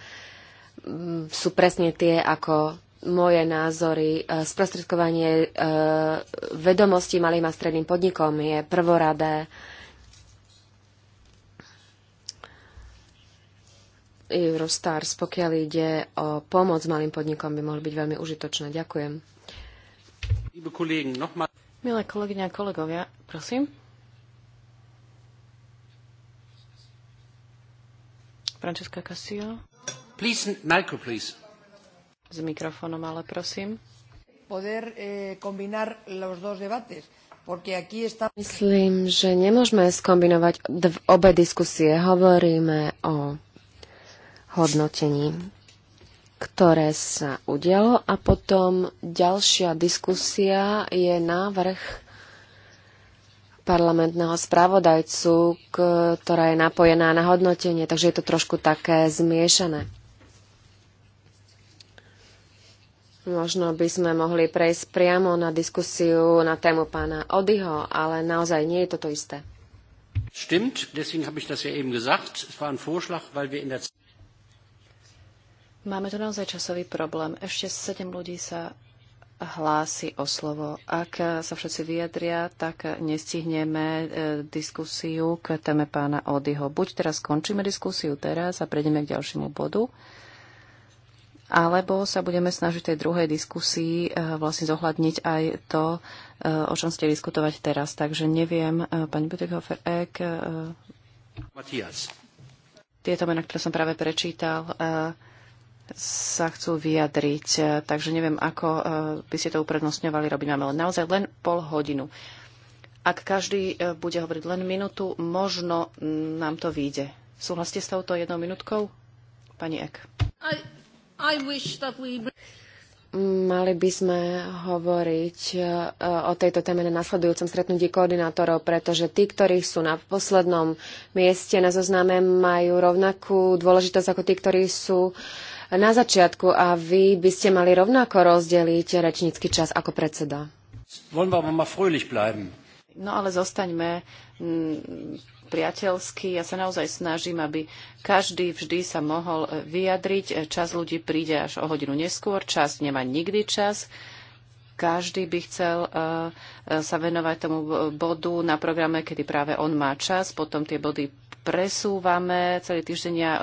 sú presne tie, ako moje názory. E, sprostredkovanie e, vedomostí malým a stredným podnikom je prvoradé Eurostars, pokiaľ ide o pomoc malým podnikom, by mohli byť veľmi užitočné. Ďakujem. Milé kolegyne a kolegovia, prosím. Francesca Casio. Please, micro, please. S mikrofónom, ale prosím. Poder kombinar eh, los dos debates. Myslím, že nemôžeme skombinovať obe diskusie. Hovoríme o hodnotením, ktoré sa udialo. A potom ďalšia diskusia je návrh parlamentného spravodajcu, ktorá je napojená na hodnotenie, takže je to trošku také zmiešané. Možno by sme mohli prejsť priamo na diskusiu na tému pána Odyho, ale naozaj nie je to to isté. Stimmt, deswegen habe ich das ja eben gesagt. Es war ein Vorschlag, weil wir in der Máme tu naozaj časový problém. Ešte sedem ľudí sa hlási o slovo. Ak sa všetci vyjadria, tak nestihneme e, diskusiu k téme pána Odyho. Buď teraz skončíme diskusiu teraz a prejdeme k ďalšiemu bodu, alebo sa budeme snažiť tej druhej diskusii e, vlastne zohľadniť aj to, e, o čom ste diskutovať teraz. Takže neviem, pani Butekhofer, ek... Matias. Tieto mená, ktoré som práve prečítal, sa chcú vyjadriť. E, takže neviem, ako e, by ste to uprednostňovali. Robíme Ale naozaj len pol hodinu. Ak každý e, bude hovoriť len minútu, možno nám to vyjde. Súhlasíte s touto jednou minútkou? Pani Ek. I, I wish that we... Mali by sme hovoriť o tejto téme na nasledujúcom stretnutí koordinátorov, pretože tí, ktorí sú na poslednom mieste na zozname, majú rovnakú dôležitosť ako tí, ktorí sú uh, na začiatku a vy by ste mali rovnako rozdeliť rečnícky čas ako predseda. No ale zostaňme mm, priateľský. Ja sa naozaj snažím, aby každý vždy sa mohol e, vyjadriť. E, čas ľudí príde až o hodinu neskôr, čas nemá nikdy čas každý by chcel e, sa venovať tomu bodu na programe, kedy práve on má čas, potom tie body presúvame, celý týždeň ja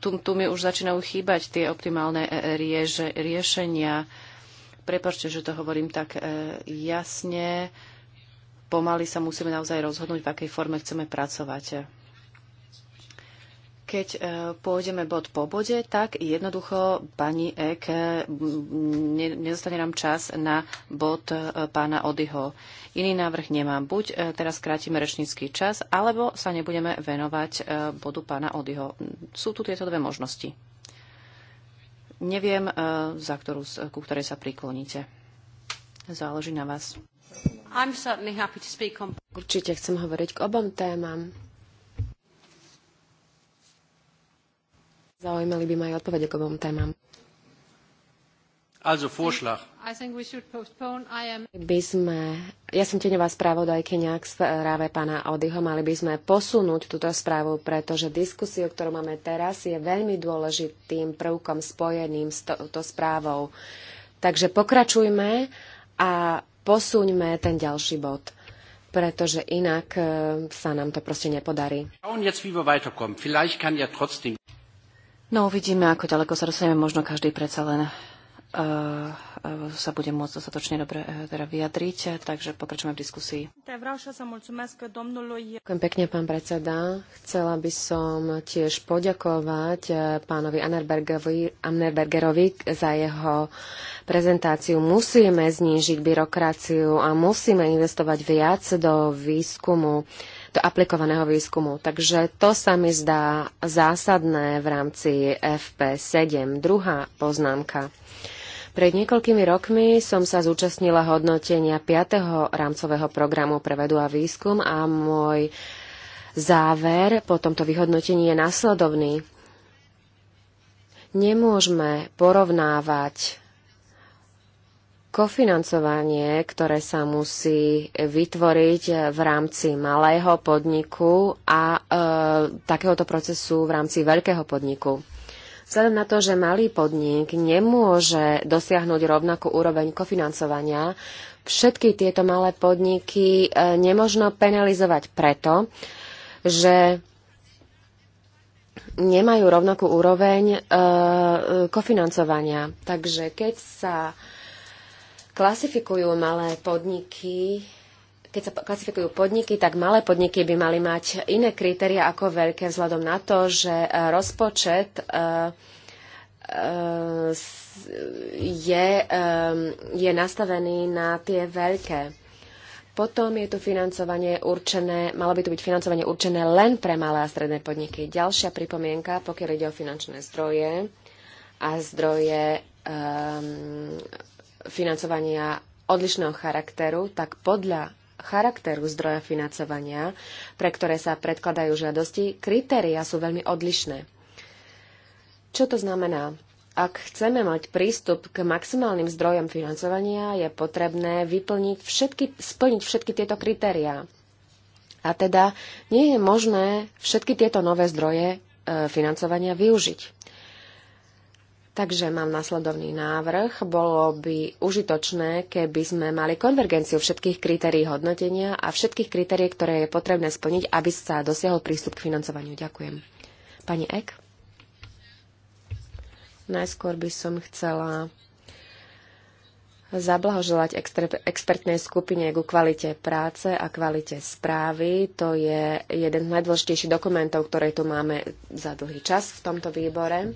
tu, tu mi už začínajú chýbať tie optimálne e, rieže, riešenia. Prepačte, že to hovorím tak e, jasne. Pomaly sa musíme naozaj rozhodnúť, v akej forme chceme pracovať. Keď e, pôjdeme bod po bode, tak jednoducho, pani Ek, nezostane nám čas na bod e, pána Odyho. Iný návrh nemám. Buď e, teraz krátime rečnícky čas, alebo sa nebudeme venovať bodu pána Odyho. Sú tu tieto dve možnosti. Neviem, za ktorú, ku ktorej sa prikloníte. Záleží na vás. On... Určite chcem hovoriť k obom témam. Zaujímali by ma aj odpovede k obom témam. Also Vorschlag. By sme, ja som teňová správodajkyňa k správe pána Odyho, mali by sme posunúť túto správu, pretože diskusiu, ktorú máme teraz, je veľmi dôležitým prvkom spojeným s touto správou. Takže pokračujme a posuňme ten ďalší bod pretože inak eh, sa nám to proste nepodarí. No uvidíme, ako ďaleko sa dostaneme. Možno každý predsa len eh, eh, sa bude môcť dostatočne dobre eh, teda vyjadriť, takže pokračujeme v diskusii. Ďakujem pekne, pán predseda. Chcela by som tiež poďakovať pánovi Annerbergerovi za jeho prezentáciu. Musíme znížiť byrokraciu a musíme investovať viac do výskumu aplikovaného výskumu. Takže to sa mi zdá zásadné v rámci FP7. Druhá poznámka. Pred niekoľkými rokmi som sa zúčastnila hodnotenia 5. rámcového programu pre vedu a výskum a môj záver po tomto vyhodnotení je následovný. Nemôžeme porovnávať kofinancovanie, ktoré sa musí vytvoriť v rámci malého podniku a e, takéhoto procesu v rámci veľkého podniku. Vzhľadom na to, že malý podnik nemôže dosiahnuť rovnakú úroveň kofinancovania, všetky tieto malé podniky e, nemožno penalizovať preto, že nemajú rovnakú úroveň e, e kofinancovania. Takže keď sa e, klasifikujú malé podniky, keď sa klasifikujú podniky, tak malé podniky by mali mať iné kritéria ako veľké vzhľadom na to, že e, rozpočet e, e, je, je nastavený na tie veľké. Potom je tu financovanie určené, malo by tu byť financovanie určené len pre malé a stredné podniky. Ďalšia pripomienka, pokiaľ ide o finančné zdroje a zdroje um, financovania odlišného charakteru, tak podľa charakteru zdroja financovania, pre ktoré sa predkladajú žiadosti, kritéria sú veľmi odlišné. Čo to znamená? Ak chceme mať prístup k maximálnym zdrojom financovania, je potrebné vyplniť všetky, splniť všetky tieto kritériá. A teda nie je možné všetky tieto nové zdroje e, financovania využiť. Takže mám následovný návrh. Bolo by užitočné, keby sme mali konvergenciu všetkých kritérií hodnotenia a všetkých kritérií, ktoré je potrebné splniť, aby sa dosiahol prístup k financovaniu. Ďakujem. Pani Ek? Najskôr by som chcela zablahoželať expertnej skupine ku kvalite práce a kvalite správy. To je jeden z najdôležitejších dokumentov, ktoré tu máme za dlhý čas v tomto výbore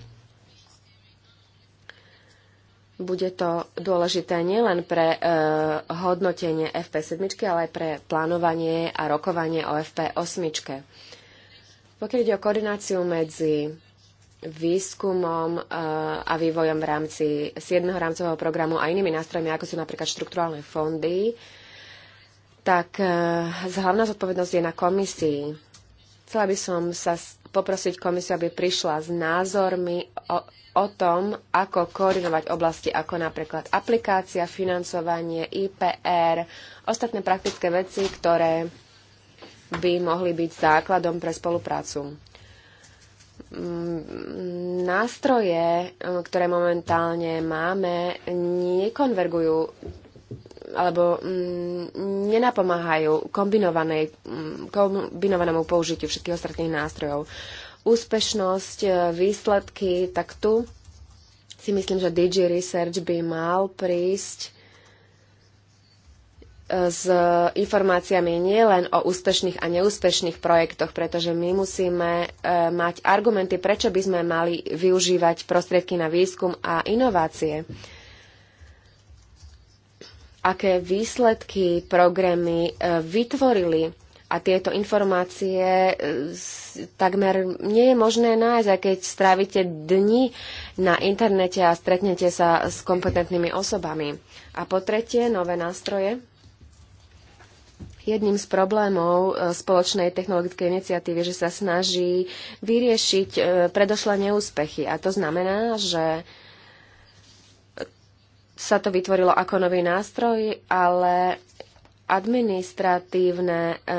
bude to dôležité nielen pre e, hodnotenie FP7, ale aj pre plánovanie a rokovanie o FP8. Pokiaľ ide o koordináciu medzi výskumom e, a vývojom v rámci 7. rámcového programu a inými nástrojmi, ako sú napríklad štrukturálne fondy, tak e, hlavná zodpovednosť je na komisii Chcela by som sa poprosiť komisiu, aby prišla s názormi o, o tom, ako koordinovať oblasti ako napríklad aplikácia, financovanie, IPR, ostatné praktické veci, ktoré by mohli byť základom pre spoluprácu. Mm, nástroje, mm, ktoré momentálne máme, nekonvergujú alebo mm, nenapomáhajú kombinovanej, mm, kombinovanému použitiu všetkých ostatných nástrojov. Úspešnosť, e, výsledky, tak tu si myslím, že DG Research by mal prísť e, s informáciami nielen o úspešných a neúspešných projektoch, pretože my musíme e, mať argumenty, prečo by sme mali využívať prostriedky na výskum a inovácie aké výsledky programy e, vytvorili. A tieto informácie e, takmer nie je možné nájsť, aj keď strávite dni na internete a stretnete sa s kompetentnými osobami. A po tretie, nové nástroje. Jedným z problémov e, spoločnej technologickej iniciatívy je, že sa snaží vyriešiť predošlé neúspechy. A to znamená, že sa to vytvorilo ako nový nástroj, ale administratívne e, e,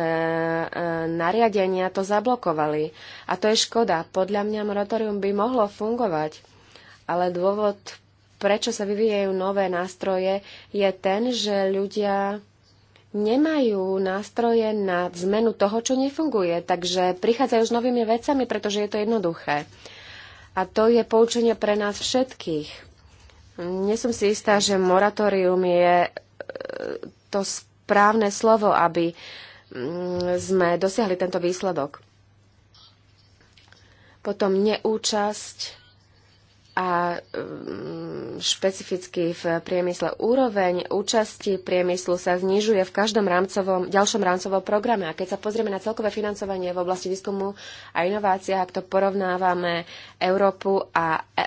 nariadenia to zablokovali. A to je škoda. Podľa mňa moratórium by mohlo fungovať. Ale dôvod, prečo sa vyvíjajú nové nástroje, je ten, že ľudia nemajú nástroje na zmenu toho, čo nefunguje. Takže prichádzajú s novými vecami, pretože je to jednoduché. A to je poučenie pre nás všetkých nie som si istá, že moratórium je e, to správne slovo, aby mm, sme dosiahli tento výsledok. Potom neúčasť a mm, špecificky v priemysle. Úroveň účasti priemyslu sa znižuje v každom rámcovom, ďalšom rámcovom programe. A keď sa pozrieme na celkové financovanie v oblasti výskumu a inovácia, ak to porovnávame Európu a e, e,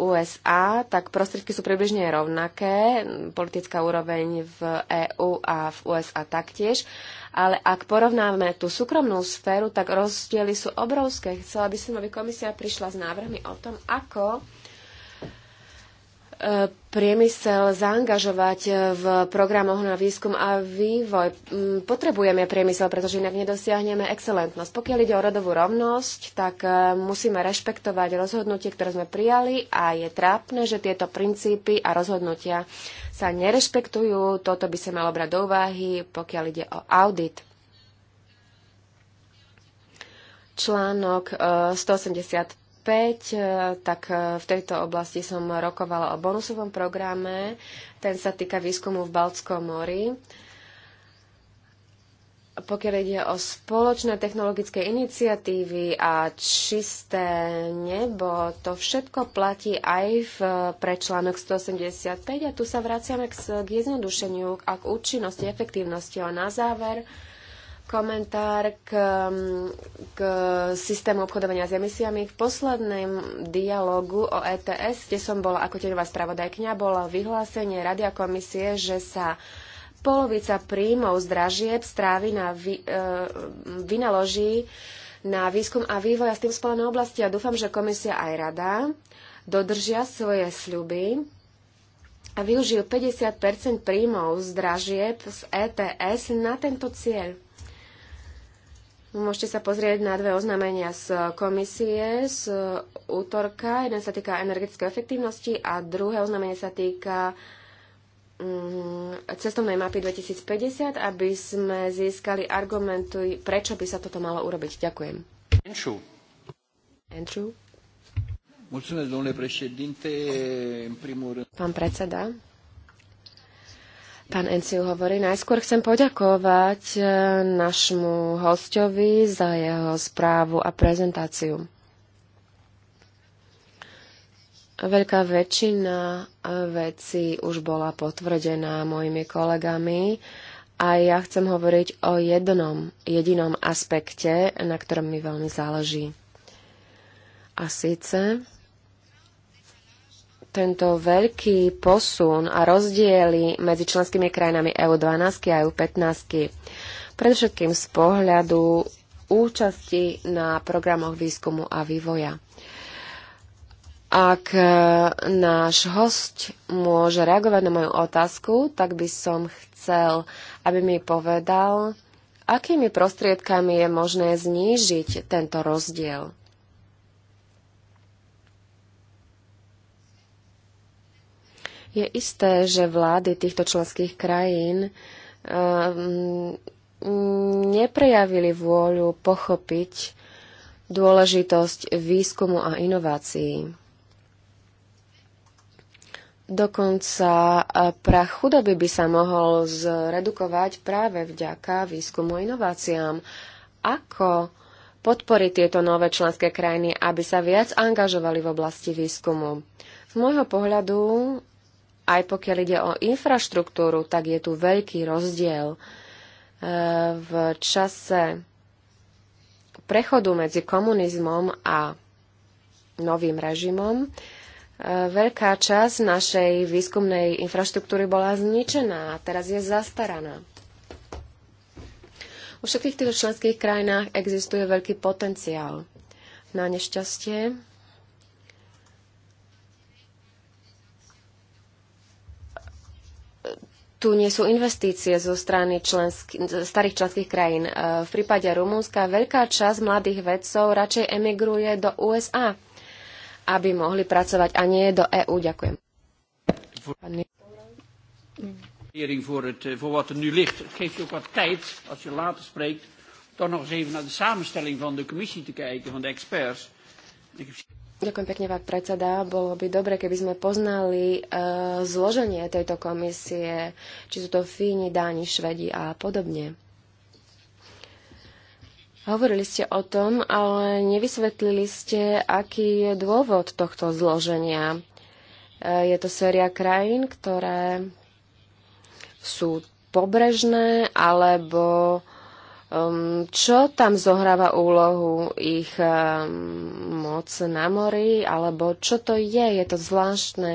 USA, tak prostriedky sú približne rovnaké. Politická úroveň v EÚ a v USA taktiež. Ale ak porovnáme tú súkromnú sféru, tak rozdiely sú obrovské. Chcela by som, aby komisia prišla s návrhmi o tom, ako priemysel zaangažovať v programoch na výskum a vývoj. Mm, potrebujeme priemysel, pretože inak nedosiahneme excelentnosť. Pokiaľ ide o rodovú rovnosť, tak e, musíme rešpektovať rozhodnutie, ktoré sme prijali a je trápne, že tieto princípy a rozhodnutia sa nerešpektujú. Toto by sa malo brať do úvahy, pokiaľ ide o audit. Článok 185 e, 5, e, tak e, v tejto oblasti som rokovala o bonusovom programe. Ten sa týka výskumu v Baltskom mori. Pokiaľ ide o spoločné technologické iniciatívy a čisté nebo, to všetko platí aj v, pre článok 185 a tu sa vraciame k, k jednodušeniu a k účinnosti, efektívnosti. A na záver, komentár k, mm, k systému obchodovania s emisiami. V poslednom dialogu o ETS, kde som bola ako teňová spravodajkňa, bolo vyhlásenie Rady a komisie, že sa polovica príjmov z dražieb strávy na vy, e, vynaloží na výskum a vývoj a s tým spolené oblasti. A dúfam, že komisia aj rada dodržia svoje sľuby a využijú 50 príjmov z dražieb z ETS na tento cieľ. Môžete sa pozrieť na dve oznámenia z komisie z útorka. Jeden sa týka energetickej efektívnosti a druhé oznámenie sa týka mm, cestovnej mapy 2050, aby sme získali argumenty, prečo by sa toto malo urobiť. Ďakujem. Andrew. Andrew. Pán predseda. Pán Enciu hovorí, najskôr chcem poďakovať e, našmu hostovi za jeho správu a prezentáciu. Veľká väčšina vecí už bola potvrdená mojimi kolegami a ja chcem hovoriť o jednom, jedinom aspekte, na ktorom mi veľmi záleží. A síce tento veľký posun a rozdiely medzi členskými krajinami EU12 a EU15. Predovšetkým z pohľadu účasti na programoch výskumu a vývoja. Ak e, náš host môže reagovať na moju otázku, tak by som chcel, aby mi povedal, akými prostriedkami je možné znížiť tento rozdiel. Je isté, že vlády týchto členských krajín ehm, neprejavili vôľu pochopiť dôležitosť výskumu a inovácií. Dokonca e, prach chudoby by sa mohol zredukovať práve vďaka výskumu a inováciám. Ako podporiť tieto nové členské krajiny, aby sa viac angažovali v oblasti výskumu? Z môjho pohľadu aj pokiaľ ide o infraštruktúru, tak je tu veľký rozdiel e, v čase prechodu medzi komunizmom a novým režimom. E, veľká časť našej výskumnej infraštruktúry bola zničená a teraz je zastaraná. U všetkých týchto členských krajinách existuje veľký potenciál na nešťastie tu nie sú investície zo strany člensk- starých členských krajín. E, v prípade Rumúnska veľká časť mladých vedcov radšej emigruje do USA, aby mohli pracovať a nie do EÚ. Ďakujem. Voor, het, eh, voor wat er nu ligt. Het geeft je ook wat tijd, als je later spreekt, toch nog eens even naar de samenstelling van de commissie te kijken, van de experts. Ik heb Ďakujem pekne, pán predseda. Bolo by dobre, keby sme poznali e, zloženie tejto komisie, či sú to Fíni, Dáni, Švedi a podobne. Hovorili ste o tom, ale nevysvetlili ste, aký je dôvod tohto zloženia. E, je to séria krajín, ktoré sú pobrežné alebo e, Um, čo tam zohráva úlohu ich um, moc na mori, alebo čo to je? Je to zvláštne,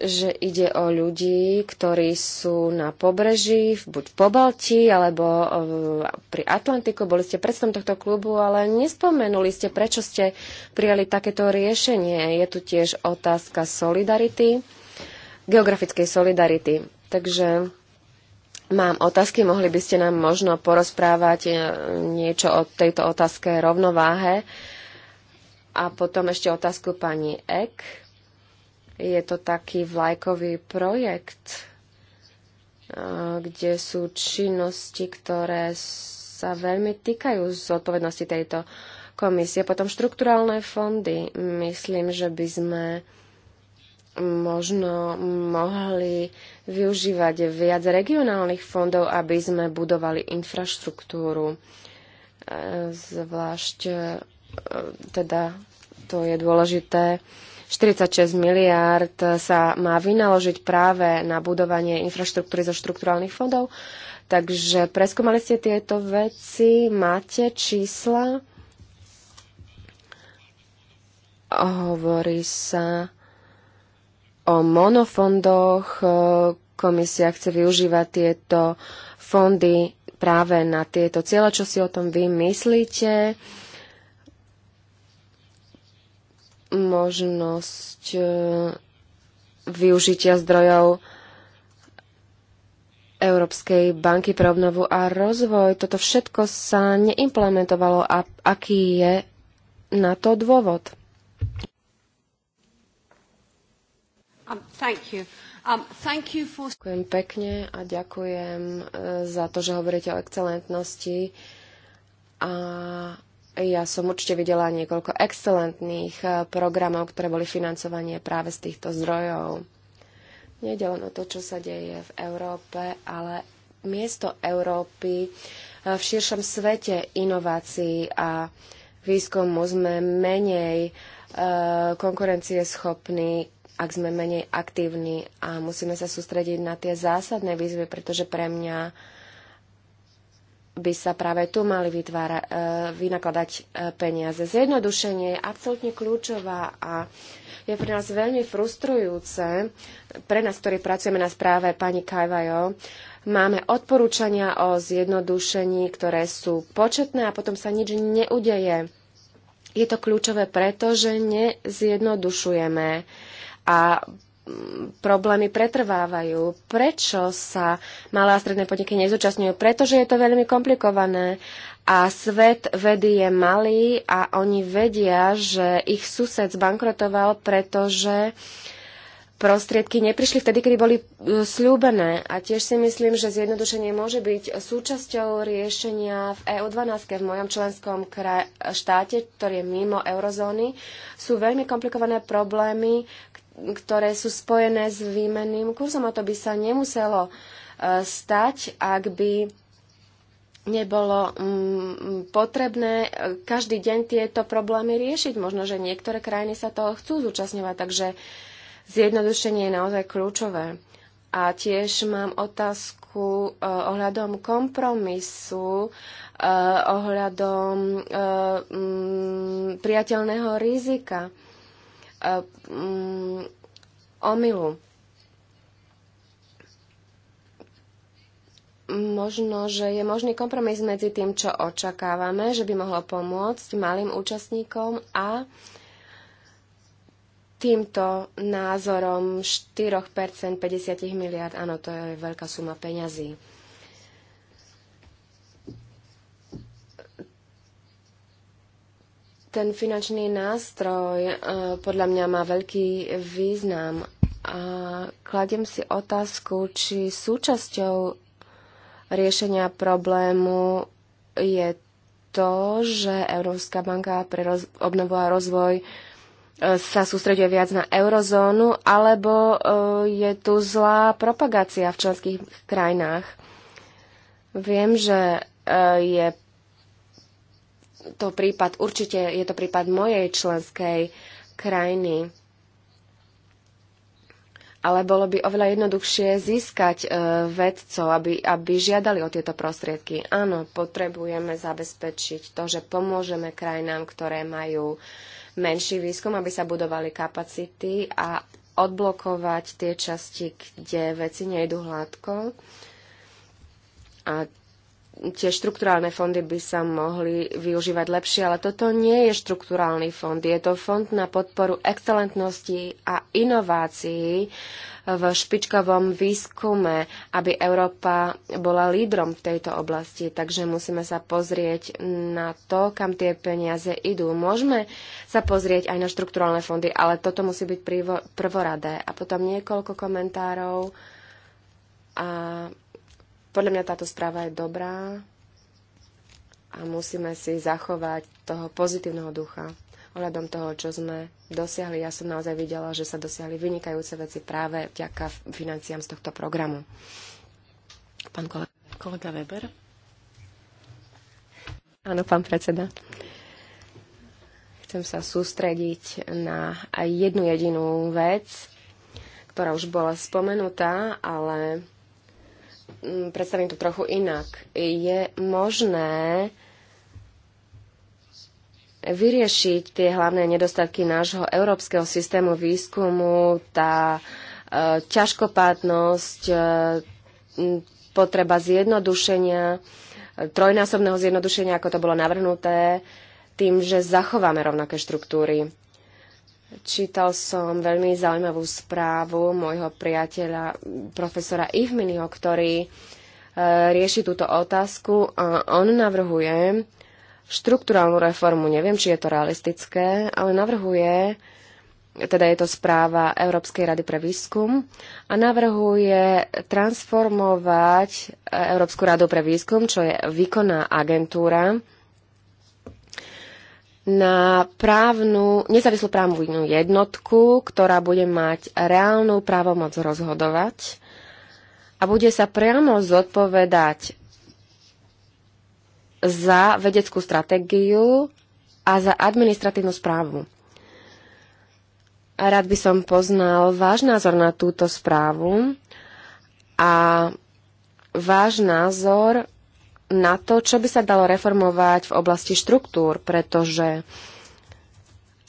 že ide o ľudí, ktorí sú na pobreží, buď v Pobalti, alebo uh, pri Atlantiku. Boli ste predstavom tohto klubu, ale nespomenuli ste, prečo ste prijali takéto riešenie. Je tu tiež otázka solidarity, geografickej solidarity. Takže Mám otázky, mohli by ste nám možno porozprávať e, niečo o tejto otázke rovnováhe. A potom ešte otázku pani Ek. Je to taký vlajkový projekt, e, kde sú činnosti, ktoré sa veľmi týkajú zodpovednosti tejto komisie. Potom štrukturálne fondy. Myslím, že by sme možno mohli využívať viac regionálnych fondov, aby sme budovali infraštruktúru. E, zvlášť e, teda to je dôležité. 46 miliárd sa má vynaložiť práve na budovanie infraštruktúry zo štrukturálnych fondov. Takže preskúmali ste tieto veci, máte čísla? Hovorí sa o monofondoch. E, Komisia chce využívať tieto fondy práve na tieto cieľa. Čo si o tom vy myslíte? Možnosť e, využitia zdrojov Európskej banky pre obnovu a rozvoj. Toto všetko sa neimplementovalo a aký je na to dôvod? Um, thank you. Um, thank you for... Ďakujem pekne a ďakujem e, za to, že hovoríte o excelentnosti. A ja som určite videla niekoľko excelentných e, programov, ktoré boli financovanie práve z týchto zdrojov. Nejde len o to, čo sa deje v Európe, ale miesto Európy e, v širšom svete inovácií a výskumu sme menej konkurencieschopní, ak sme menej aktívni a musíme sa sústrediť na tie zásadné výzvy, pretože pre mňa by sa práve tu mali vytvára, e, vynakladať e, peniaze. Zjednodušenie je absolútne kľúčová a je pre nás veľmi frustrujúce, pre nás, ktorí pracujeme na správe pani Kajvajo, máme odporúčania o zjednodušení, ktoré sú početné a potom sa nič neudeje. Je to kľúčové pretože nezjednodušujeme. Uh, a problémy pretrvávajú. Prečo sa malé a stredné podniky nezúčastňujú? Pretože je to veľmi komplikované a svet vedy je malý a oni vedia, že ich sused zbankrotoval, pretože prostriedky neprišli vtedy, kedy boli e, slúbené. A tiež si myslím, že zjednodušenie môže byť súčasťou riešenia v EU12 v mojom členskom štáte, ktorý je mimo eurozóny. Sú veľmi komplikované problémy, ktoré sú spojené s výmenným kurzom a to by sa nemuselo e, stať, ak by nebolo mm, potrebné e, každý deň tieto problémy riešiť. Možno, že niektoré krajiny sa toho chcú zúčastňovať, takže zjednodušenie je naozaj kľúčové. A tiež mám otázku e, ohľadom kompromisu, ohľadom mm, priateľného rizika um, omilu. Možno, že je možný kompromis medzi tým, čo očakávame, že by mohlo pomôcť malým účastníkom a týmto názorom 4% 50 miliard. Áno, to je veľká suma peňazí. Ten finančný nástroj e, podľa mňa má veľký význam a kladiem si otázku, či súčasťou riešenia problému je to, že Európska banka pre roz- obnovu a rozvoj e, sa sústreďuje viac na eurozónu, alebo e, je tu zlá propagácia v členských krajinách. Viem, že je to prípad, určite je to prípad mojej členskej krajiny. Ale bolo by oveľa jednoduchšie získať e, vedcov, aby, aby žiadali o tieto prostriedky. Áno, potrebujeme zabezpečiť to, že pomôžeme krajinám, ktoré majú menší výskum, aby sa budovali kapacity a odblokovať tie časti, kde veci nejdu hladko. A tie štrukturálne fondy by sa mohli využívať lepšie, ale toto nie je štrukturálny fond. Je to fond na podporu excelentnosti a inovácií v špičkovom výskume, aby Európa bola lídrom v tejto oblasti. Takže musíme sa pozrieť na to, kam tie peniaze idú. Môžeme sa pozrieť aj na štrukturálne fondy, ale toto musí byť prvoradé. A potom niekoľko komentárov a podľa mňa táto správa je dobrá a musíme si zachovať toho pozitívneho ducha ohľadom toho, čo sme dosiahli. Ja som naozaj videla, že sa dosiahli vynikajúce veci práve vďaka financiám z tohto programu. Pán kolega, kolega Weber. Áno, pán predseda. Chcem sa sústrediť na aj jednu jedinú vec, ktorá už bola spomenutá, ale Mm, predstavím to trochu inak. Je možné vyriešiť tie hlavné nedostatky nášho európskeho systému výskumu, tá e, ťažkopádnosť, e, potreba zjednodušenia, e, trojnásobného zjednodušenia, ako to bolo navrhnuté, tým, že zachováme rovnaké štruktúry. Čítal som veľmi zaujímavú správu môjho priateľa, profesora Ivminiho, ktorý e, rieši túto otázku a on navrhuje štruktúralnú reformu. Neviem, či je to realistické, ale navrhuje teda je to správa Európskej rady pre výskum a navrhuje transformovať Európsku radu pre výskum, čo je výkonná agentúra na právnu, nezávislú právnu jednotku, ktorá bude mať reálnu právomoc rozhodovať a bude sa priamo zodpovedať za vedeckú stratégiu a za administratívnu správu. A rád by som poznal váš názor na túto správu a váš názor na to, čo by sa dalo reformovať v oblasti štruktúr, pretože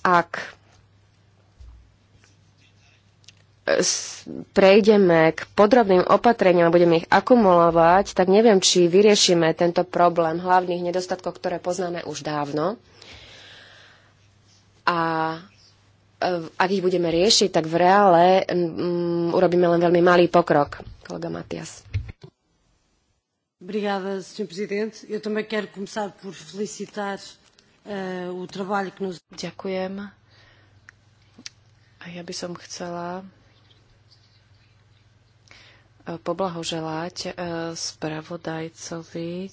ak prejdeme k podrobným opatreniam a budeme ich akumulovať, tak neviem, či vyriešime tento problém hlavných nedostatkov, ktoré poznáme už dávno. A eh, ak ich budeme riešiť, tak v reále um, urobíme len veľmi malý pokrok. Kolega Matias. Obrigada, Sr. Presidente. Eu também quero começar por felicitar uh, o trabalho que nos... Ďakujem. A ja by som chcela eh, poblahoželať eh, spravodajcovi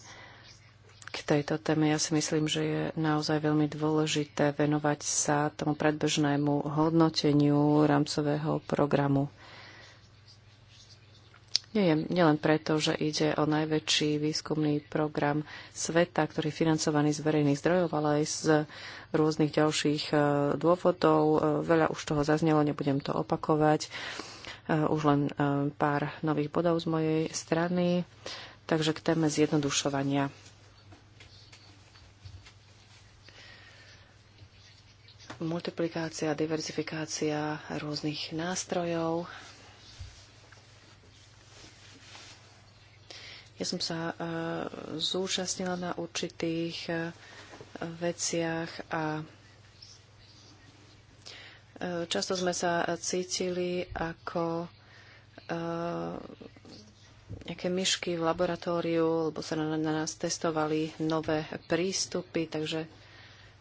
k tejto téme. Ja si myslím, že je naozaj veľmi dôležité venovať sa tomu predbežnému hodnoteniu rámcového programu. Nie, nielen preto, že ide o najväčší výskumný program sveta, ktorý je financovaný z verejných zdrojov, ale aj z rôznych ďalších e, dôvodov. E, veľa už toho zaznelo, nebudem to opakovať. E, už len pár nových bodov z mojej strany. Takže k téme zjednodušovania. Multiplikácia, diverzifikácia rôznych nástrojov, Ja som sa e, zúčastnila na určitých e, veciach a e, často sme sa cítili ako nejaké myšky v laboratóriu, lebo sa na, na nás testovali nové prístupy, takže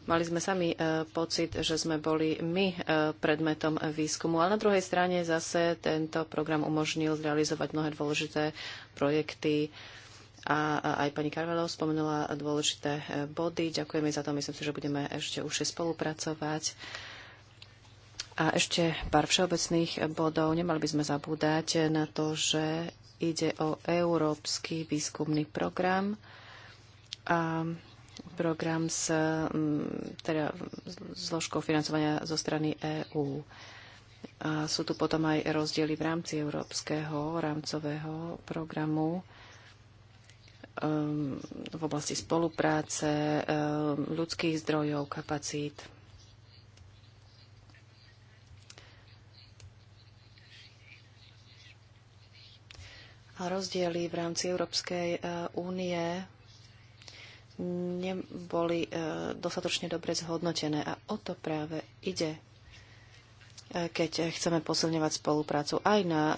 Mali sme sami e, pocit, že sme boli my e, predmetom výskumu, ale na druhej strane zase tento program umožnil zrealizovať mnohé dôležité projekty. A aj pani Karvelov spomenula dôležité e, body. Ďakujeme za to. Myslím si, že budeme ešte užšie spolupracovať. A ešte pár všeobecných bodov. Nemali by sme zabúdať na to, že ide o Európsky výskumný program. A program s mm, teda, zložkou financovania zo strany EÚ. A sú tu potom aj rozdiely v rámci európskeho rámcového programu um, v oblasti spolupráce, um, ľudských zdrojov, kapacít. A rozdiely v rámci Európskej e, únie neboli e, dostatočne dobre zhodnotené. A o to práve ide, e, keď chceme posilňovať spoluprácu aj na e,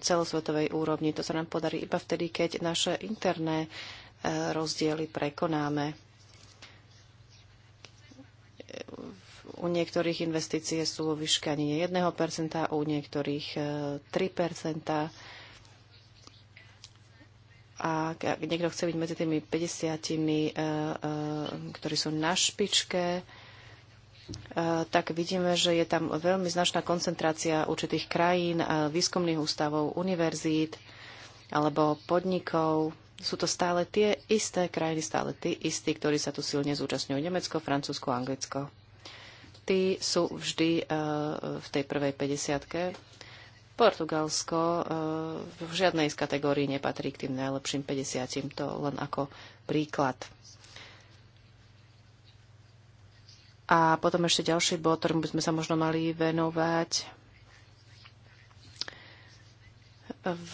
celosvetovej úrovni. To sa nám podarí iba vtedy, keď naše interné rozdiely prekonáme. U niektorých investície sú vo výške ani 1%, u niektorých 3%. A ak niekto chce byť medzi tými 50, eh, eh, ktorí sú na špičke, eh, tak vidíme, že je tam veľmi značná koncentrácia určitých krajín, výskumných ústavov, univerzít alebo podnikov. Sú to stále tie isté krajiny, stále tí istí, ktorí sa tu silne zúčastňujú. Nemecko, Francúzsko, Anglicko. Tí sú vždy v tej prvej 50. Portugalsko eh, v žiadnej z kategórií nepatrí k tým najlepším 50. To len ako príklad. A potom ešte ďalší bod, ktorým by sme sa možno mali venovať v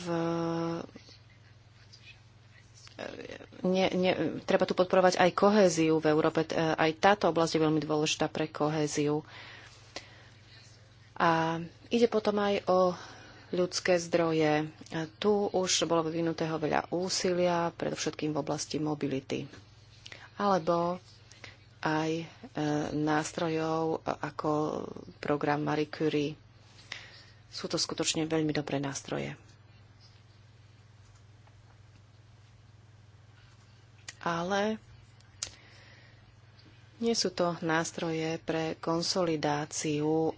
Nie, nie, treba tu podporovať aj kohéziu v Európe. Eh, aj táto oblasť je veľmi dôležitá pre kohéziu. A ide potom aj o ľudské zdroje. Tu už bolo vyvinutého veľa úsilia, predovšetkým v oblasti mobility. Alebo aj e, nástrojov e, ako program Marie Curie. Sú to skutočne veľmi dobré nástroje. Ale nie sú to nástroje pre konsolidáciu e,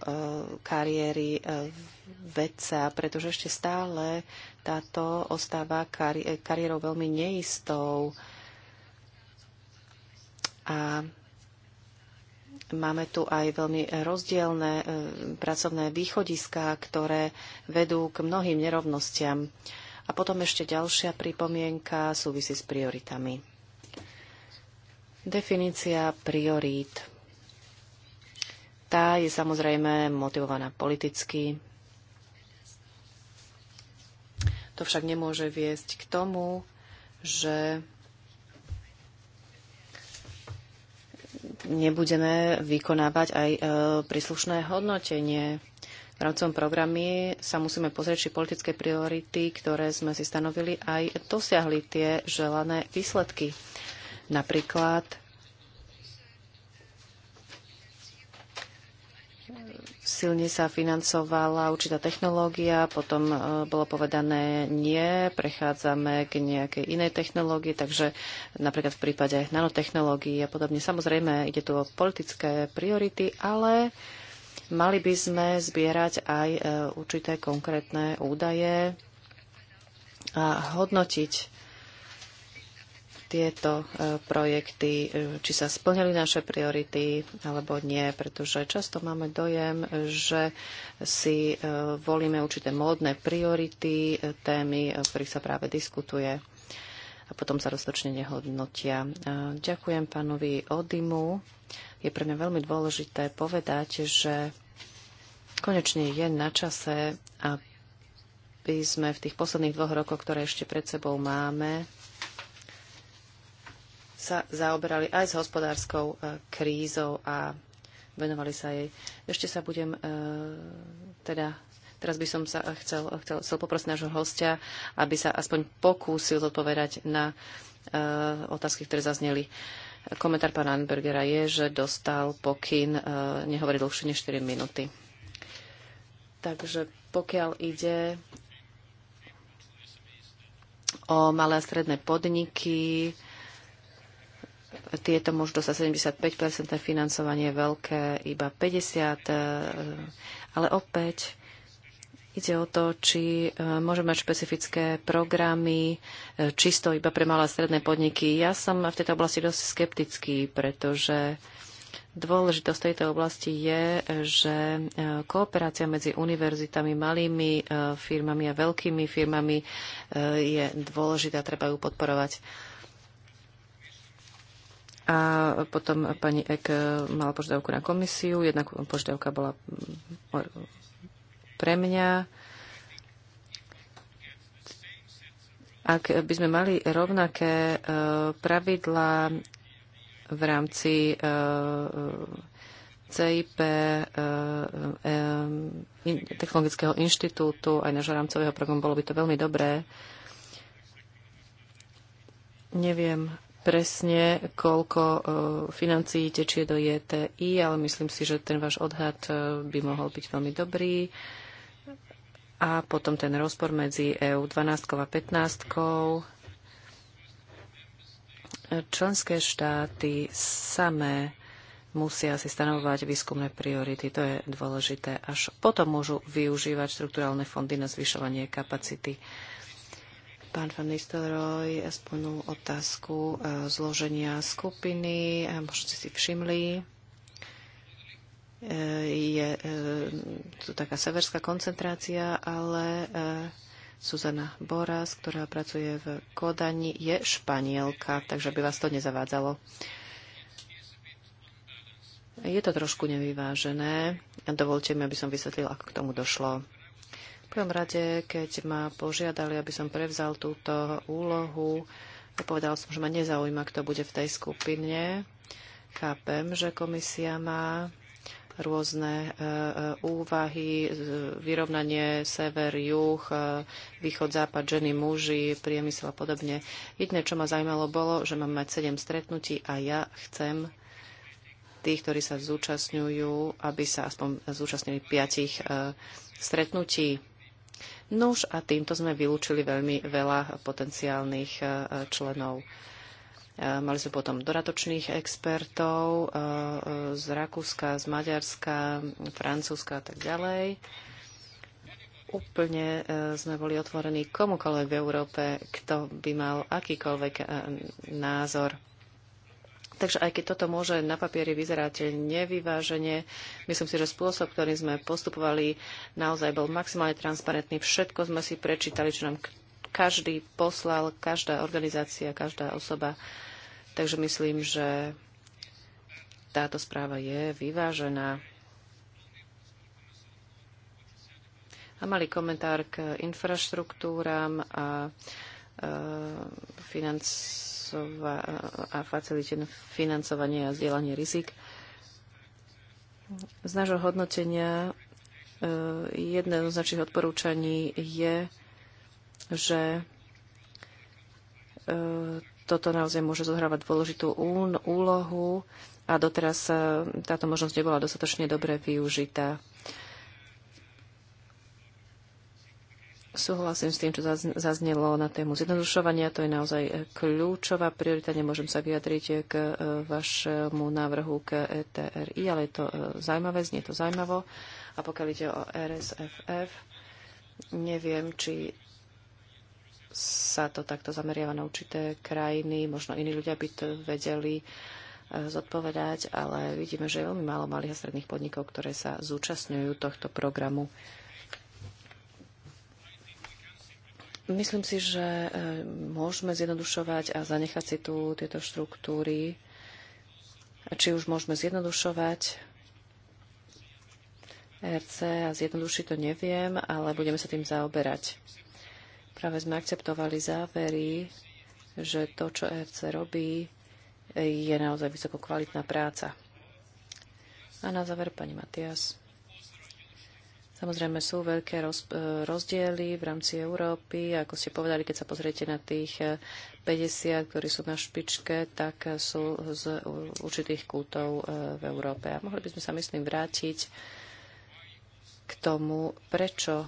kariéry e, vedca, pretože ešte stále táto ostáva kari- e, kariérou veľmi neistou. A Máme tu aj veľmi rozdielne e, pracovné východiská, ktoré vedú k mnohým nerovnostiam. A potom ešte ďalšia pripomienka súvisí s prioritami. Definícia priorít. Tá je samozrejme motivovaná politicky. To však nemôže viesť k tomu, že nebudeme vykonávať aj e, príslušné hodnotenie. V rámcom programy sa musíme pozrieť, či politické priority, ktoré sme si stanovili, aj dosiahli tie želané výsledky. Napríklad silne sa financovala určitá technológia, potom e, bolo povedané nie, prechádzame k nejakej inej technológii, takže napríklad v prípade nanotechnológií a podobne. Samozrejme, ide tu o politické priority, ale mali by sme zbierať aj e, určité konkrétne údaje a hodnotiť tieto e, projekty, e, či sa splnili naše priority alebo nie, pretože často máme dojem, že si e, volíme určité módne priority, témy, o ktorých sa práve diskutuje a potom sa roztočne nehodnotia. Ďakujem pánovi Odimu. Je pre mňa veľmi dôležité povedať, že konečne je na čase, a by sme v tých posledných dvoch rokoch, ktoré ešte pred sebou máme, sa zaoberali aj s hospodárskou e, krízou a venovali sa jej. Ešte sa budem e, teda Teraz by som sa chcel, chcel, chcel poprosiť nášho hostia, aby sa aspoň pokúsil odpovedať na e, otázky, ktoré zazneli. Komentár pána Anbergera je, že dostal pokyn e, nehovoriť dlhšie než 4 minúty. Takže pokiaľ ide o malé a stredné podniky, tieto možnosť dostať 75%, financovanie je veľké, iba 50%, eh, ale opäť Ide o to, či eh, môžeme mať špecifické programy eh, čisto iba pre malé a stredné podniky. Ja som v tejto oblasti dosť skeptický, pretože dôležitosť tejto oblasti je, že kooperácia medzi univerzitami, malými firmami a veľkými firmami je dôležitá, treba ju podporovať. A potom pani Ek eh, mala požiadavku na komisiu. Jedna požiadavka bola mm, pre mňa. Ak by sme mali rovnaké eh, pravidlá v rámci eh, CIP, Technologického inštitútu, aj nášho rámcového programu, bolo by to veľmi dobré. Neviem, presne, koľko e, financí tečie do JTI, e ale myslím si, že ten váš odhad e, by mohol byť veľmi dobrý. A potom ten rozpor medzi EU 12 a 15. Členské štáty samé musia si stanovovať výskumné priority, to je dôležité. Až potom môžu využívať štruktúralne fondy na zvyšovanie kapacity. Uh, Pán Van Nistelrooy spomenul otázku e, zloženia skupiny. E, možno ste si všimli, e, je tu taká severská koncentrácia, ale Suzana Boras, ktorá pracuje v Kodani, je španielka, takže by vás to nezavádzalo. Je to trošku nevyvážené. Dovolte mi, aby som vysvetlil, ako k tomu došlo prvom rade, keď ma požiadali, aby som prevzal túto úlohu, povedal som, že ma nezaujíma, kto bude v tej skupine. Chápem, že komisia má rôzne e, e úvahy, vyrovnanie sever, juh, e, východ, západ, ženy, muži, priemysel a podobne. Jedné, čo ma zaujímalo, bolo, že mám mať 7 stretnutí a ja chcem tých, ktorí sa zúčastňujú, aby sa aspoň zúčastnili piatich e, stretnutí. Nuž a týmto sme vylúčili veľmi veľa potenciálnych e, členov. E, mali sme potom doratočných expertov e, z Rakúska, z Maďarska, Francúzska a tak ďalej. Úplne sme boli otvorení komukoľvek v Európe, kto by mal akýkoľvek názor Takže aj keď toto môže na papieri vyzerať nevyvážene, myslím si, že spôsob, ktorým sme postupovali, naozaj bol maximálne transparentný. Všetko sme si prečítali, čo nám každý poslal, každá organizácia, každá osoba. Takže myslím, že táto správa je vyvážená. A mali komentár k infraštruktúram a Eh, financova a facilite na financovanie a zdieľanie rizik. Z nášho hodnotenia eh, jedné z našich odporúčaní je, že eh, toto naozaj môže zohrávať dôležitú úlohu a doteraz táto možnosť nebola dostatočne dobre využitá. Súhlasím s tým, čo zaznelo na tému zjednodušovania. To je naozaj eh, kľúčová priorita. Nemôžem sa vyjadriť eh, k eh, vašemu návrhu k ETRI, ale je to zaujímavé, znie to zaujímavo. A pokiaľ ide o RSFF, neviem, či sa to takto zameriava na určité krajiny. Možno iní ľudia by to vedeli zodpovedať, ale vidíme, že je veľmi málo malých a stredných podnikov, ktoré sa zúčastňujú tohto programu. Myslím si, že e, môžeme zjednodušovať a zanechať si tu tieto štruktúry. Či už môžeme zjednodušovať RC a zjednodušiť to neviem, ale budeme sa tým zaoberať. Práve sme akceptovali závery, že to, čo RC robí, je naozaj vysokokvalitná práca. A na záver pani Matias. Samozrejme sú veľké e, rozdiely v rámci Európy. Ako ste povedali, keď sa pozriete na tých 50, e, ktorí sú na špičke, tak sú z určitých kútov e, v Európe. A mohli by sme sa, myslím, vrátiť k tomu, prečo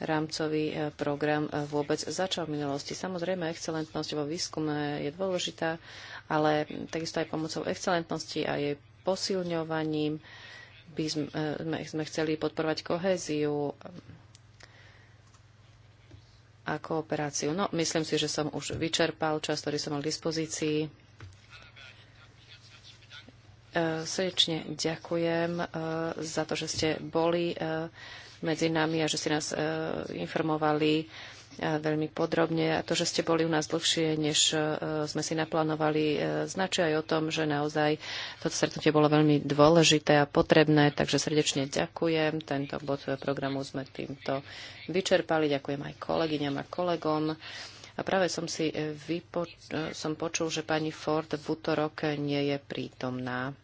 rámcový program vôbec začal v minulosti. Samozrejme, excelentnosť vo výskume je dôležitá, ale takisto aj pomocou excelentnosti a jej posilňovaním by e, sme, sme chceli podporovať kohéziu e, a kooperáciu. No, myslím si, že som už vyčerpal čas, ktorý som mal k dispozícii. E, srdečne ďakujem za to, že ste boli medzi nami a že ste nás informovali veľmi podrobne. A to, že ste boli u nás dlhšie, než e, sme si naplánovali, e, značí aj o tom, že naozaj toto stretnutie bolo veľmi dôležité a potrebné. Takže srdečne ďakujem. Tento bod programu sme týmto vyčerpali. Ďakujem aj kolegyňam a kolegom. A práve som si e, vypo- som počul, že pani Ford v útorok nie je prítomná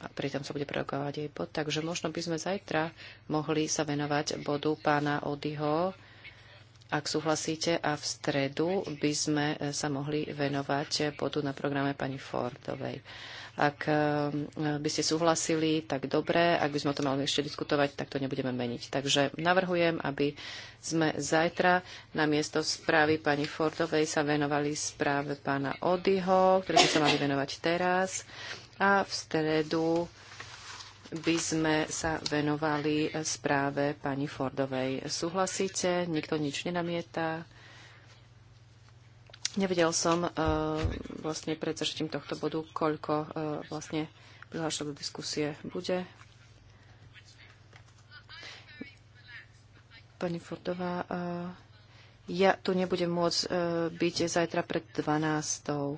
a pritom sa bude prerokovať jej bod. Takže možno by sme zajtra mohli sa venovať bodu pána Odyho, ak súhlasíte, a v stredu by sme e, sa mohli venovať bodu na programe pani Fordovej. Ak e, e, by ste súhlasili, tak dobre. Ak by sme o tom mali ešte diskutovať, tak to nebudeme meniť. Takže navrhujem, aby sme zajtra na miesto správy pani Fordovej sa venovali správe pána Odyho, ktoré by sa mali venovať teraz a v stredu by sme sa venovali správe pani Fordovej. Súhlasíte? Nikto nič nenamieta? Nevedel som uh, vlastne pred zaštím tohto bodu, koľko uh, vlastne prihlášok do diskusie bude. Pani Fordová, uh, ja tu nebudem môcť byť zajtra pred 12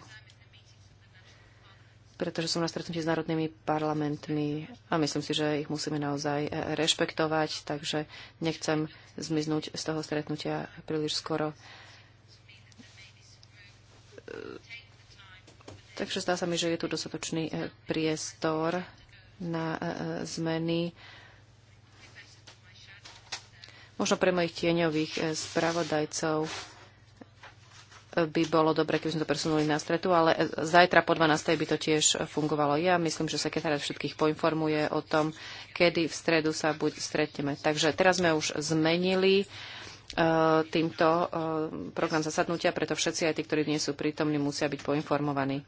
pretože som na stretnutí s národnými parlamentmi a myslím si, že ich musíme naozaj e, rešpektovať, takže nechcem zmiznúť z toho stretnutia príliš skoro. E, takže zdá sa mi, že je tu dostatočný e, priestor na zmeny. Možno pre mojich tieňových spravodajcov by bolo dobre, keby sme to presunuli na stretu, ale zajtra po 12. by to tiež fungovalo. Ja myslím, že sekretariat všetkých poinformuje o tom, kedy v stredu sa buď stretneme. Takže teraz sme už zmenili e, týmto e, program zasadnutia, preto všetci aj tí, ktorí nie sú prítomní, musia byť poinformovaní.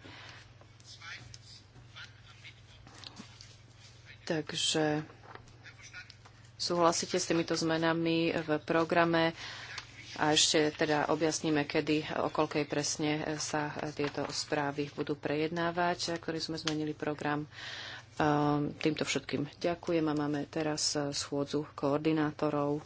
Takže súhlasíte s týmito zmenami v programe. A ešte teda objasníme, kedy, o koľkej presne e, sa e, tieto správy budú prejednávať, e, ktorý sme zmenili program. Týmto všetkým ďakujem a máme teraz schôdzu koordinátorov.